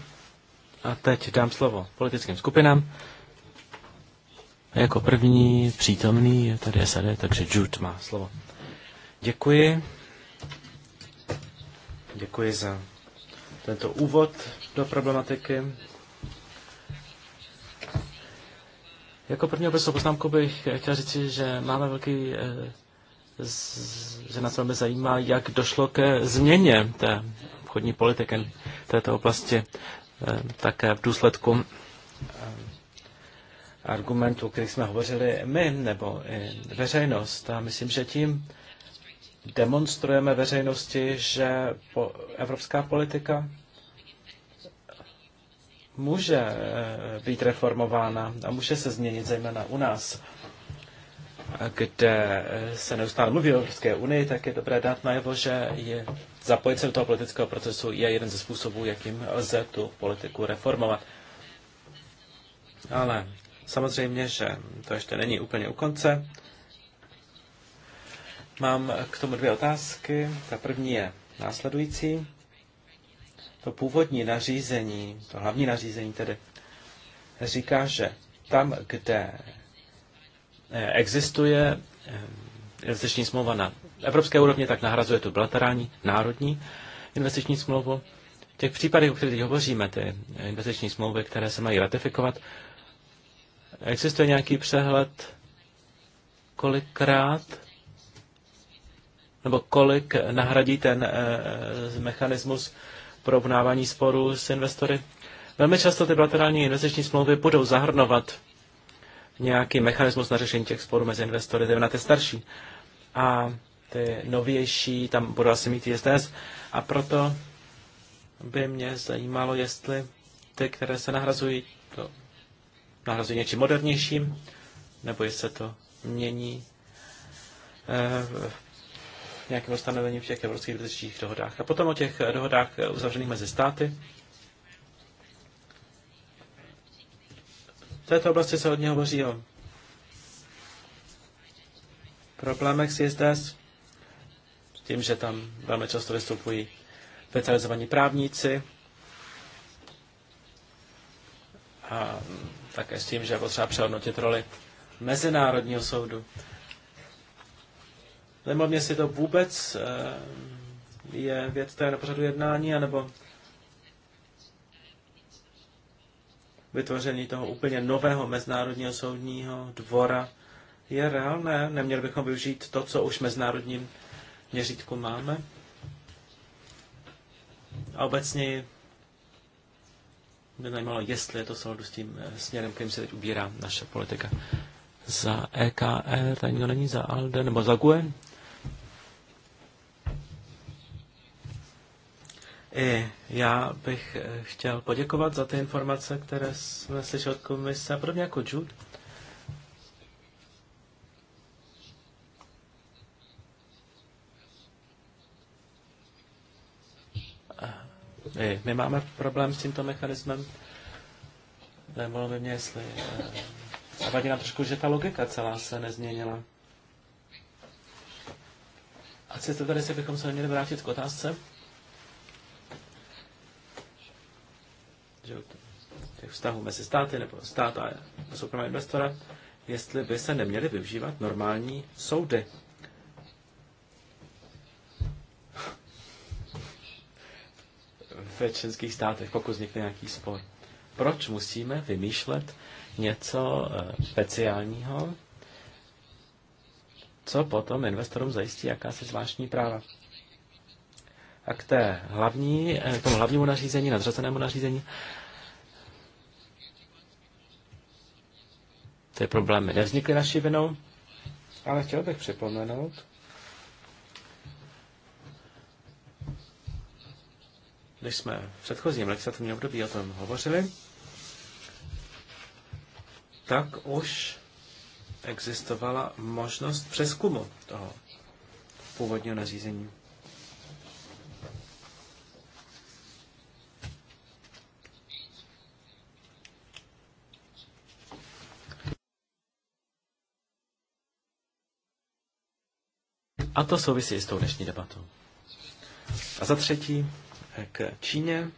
A teď dám slovo politickým skupinám. Jako první přítomný je tady SAD, takže Jude má slovo. Děkuji. Děkuji za tento úvod do problematiky. Jako první obecnou poznámku bych chtěl říct, že máme velký, eh, že nás velmi zajímá, jak došlo ke změně té obchodní politiky této oblasti, eh, také v důsledku eh, argumentů, o kterých jsme hovořili my nebo i veřejnost. A myslím, že tím demonstrujeme veřejnosti, že po, evropská politika může eh, být reformována a může se změnit zejména u nás, kde eh, se neustále mluví o Evropské unii, tak je dobré dát najevo, že je, zapojit se do toho politického procesu je jeden ze způsobů, jakým lze tu politiku reformovat. Ale samozřejmě, že to ještě není úplně u konce. Mám k tomu dvě otázky. Ta první je následující. To původní nařízení, to hlavní nařízení tedy, říká, že tam, kde eh, existuje eh, investiční smlouva na evropské úrovni, tak nahrazuje tu bilaterální národní investiční smlouvu. V těch případech, o kterých hovoříme, ty investiční smlouvy, které se mají ratifikovat, existuje nějaký přehled, kolikrát nebo kolik nahradí ten eh, eh, mechanismus porovnávání sporů s investory. Velmi často ty bilaterální investiční smlouvy budou zahrnovat nějaký mechanismus na řešení těch sporů mezi investory, zejména ty starší. A ty novější, tam budou asi mít ISDS. A proto by mě zajímalo, jestli ty, které se nahrazují, to nahrazují něčím modernějším, nebo jestli se to mění eh, nějakým ustanovení v těch evropských investičních dohodách. A potom o těch dohodách uzavřených mezi státy. V této oblasti se hodně hovoří o problémech s JSDS, tím, že tam velmi často vystupují specializovaní právníci a také s tím, že je potřeba přehodnotit roli Mezinárodního soudu mě, jestli to vůbec eh, je věc, která na pořadu jednání, anebo vytvoření toho úplně nového mezinárodního soudního dvora je reálné. Neměli bychom využít to, co už v mezinárodním měřítku máme. A obecně mě zajímalo, jestli je to souladu s tím eh, směrem, kterým se teď ubírá naše politika. Za EKR, tady není, za ALDE nebo za GUE? I já bych eh, chtěl poděkovat za ty informace, které jsme slyšeli od komise, podobně jako Jude. Eh, I my máme problém s tímto mechanismem. Nebylo by mě, jestli... Eh, a vadí nám trošku, že ta logika celá se nezměnila. A chcete tady, jestli bychom se měli vrátit k otázce? že těch vztahů mezi státy nebo stát a soukromého investora, jestli by se neměly využívat normální soudy. Ve členských státech, pokud vznikne nějaký spor. Proč musíme vymýšlet něco eh, speciálního, co potom investorům zajistí jakási zvláštní práva? A k, té hlavní, eh, k tomu hlavnímu nařízení, nadřazenému nařízení, ty problémy nevznikly naší vinou, ale chtěl bych připomenout, když jsme v předchozím legislativním období o tom hovořili, tak už existovala možnost přeskumu toho původního nařízení. A to souvisí i s tou dnešní debatou. A za třetí eh, k Číně.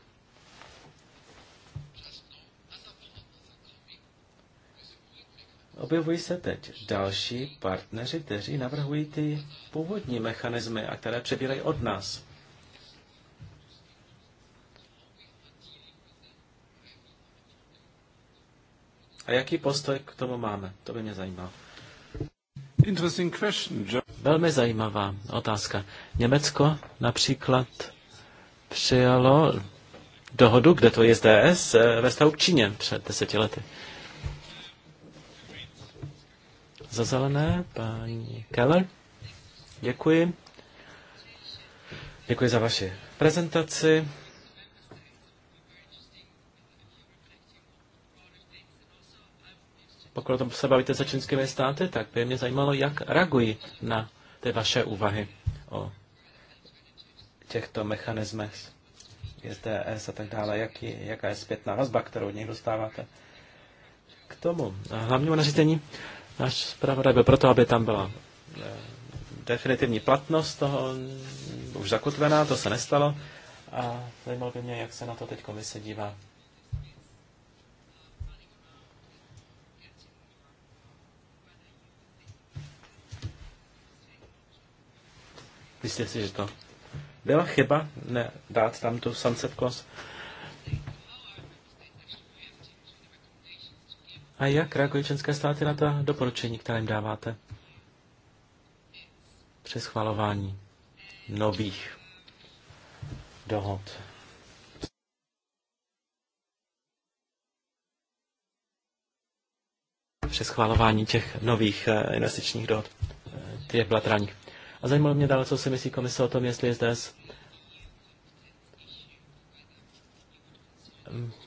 Objevují se teď další partneři, kteří navrhují ty původní mechanismy a které přebírají od nás. A jaký postoj k tomu máme? To by mě zajímalo. Interesting question, Velmi zajímavá otázka. Německo například přijalo dohodu, kde to je SDS, eh, ve stavu k Číně před deseti lety. Za zelené, paní Keller, děkuji. Děkuji za vaši prezentaci. Pokud o tom se bavíte za čínskými státy, tak by mě zajímalo, jak reagují na ty vaše úvahy o těchto mechanismech SDS a tak dále, je, jaká je zpětná vazba, kterou od nich dostáváte. K tomu hlavnímu nařízení náš zpravodaj byl proto, aby tam byla eh, definitivní platnost toho už zakotvená, to se nestalo. A zajímalo by mě, jak se na to teď komise dívá. Myslíte si, že to byla chyba ne, dát tam tu sunset clause? A jak reagují členské státy na ta doporučení, která jim dáváte? Při schvalování nových dohod. Při schvalování těch nových eh, investičních dohod, eh, těch bilaterálních. A zajímalo mě dále, co si myslí komise o tom, jestli zde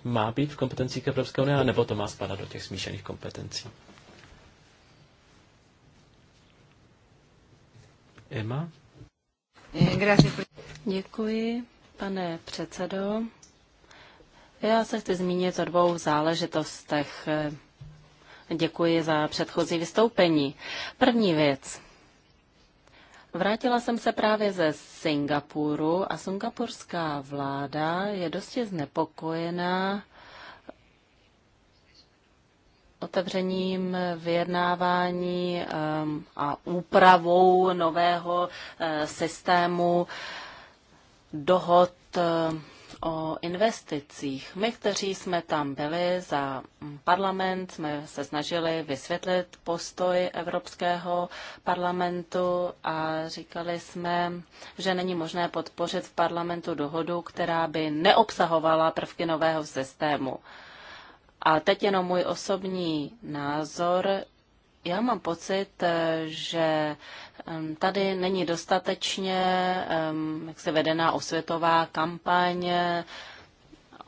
má být v kompetencích Evropské unie, nebo to má spadat do těch smíšených kompetencí. Emma? Děkuji, pane předsedo. Já se chci zmínit o dvou záležitostech. Děkuji za předchozí vystoupení. První věc. Vrátila jsem se právě ze Singapuru a singapurská vláda je dosti znepokojená otevřením vyjednávání ehm, a úpravou nového eh, systému dohod ehm, o investicích. My, kteří jsme tam byli za parlament, jsme se snažili vysvětlit postoj Evropského parlamentu a říkali jsme, že není možné podpořit v parlamentu dohodu, která by neobsahovala prvky nového systému. A teď jenom můj osobní názor. Já mám pocit, eh, že tady není dostatečně jak se vedená osvětová kampaň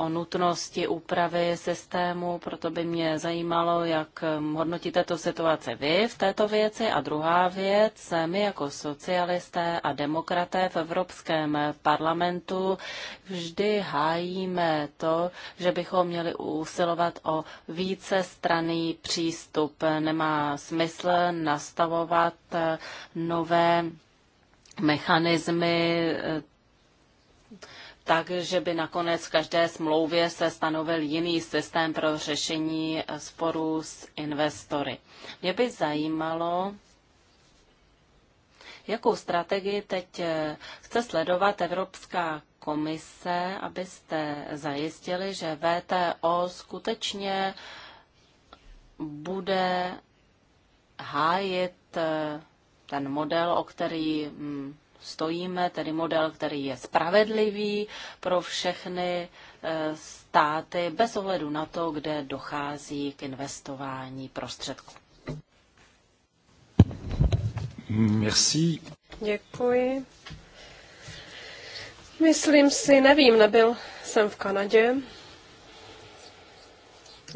o nutnosti úpravy systému, proto by mě zajímalo, jak um, hodnotíte tu situaci vy v této věci. A druhá věc, my jako socialisté a demokraté v Evropském parlamentu vždy hájíme to, že bychom měli usilovat o více straný přístup. Nemá smysl nastavovat eh, nové mechanismy eh, tak, že by nakonec každé smlouvě se stanovil jiný systém pro řešení eh, sporů s investory. Mě by zajímalo, jakou strategii teď eh, chce sledovat Evropská komise, abyste zajistili, že VTO skutečně bude hájit eh, ten model, o který mm, stojíme, tedy model, který je spravedlivý pro všechny eh, státy bez ohledu na to, kde dochází k investování prostředků. Merci. Děkuji. Myslím si, nevím, nebyl jsem v Kanadě.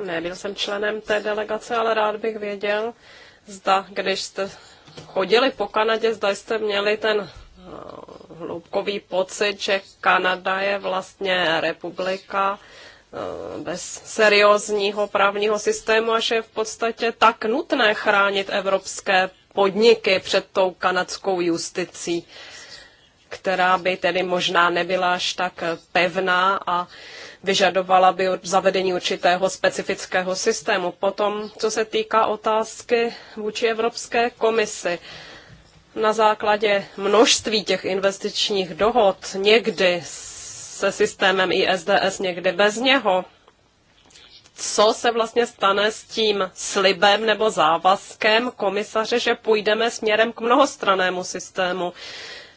Nebyl jsem členem té delegace, ale rád bych věděl, zda, když jste chodili po Kanadě, zda jste měli ten hloubkový pocit, že Kanada je vlastně republika eh, bez seriózního právního systému a že je v podstatě tak nutné chránit evropské podniky před tou kanadskou justicí, která by tedy možná nebyla až tak pevná a vyžadovala by zavedení určitého specifického systému. Potom, co se týká otázky vůči Evropské komisi, na základě množství těch investičních dohod, někdy se systémem ISDS, někdy bez něho, co se vlastně stane s tím slibem nebo závazkem komisaře, že půjdeme směrem k mnohostranému systému,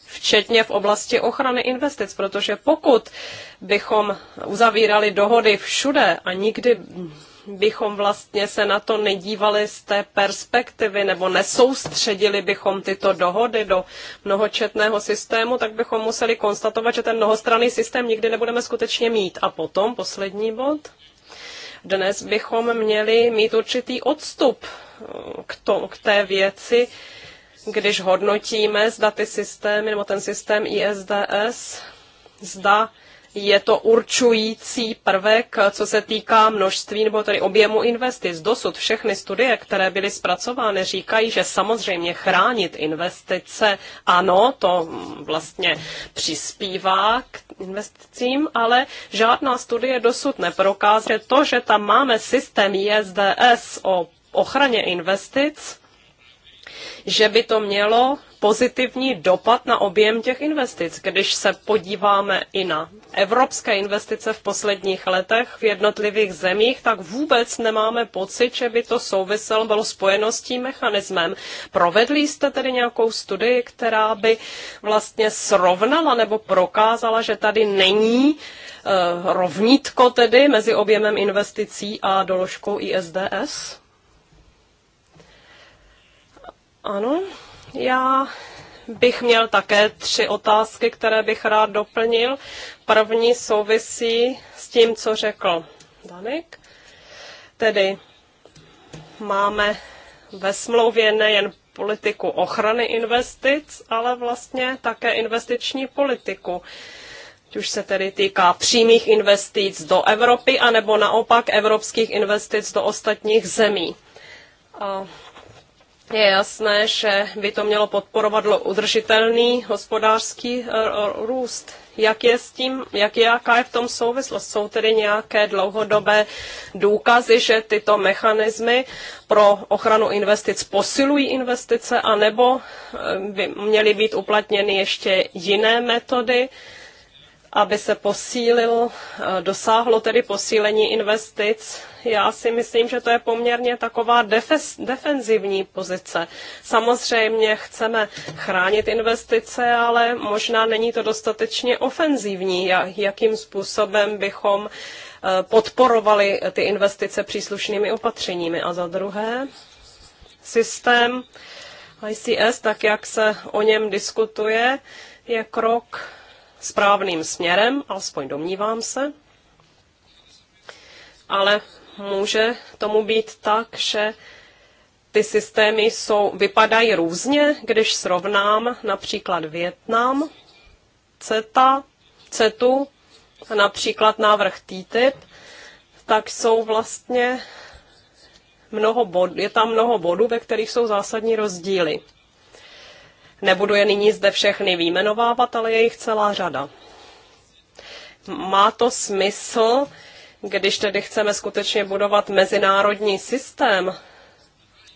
včetně v oblasti ochrany investic, protože pokud bychom uzavírali dohody všude a nikdy bychom vlastně se na to nedívali z té perspektivy nebo nesoustředili bychom tyto dohody do mnohočetného systému, tak bychom museli konstatovat, že ten mnohostranný systém nikdy nebudeme skutečně mít. A potom poslední bod. Dnes bychom měli mít určitý odstup eh, k, to, k té věci, když hodnotíme, zda ty systémy nebo ten systém ISDS, zda je to určující prvek, co se týká množství nebo tedy objemu investic. Dosud všechny studie, které byly zpracovány, říkají, že samozřejmě chránit investice, ano, to vlastně přispívá k investicím, ale žádná studie dosud neprokázala, že to, že tam máme systém ISDS o ochraně investic, že by to mělo pozitivní dopad na objem těch investic. Když se podíváme i na evropské investice v posledních letech v jednotlivých zemích, tak vůbec nemáme pocit, že by to souviselo, bylo spojeno s tím mechanismem. Provedli jste tedy nějakou studii, která by vlastně srovnala nebo prokázala, že tady není eh, rovnítko tedy mezi objemem investicí a doložkou ISDS? Ano, já bych měl také tři otázky, které bych rád doplnil. První souvisí s tím, co řekl Danek. Tedy máme ve smlouvě nejen politiku ochrany investic, ale vlastně také investiční politiku. Ať už se tedy týká přímých investic do Evropy, anebo naopak evropských investic do ostatních zemí. A je jasné, že by to mělo podporovat udržitelný hospodářský e, růst. Jak je s tím, jak je, jaká je v tom souvislost? Jsou tedy nějaké dlouhodobé důkazy, že tyto mechanismy pro ochranu investic posilují investice, anebo e, by měly být uplatněny ještě jiné metody? aby se posílil, eh, dosáhlo tedy posílení investic. Já si myslím, že to je poměrně taková defes, defenzivní pozice. Samozřejmě chceme chránit investice, ale možná není to dostatečně ofenzivní, jakým způsobem bychom eh, podporovali ty investice příslušnými opatřeními. A za druhé, systém ICS, tak jak se o něm diskutuje, je krok správným směrem, alespoň domnívám se, ale může tomu být tak, že ty systémy jsou, vypadají různě, když srovnám například Větnam, CETA, CETu, například návrh TTIP, tak jsou vlastně mnoho bod, je tam mnoho bodů, ve kterých jsou zásadní rozdíly. Nebudu je nyní zde všechny výjmenovávat, ale je jich celá řada. Má to smysl, když tedy chceme skutečně budovat mezinárodní systém,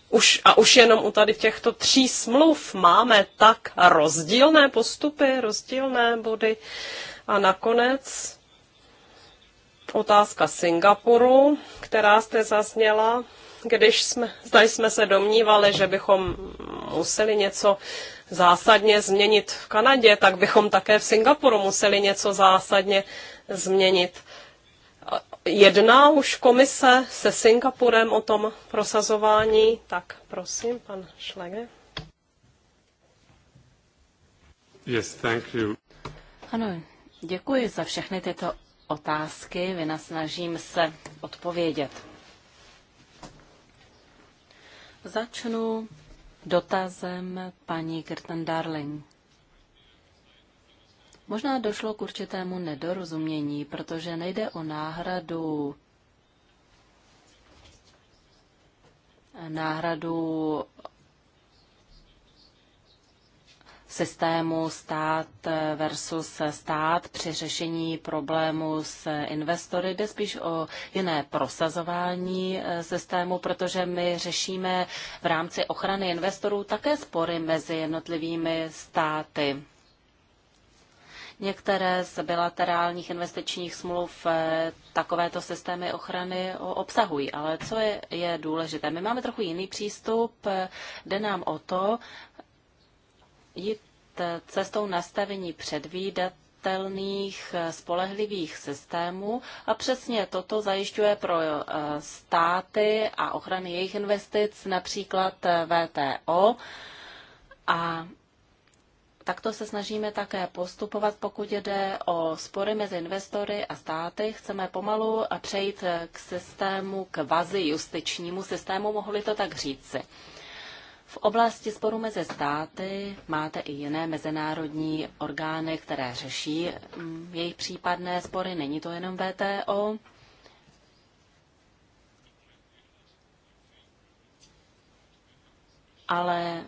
už, a už jenom u tady těchto tří smluv máme tak rozdílné postupy, rozdílné body. A nakonec otázka Singapuru, která jste zazněla, když jsme, zda jsme se domnívali, že bychom museli něco zásadně změnit v Kanadě, tak bychom také v Singapuru museli něco zásadně změnit. Jedná už komise se Singapurem o tom prosazování, tak prosím, pan Šlege. Yes, thank you. Ano, děkuji za všechny tyto otázky, vynasnažím se odpovědět. Začnu dotazem paní Kirsten Darling. Možná došlo k určitému nedorozumění, protože nejde o náhradu náhradu systému stát versus stát při řešení problému s investory. Jde spíš o jiné prosazování eh, systému, protože my řešíme v rámci ochrany investorů také spory mezi jednotlivými státy. Některé z bilaterálních investičních smluv eh, takovéto systémy ochrany obsahují. Ale co je, je důležité? My máme trochu jiný přístup. Eh, jde nám o to, jít eh, cestou nastavení předvídatelných eh, spolehlivých systémů a přesně toto zajišťuje pro eh, státy a ochrany jejich investic, například VTO. A Takto se snažíme také postupovat, pokud jde o spory mezi investory a státy. Chceme pomalu přejít k systému, k vazi justičnímu systému, mohli to tak říci. V oblasti sporu mezi státy máte i jiné mezinárodní orgány, které řeší mm, jejich případné spory. Není to jenom VTO. Ale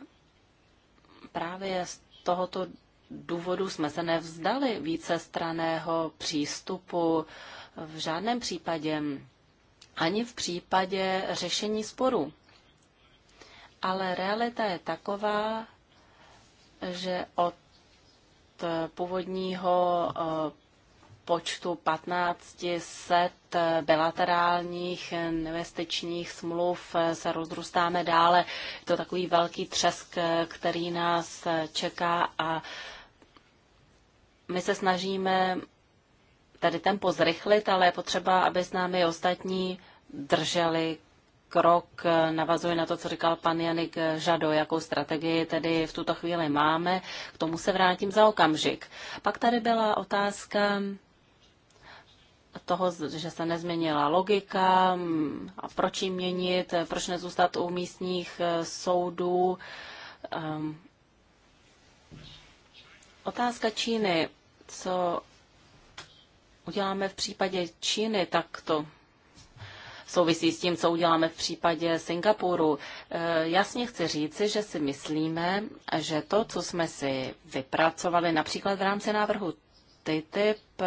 právě z tohoto důvodu jsme se nevzdali vícestraného přístupu v žádném případě, ani v případě řešení sporu ale realita je taková, že od eh, původního eh, počtu 1500 eh, bilaterálních investičních smluv se rozrůstáme dále. Je to takový velký třesk, který nás čeká a my se snažíme tady tempo zrychlit, ale je potřeba, aby s námi ostatní drželi krok eh, navazuje na to, co říkal pan Janik Žado, jakou strategii tedy v tuto chvíli máme. K tomu se vrátím za okamžik. Pak tady byla otázka toho, že se nezměnila logika mm, a proč ji měnit, proč nezůstat u místních eh, soudů. Ehm, otázka Číny, co uděláme v případě Číny takto souvisí s tím, co uděláme v případě Singapuru. Eh, jasně chci říci, že si myslíme, že to, co jsme si vypracovali například v rámci návrhu TTIP,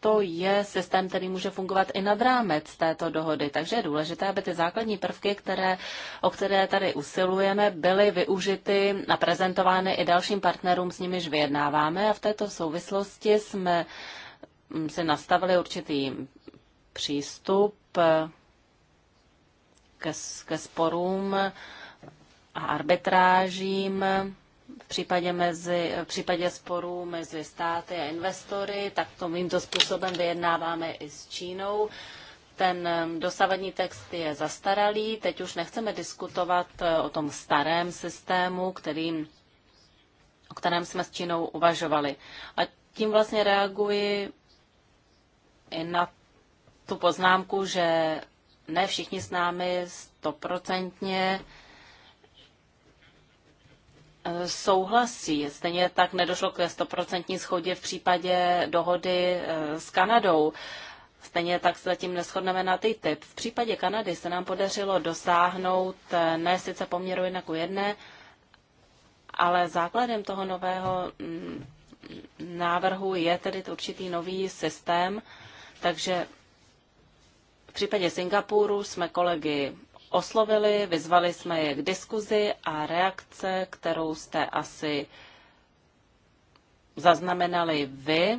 to je systém, který může fungovat i nad rámec této dohody. Takže je důležité, aby ty základní prvky, které, o které tady usilujeme, byly využity a prezentovány i dalším partnerům, s nimiž vyjednáváme. A v této souvislosti jsme mm, si nastavili určitý přístup eh, ke, ke sporům a arbitrážím. V případě, mezi, v případě sporů mezi státy a investory, tak tomto způsobem vyjednáváme i s Čínou. Ten um, dosavadní text je zastaralý, teď už nechceme diskutovat uh, o tom starém systému, kterým, o kterém jsme s Čínou uvažovali. A tím vlastně reaguji i na tu poznámku, že ne všichni s námi stoprocentně eh, souhlasí. Stejně tak nedošlo ke stoprocentní schodě v případě dohody eh, s Kanadou. Stejně tak se zatím neschodneme na ty typ. V případě Kanady se nám podařilo dosáhnout eh, ne sice poměru jednak u jedné, ale základem toho nového mm, návrhu je tedy určitý nový systém, takže v případě Singapuru jsme kolegy oslovili, vyzvali jsme je k diskuzi a reakce, kterou jste asi zaznamenali vy,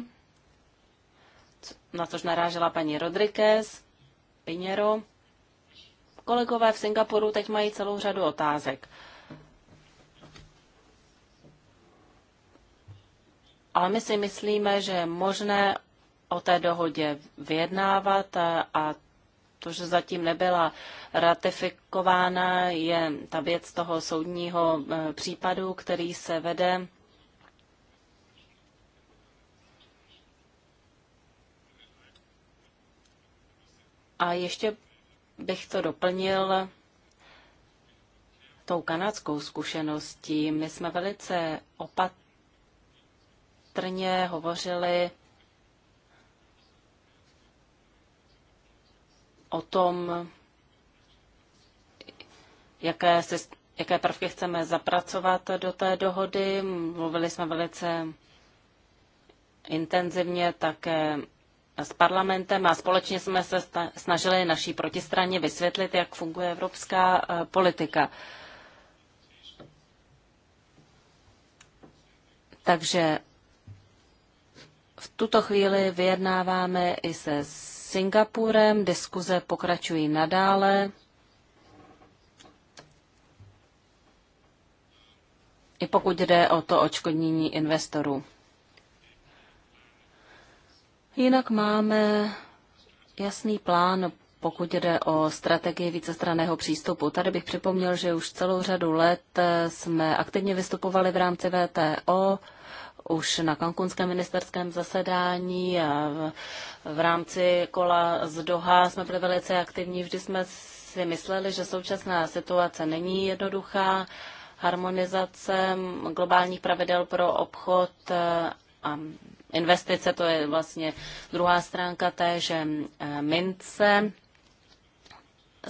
na což narážela paní Rodriguez, Pinero. Kolegové v Singapuru teď mají celou řadu otázek. Ale my si myslíme, že je možné o té dohodě vyjednávat a to, že zatím nebyla ratifikována, je ta věc toho soudního eh, případu, který se vede. A ještě bych to doplnil tou kanadskou zkušeností. My jsme velice opatrně hovořili o tom, jaké, se, jaké prvky chceme zapracovat do té dohody. Mluvili jsme velice intenzivně také s parlamentem a společně jsme se snažili naší protistraně vysvětlit, jak funguje evropská eh, politika. Takže v tuto chvíli vyjednáváme i se Singapurem. Diskuze pokračují nadále. I pokud jde o to očkodnění investorů. Jinak máme jasný plán, pokud jde o strategii vícestraného přístupu. Tady bych připomněl, že už celou řadu let jsme aktivně vystupovali v rámci VTO už na kankunském ministerském zasedání a v, v rámci kola z Doha jsme byli velice aktivní. Vždy jsme si mysleli, že současná situace není jednoduchá. Harmonizace globálních pravidel pro obchod eh, a investice, to je vlastně druhá stránka že eh, mince.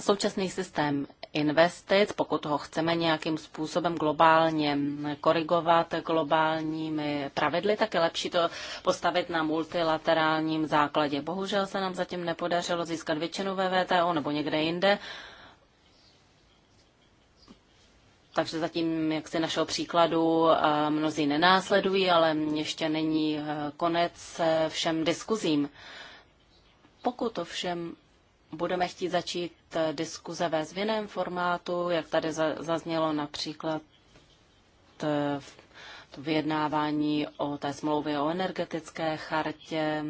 Současný systém investic, pokud ho chceme nějakým způsobem globálně korigovat globálními pravidly, tak je lepší to postavit na multilaterálním základě. Bohužel se nám zatím nepodařilo získat většinu ve VTO nebo někde jinde. Takže zatím, jak se našeho příkladu, eh, mnozí nenásledují, ale ještě není eh, konec eh, všem diskuzím. Pokud ovšem budeme chtít začít eh, diskuze vést v jiném formátu, jak tady zaznělo například eh, to vyjednávání o té smlouvě o energetické chartě,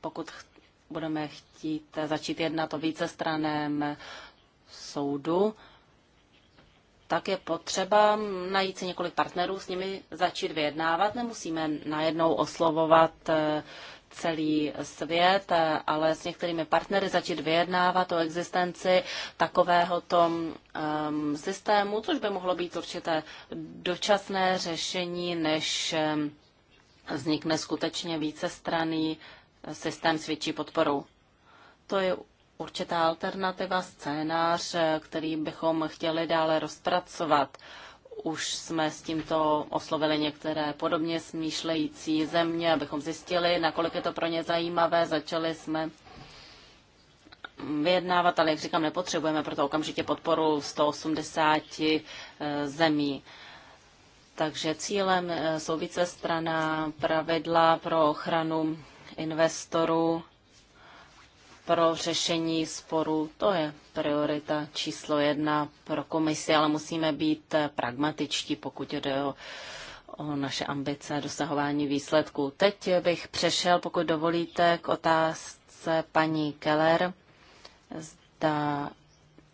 pokud ch- budeme chtít eh, začít jednat o vícestraném soudu, tak je potřeba najít si několik partnerů, s nimi začít vyjednávat. Nemusíme najednou oslovovat celý svět, ale s některými partnery začít vyjednávat o existenci takového tom um, systému, což by mohlo být určité dočasné řešení, než um, vznikne skutečně vícestraný systém s větší podporou. To je určitá alternativa, scénář, který bychom chtěli dále rozpracovat. Už jsme s tímto oslovili některé podobně smýšlející země, abychom zjistili, nakolik je to pro ně zajímavé. Začali jsme vyjednávat, ale jak říkám, nepotřebujeme proto okamžitě podporu 180 eh, zemí. Takže cílem eh, jsou strana pravidla pro ochranu investorů pro řešení sporů. To je priorita číslo jedna pro komisi, ale musíme být pragmatičtí, pokud jde o o naše ambice a dosahování výsledků. Teď bych přešel, pokud dovolíte, k otázce paní Keller. Zda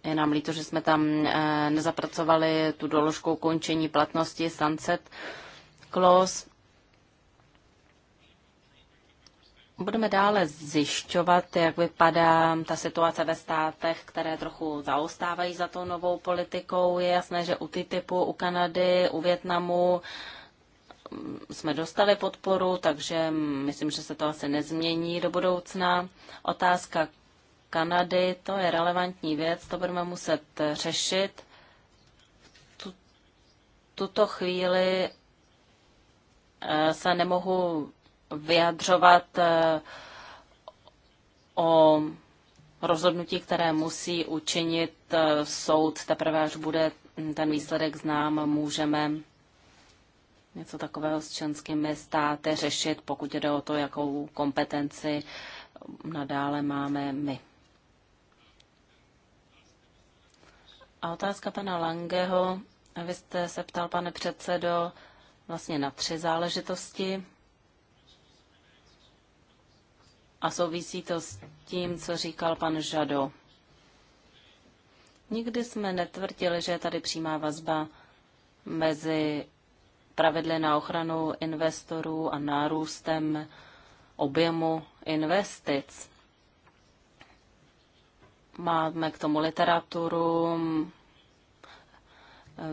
je nám líto, že jsme tam eh, nezapracovali tu doložku ukončení platnosti Sunset Clause. Budeme dále zjišťovat, jak vypadá ta situace ve státech, které trochu zaostávají za tou novou politikou. Je jasné, že u TTIPu, u Kanady, u Větnamu mm, jsme dostali podporu, takže myslím, že se to asi nezmění do budoucna. Otázka Kanady, to je relevantní věc, to budeme muset řešit. tuto chvíli eh, se nemohu vyjadřovat eh, o rozhodnutí, které musí učinit eh, soud. Teprve až bude ten výsledek znám, můžeme něco takového s členskými státy řešit, pokud jde o to, jakou kompetenci nadále máme my. A otázka pana Langeho. Vy jste se ptal, pane předsedo, vlastně na tři záležitosti a souvisí to s tím, co říkal pan Žado. Nikdy jsme netvrdili, že je tady přímá vazba mezi pravidly na ochranu investorů a nárůstem objemu investic. Máme k tomu literaturu,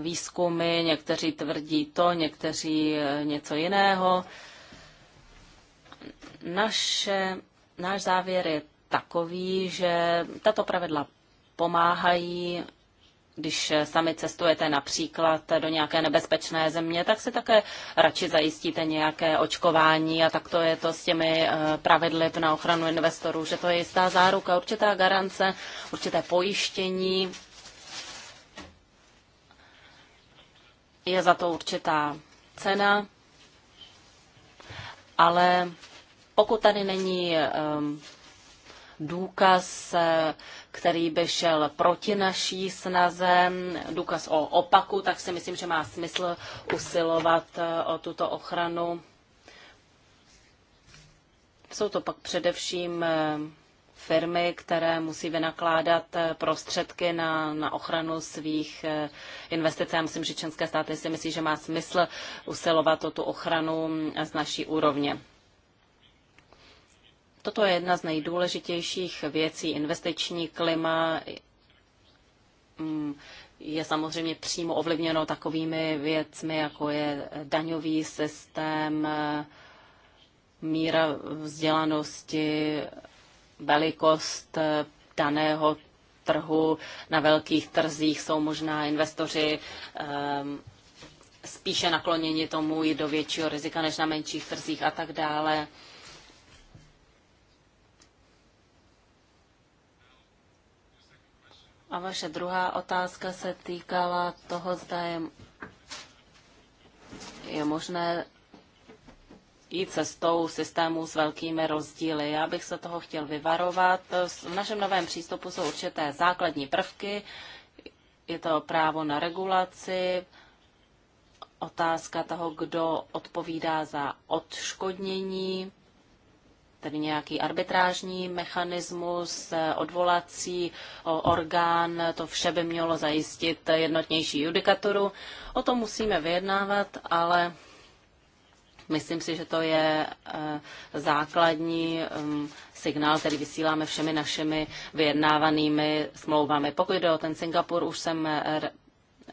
výzkumy, někteří tvrdí to, někteří něco jiného. Naše náš závěr je takový, že tato pravidla pomáhají když sami cestujete například do nějaké nebezpečné země, tak si také radši zajistíte nějaké očkování a tak to je to s těmi eh, pravidly na ochranu investorů, že to je jistá záruka, určitá garance, určité pojištění. Je za to určitá cena, ale pokud tady není ehm, důkaz, eh, který by šel proti naší snaze, důkaz o opaku, tak si myslím, že má smysl usilovat eh, o tuto ochranu. Jsou to pak především eh, firmy, které musí vynakládat prostředky na, na ochranu svých investic. Já myslím, že členské státy si myslí, že má smysl usilovat o tu ochranu z naší úrovně. Toto je jedna z nejdůležitějších věcí. Investiční klima mm, je samozřejmě přímo ovlivněno takovými věcmi, jako je daňový systém, míra vzdělanosti, velikost daného trhu. Na velkých trzích jsou možná investoři ehm, spíše nakloněni tomu i do většího rizika než na menších trzích a tak dále. A vaše druhá otázka se týkala toho, zda je, je možné jít cestou systému s velkými rozdíly. Já bych se toho chtěl vyvarovat. V našem novém přístupu jsou určité základní prvky. Je to právo na regulaci, otázka toho, kdo odpovídá za odškodnění, tedy nějaký arbitrážní mechanismus, odvolací orgán, to vše by mělo zajistit jednotnější judikaturu. O tom musíme vyjednávat, ale myslím si, že to je e, základní um, signál, který vysíláme všemi našimi vyjednávanými smlouvami. Pokud jde o ten Singapur, už jsem e,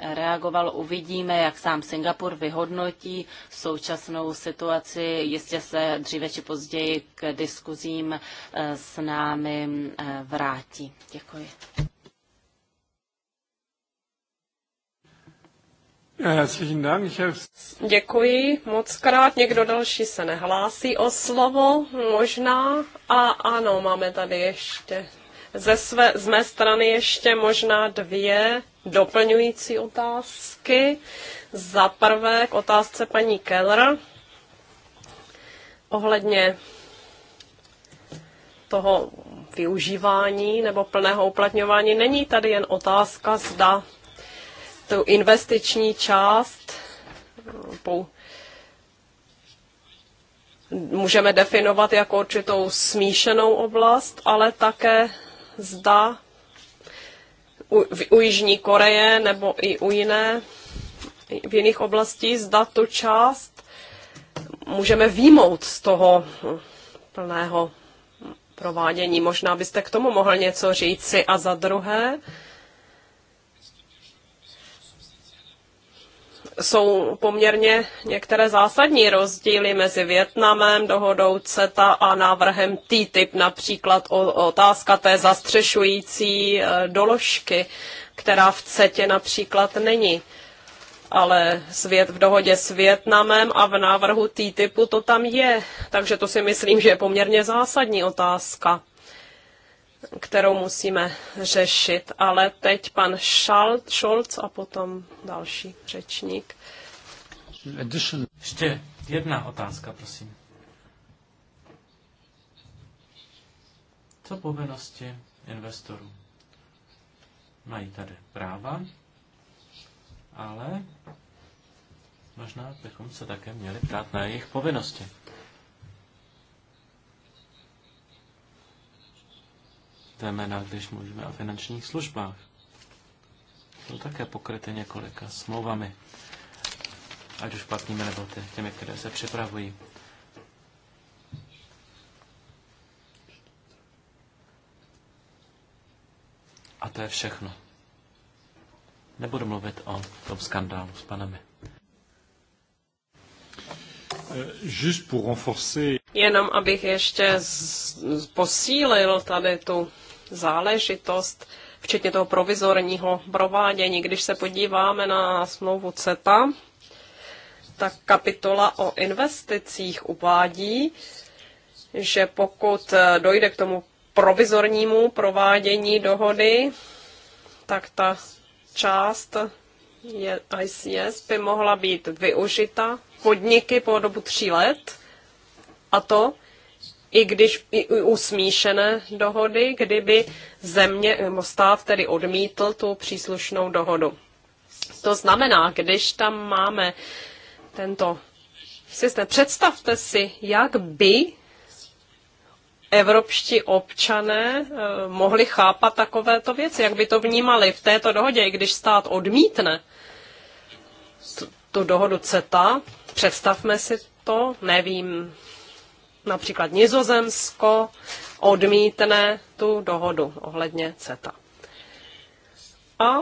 reagoval. Uvidíme, jak sám Singapur vyhodnotí současnou situaci. Jistě se dříve či později k diskuzím eh, s námi eh, vrátí. Děkuji. Děkuji moc krát. Někdo další se nehlásí o slovo, možná. A ano, máme tady ještě ze své, z mé strany ještě možná dvě doplňující otázky. Za prvé k otázce paní Keller ohledně toho využívání nebo plného uplatňování. Není tady jen otázka, zda tu investiční část můžeme definovat jako určitou smíšenou oblast, ale také zda u, u Jižní Koreje nebo i u jiné, v jiných oblastí, zda tu část můžeme výmout z toho plného provádění. Možná byste k tomu mohl něco říci. A za druhé, jsou poměrně některé zásadní rozdíly mezi Větnamem, dohodou CETA a návrhem TTIP, například o, otázka té zastřešující e, doložky, která v CETě například není. Ale svět v dohodě s Větnamem a v návrhu TTIPu to tam je. Takže to si myslím, že je poměrně zásadní otázka kterou musíme řešit. Ale teď pan Scholz a potom další řečník. Ještě jedna otázka, prosím. Co povinnosti investorů? Mají tady práva, ale možná bychom se také měli ptát na jejich povinnosti. zejména když mluvíme o finančních službách. Jsou také pokryty několika smlouvami, ať už platnými nebo ty, těmi, které se připravují. A to je všechno. Nebudu mluvit o tom skandálu s panami. Just pour renforcer Jenom abych ještě posílil tady tu záležitost, včetně toho provizorního provádění. Když se podíváme na smlouvu CETA, tak kapitola o investicích uvádí, že pokud dojde k tomu provizornímu provádění dohody, tak ta část ICS by mohla být využita podniky po dobu tří let a to i když i u smíšené dohody, kdyby země, stát tedy odmítl tu příslušnou dohodu. To znamená, když tam máme tento systém, představte si, jak by evropští občané eh, mohli chápat takovéto věci, jak by to vnímali v této dohodě, i když stát odmítne tu dohodu CETA. Představme si to, nevím, například Nizozemsko odmítne tu dohodu ohledně CETA. A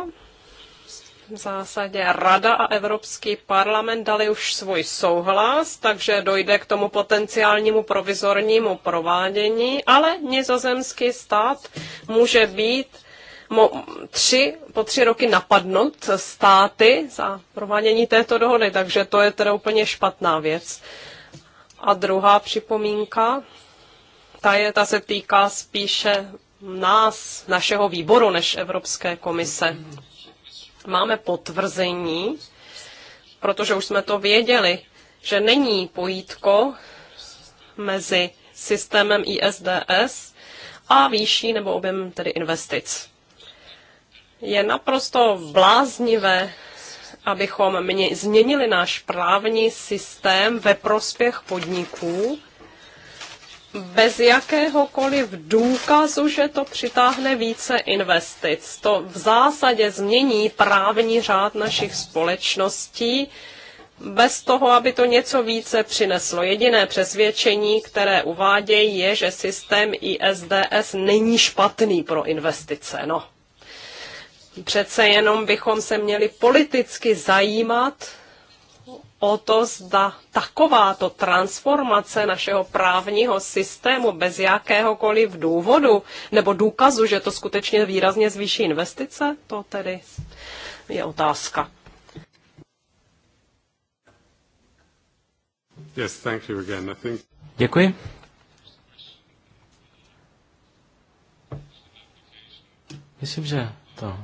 v zásadě Rada a Evropský parlament dali už svůj souhlas, takže dojde k tomu potenciálnímu provizornímu provádění, ale nizozemský stát může být mo, tři, po tři roky napadnout státy za provádění této dohody, takže to je teda úplně špatná věc. A druhá připomínka, ta, je, ta se týká spíše nás, našeho výboru, než Evropské komise. Máme potvrzení, protože už jsme to věděli, že není pojítko mezi systémem ISDS a výší nebo objem tedy investic. Je naprosto bláznivé abychom mě, změnili náš právní systém ve prospěch podniků bez jakéhokoliv důkazu, že to přitáhne více investic. To v zásadě změní právní řád našich společností bez toho, aby to něco více přineslo. Jediné přesvědčení, které uvádějí, je, že systém ISDS není špatný pro investice. No, Přece jenom bychom se měli politicky zajímat o to, zda takováto transformace našeho právního systému bez jakéhokoliv důvodu nebo důkazu, že to skutečně výrazně zvýší investice, to tedy je otázka. Yes, thank you again. I think... Děkuji. Myslím, že to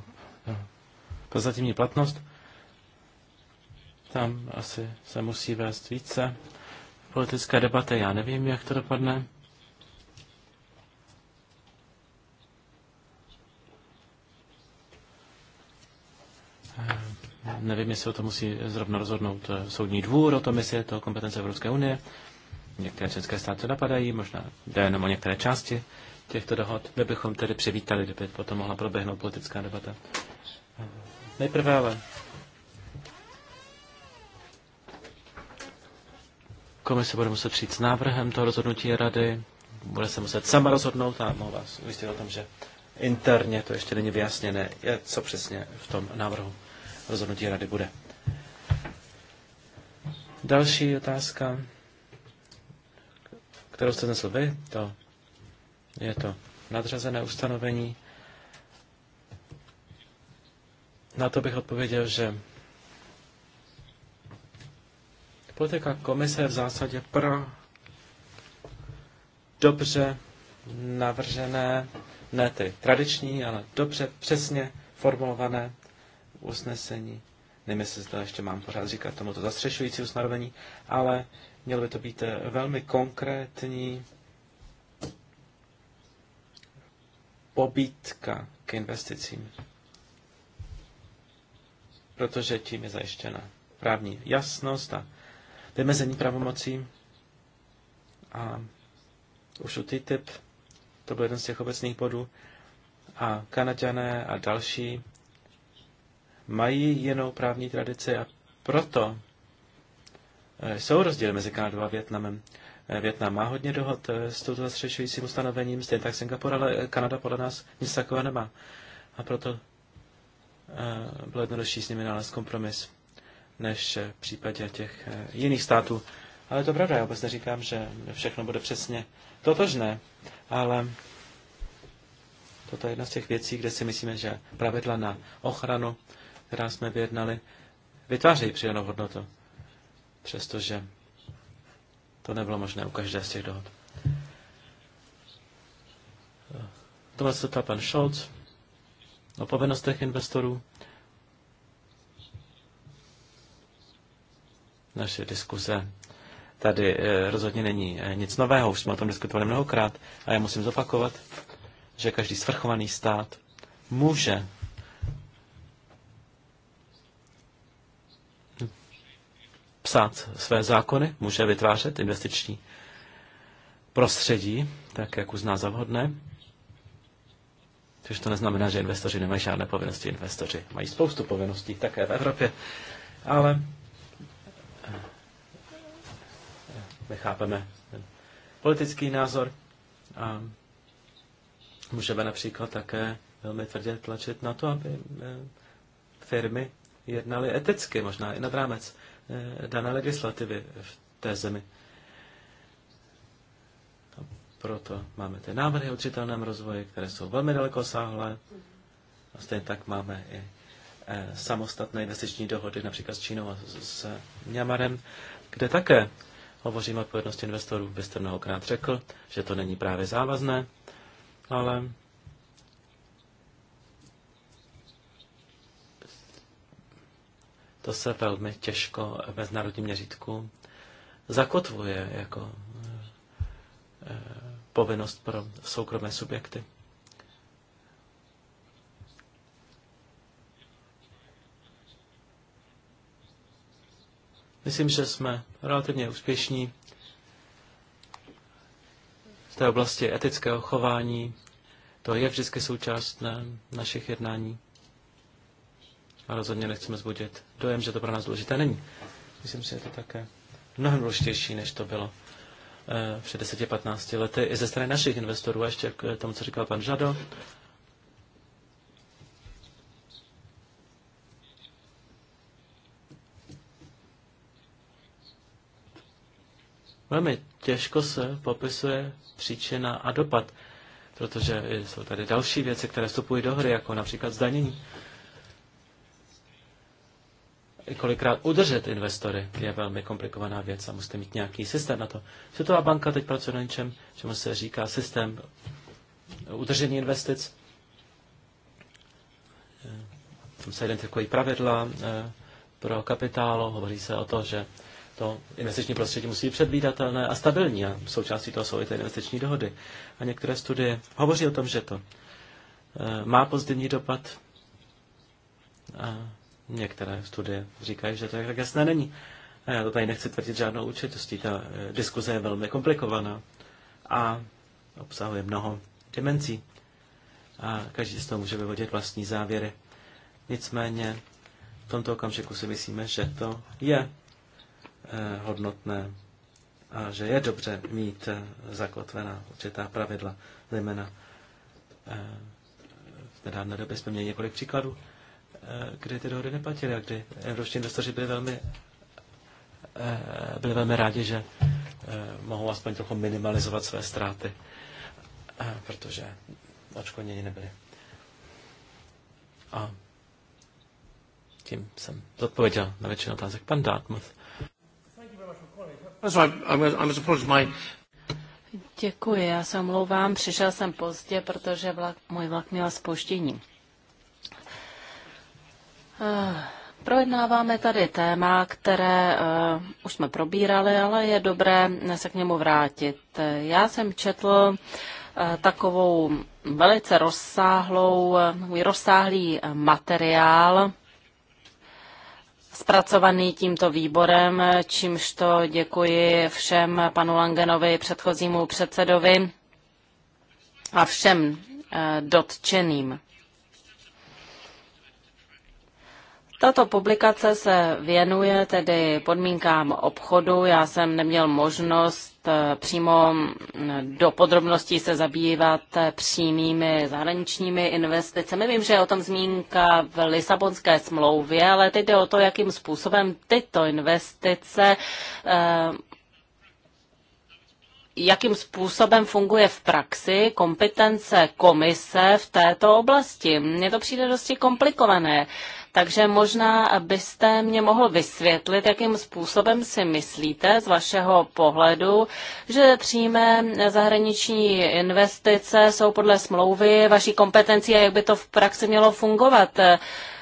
prozatímní platnost. Tam asi se musí vést více politické debaty. Já nevím, jak to dopadne. Nevím, jestli o to musí zrovna rozhodnout eh, soudní dvůr, o tom, jestli je to kompetence Evropské unie. Některé české státy napadají, možná jde jenom o některé části těchto dohod. My bychom tedy přivítali, kdyby potom mohla proběhnout politická debata. Nejprve ale komise bude muset přijít s návrhem toho rozhodnutí rady, bude se muset sama rozhodnout a mohu vás ujistit o tom, že interně to ještě není vyjasněné, je, co přesně v tom návrhu rozhodnutí rady bude. Další otázka, kterou jste znesl vy, to je to nadřazené ustanovení. Na to bych odpověděl, že politika komise je v zásadě pro dobře navržené, ne ty tradiční, ale dobře přesně formulované usnesení. Nevím, jestli to ještě mám pořád říkat tomuto zastřešující usnarovení, ale mělo by to být eh, velmi konkrétní pobítka k investicím protože tím je zajištěna právní jasnost a vymezení pravomocí. A už u TTIP to byl jeden z těch obecných bodů. A Kanaďané a další mají jinou právní tradici a proto eh, jsou rozdíly mezi Kanadou a Větnamem. Eh, Větnam má hodně dohod eh, s touto zastřešujícím ustanovením, stejně tak Singapur, ale Kanada podle nás nic takového nemá. A proto bylo jednodušší s nimi nalézt kompromis než v případě těch eh, jiných států. Ale to pravda, já vůbec neříkám, že všechno bude přesně totožné, ale toto je jedna z těch věcí, kde si myslíme, že pravidla na ochranu, která jsme vyjednali, vytvářejí přidanou hodnotu, přestože to nebylo možné u každé z těch dohod. Eh, Tohle se ptá pan Scholz o povinnostech investorů. Naše diskuze tady eh, rozhodně není eh, nic nového, už jsme o tom diskutovali mnohokrát a já musím zopakovat, že každý svrchovaný stát může psát své zákony, může vytvářet investiční prostředí, tak jak uzná za vhodné což to neznamená, že investoři nemají žádné povinnosti. Investoři mají spoustu povinností také v Evropě, ale eh, my chápeme ten politický názor a můžeme například také velmi tvrdě tlačit na to, aby eh, firmy jednaly eticky, možná i nad rámec eh, dané legislativy v té zemi. Proto máme ty návrhy o udržitelném rozvoji, které jsou velmi dalekosáhlé. A stejně tak máme i eh, samostatné investiční dohody, například s Čínou a s Mňamarem, kde také hovoříme o odpovědnosti investorů. Vy jste mnohokrát řekl, že to není právě závazné, ale to se velmi těžko v mezinárodním měřítku zakotvuje jako eh, povinnost pro soukromé subjekty. Myslím, že jsme relativně úspěšní v té oblasti etického chování. To je vždycky součást na našich jednání. A rozhodně nechceme zbudit dojem, že to pro nás důležité není. Myslím si, že je to také mnohem důležitější, než to bylo Eh, před 10-15 lety i ze strany našich investorů, ještě k tomu, co říkal pan Žado. Velmi těžko se popisuje příčina a dopad, protože jsou tady další věci, které vstupují do hry, jako například zdanění kolikrát udržet investory je velmi komplikovaná věc a musíte mít nějaký systém na to. Světová banka teď pracuje na něčem, čemu se říká systém udržení investic. Tam se identifikují pravidla eh, pro kapitálo. hovoří se o to, že to investiční prostředí musí být předvídatelné a stabilní a součástí toho jsou i ty investiční dohody. A některé studie hovoří o tom, že to eh, má pozitivní dopad. A Některé studie říkají, že to tak jasné není. A já to tady nechci tvrdit žádnou určitostí. Ta eh, diskuze je velmi komplikovaná a obsahuje mnoho dimenzí. A každý z toho může vyvodit vlastní závěry. Nicméně v tomto okamžiku si myslíme, že to je eh, hodnotné a že je dobře mít eh, zakotvená určitá pravidla, zejména v nedávné době jsme měli několik příkladů Eh, kdy ty dohody neplatily a kdy evropští investoři byli velmi, eh, byli velmi rádi, že eh, mohou aspoň trochu minimalizovat své ztráty, protože odškodnění nebyly. A tím jsem zodpověděl na většinu otázek. Pan Dartmouth. Děkuji, já se omlouvám, přišel jsem pozdě, protože vlak, můj vlak měl spoštění. Eh, projednáváme tady téma, které uh, už jsme probírali, ale je dobré se k němu vrátit. Já jsem četl uh, takovou velice rozsáhlou, uh, rozsáhlý materiál zpracovaný tímto výborem, čímž to děkuji všem panu Langenovi, předchozímu předsedovi a všem dotčeným. Tato publikace se věnuje tedy podmínkám obchodu. Já jsem neměl možnost eh, přímo mm, do podrobností se zabývat eh, přímými zahraničními investicemi. Vím, že je o tom zmínka v Lisabonské smlouvě, ale teď jde o to, jakým způsobem tyto investice eh, jakým způsobem funguje v praxi kompetence komise v této oblasti. Mně to přijde dosti komplikované. Uh, takže možná byste mě mohl vysvětlit, jakým způsobem si myslíte z vašeho pohledu, že přímé zahraniční investice jsou podle smlouvy vaší kompetenci a jak by to v praxi mělo fungovat.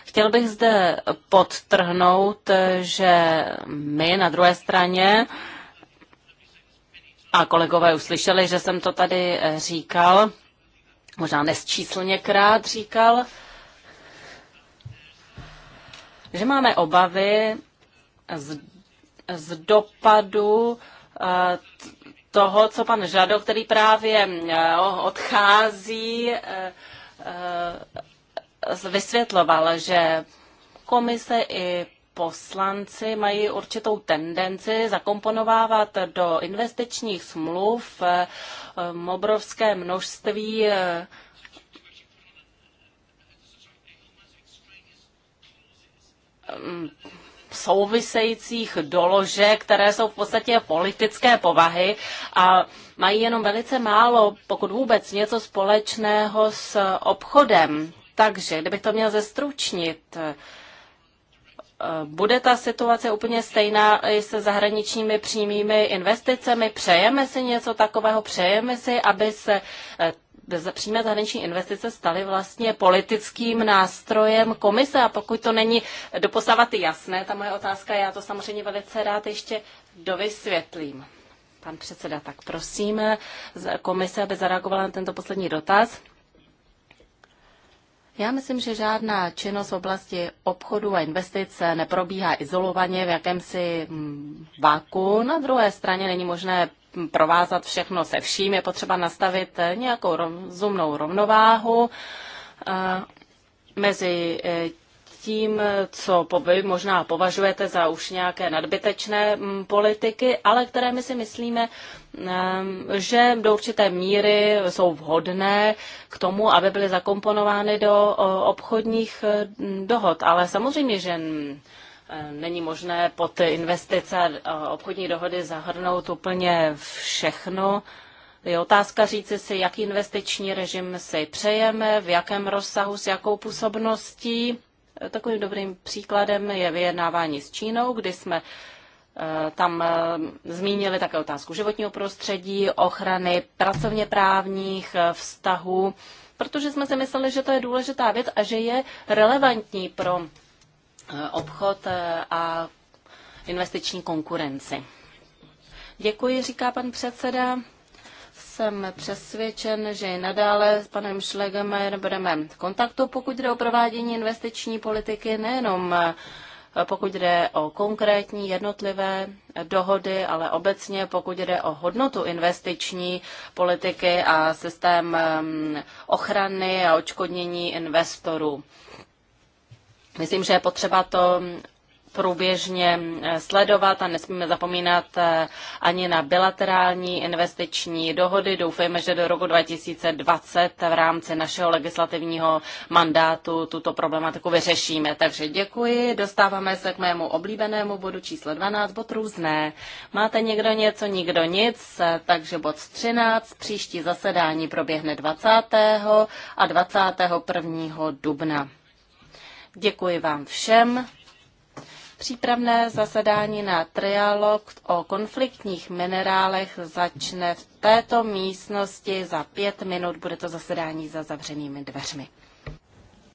Chtěl bych zde podtrhnout, že my na druhé straně a kolegové uslyšeli, že jsem to tady říkal, možná nesčíslněkrát říkal, že máme obavy z, z dopadu eh, toho, co pan Žado, který právě eh, odchází, eh, vysvětloval, že komise i poslanci mají určitou tendenci zakomponovávat do investičních smluv obrovské množství Mm, souvisejících doložek, které jsou v podstatě politické povahy a mají jenom velice málo, pokud vůbec něco společného s obchodem. Takže, kdybych to měl zestručnit, eh, bude ta situace úplně stejná i se zahraničními přímými investicemi? Přejeme si něco takového? Přejeme si, aby se eh, přímé zahraniční investice staly vlastně politickým nástrojem komise a pokud to není doposavat jasné, ta moje otázka, já to samozřejmě velice rád ještě dovysvětlím. Pan předseda, tak prosím komise, aby zareagovala na tento poslední dotaz. Já myslím, že žádná činnost v oblasti obchodu a investice neprobíhá izolovaně v jakémsi mm, váku. Na druhé straně není možné provázat všechno se vším. Je potřeba nastavit eh, nějakou rozumnou rovnováhu eh, mezi eh, tím, co vy možná považujete za už nějaké nadbytečné mm, politiky, ale které my si myslíme, že do určité míry jsou vhodné k tomu, aby byly zakomponovány do obchodních dohod. Ale samozřejmě, že Eh, není možné pod investice eh, obchodní dohody zahrnout úplně všechno. Je otázka říci si, jaký investiční režim si přejeme, v jakém rozsahu, s jakou působností. Eh, takovým dobrým příkladem je vyjednávání s Čínou, kdy jsme tam zmínili také otázku životního prostředí, ochrany pracovně právních vztahů, protože jsme si mysleli, že to je důležitá věc a že je relevantní pro Eh, obchod eh, a investiční konkurenci. Děkuji, říká pan předseda. Jsem přesvědčen, že i nadále s panem Schlegemer budeme v kontaktu, pokud jde o provádění investiční politiky, nejenom eh, pokud jde o konkrétní jednotlivé dohody, ale obecně pokud jde o hodnotu investiční politiky a systém ehm, ochrany a očkodnění investorů. Myslím, že je potřeba to průběžně eh, sledovat a nesmíme zapomínat eh, ani na bilaterální investiční dohody. Doufejme, že do roku 2020 v rámci našeho legislativního mandátu tuto problematiku vyřešíme. Takže děkuji. Dostáváme se k mému oblíbenému bodu číslo 12, bod různé. Máte někdo něco, nikdo nic, takže bod 13. Příští zasedání proběhne 20. a 21. dubna. Děkuji vám všem. Přípravné zasedání na trialog o konfliktních minerálech začne v této místnosti za pět minut. Bude to zasedání za zavřenými dveřmi.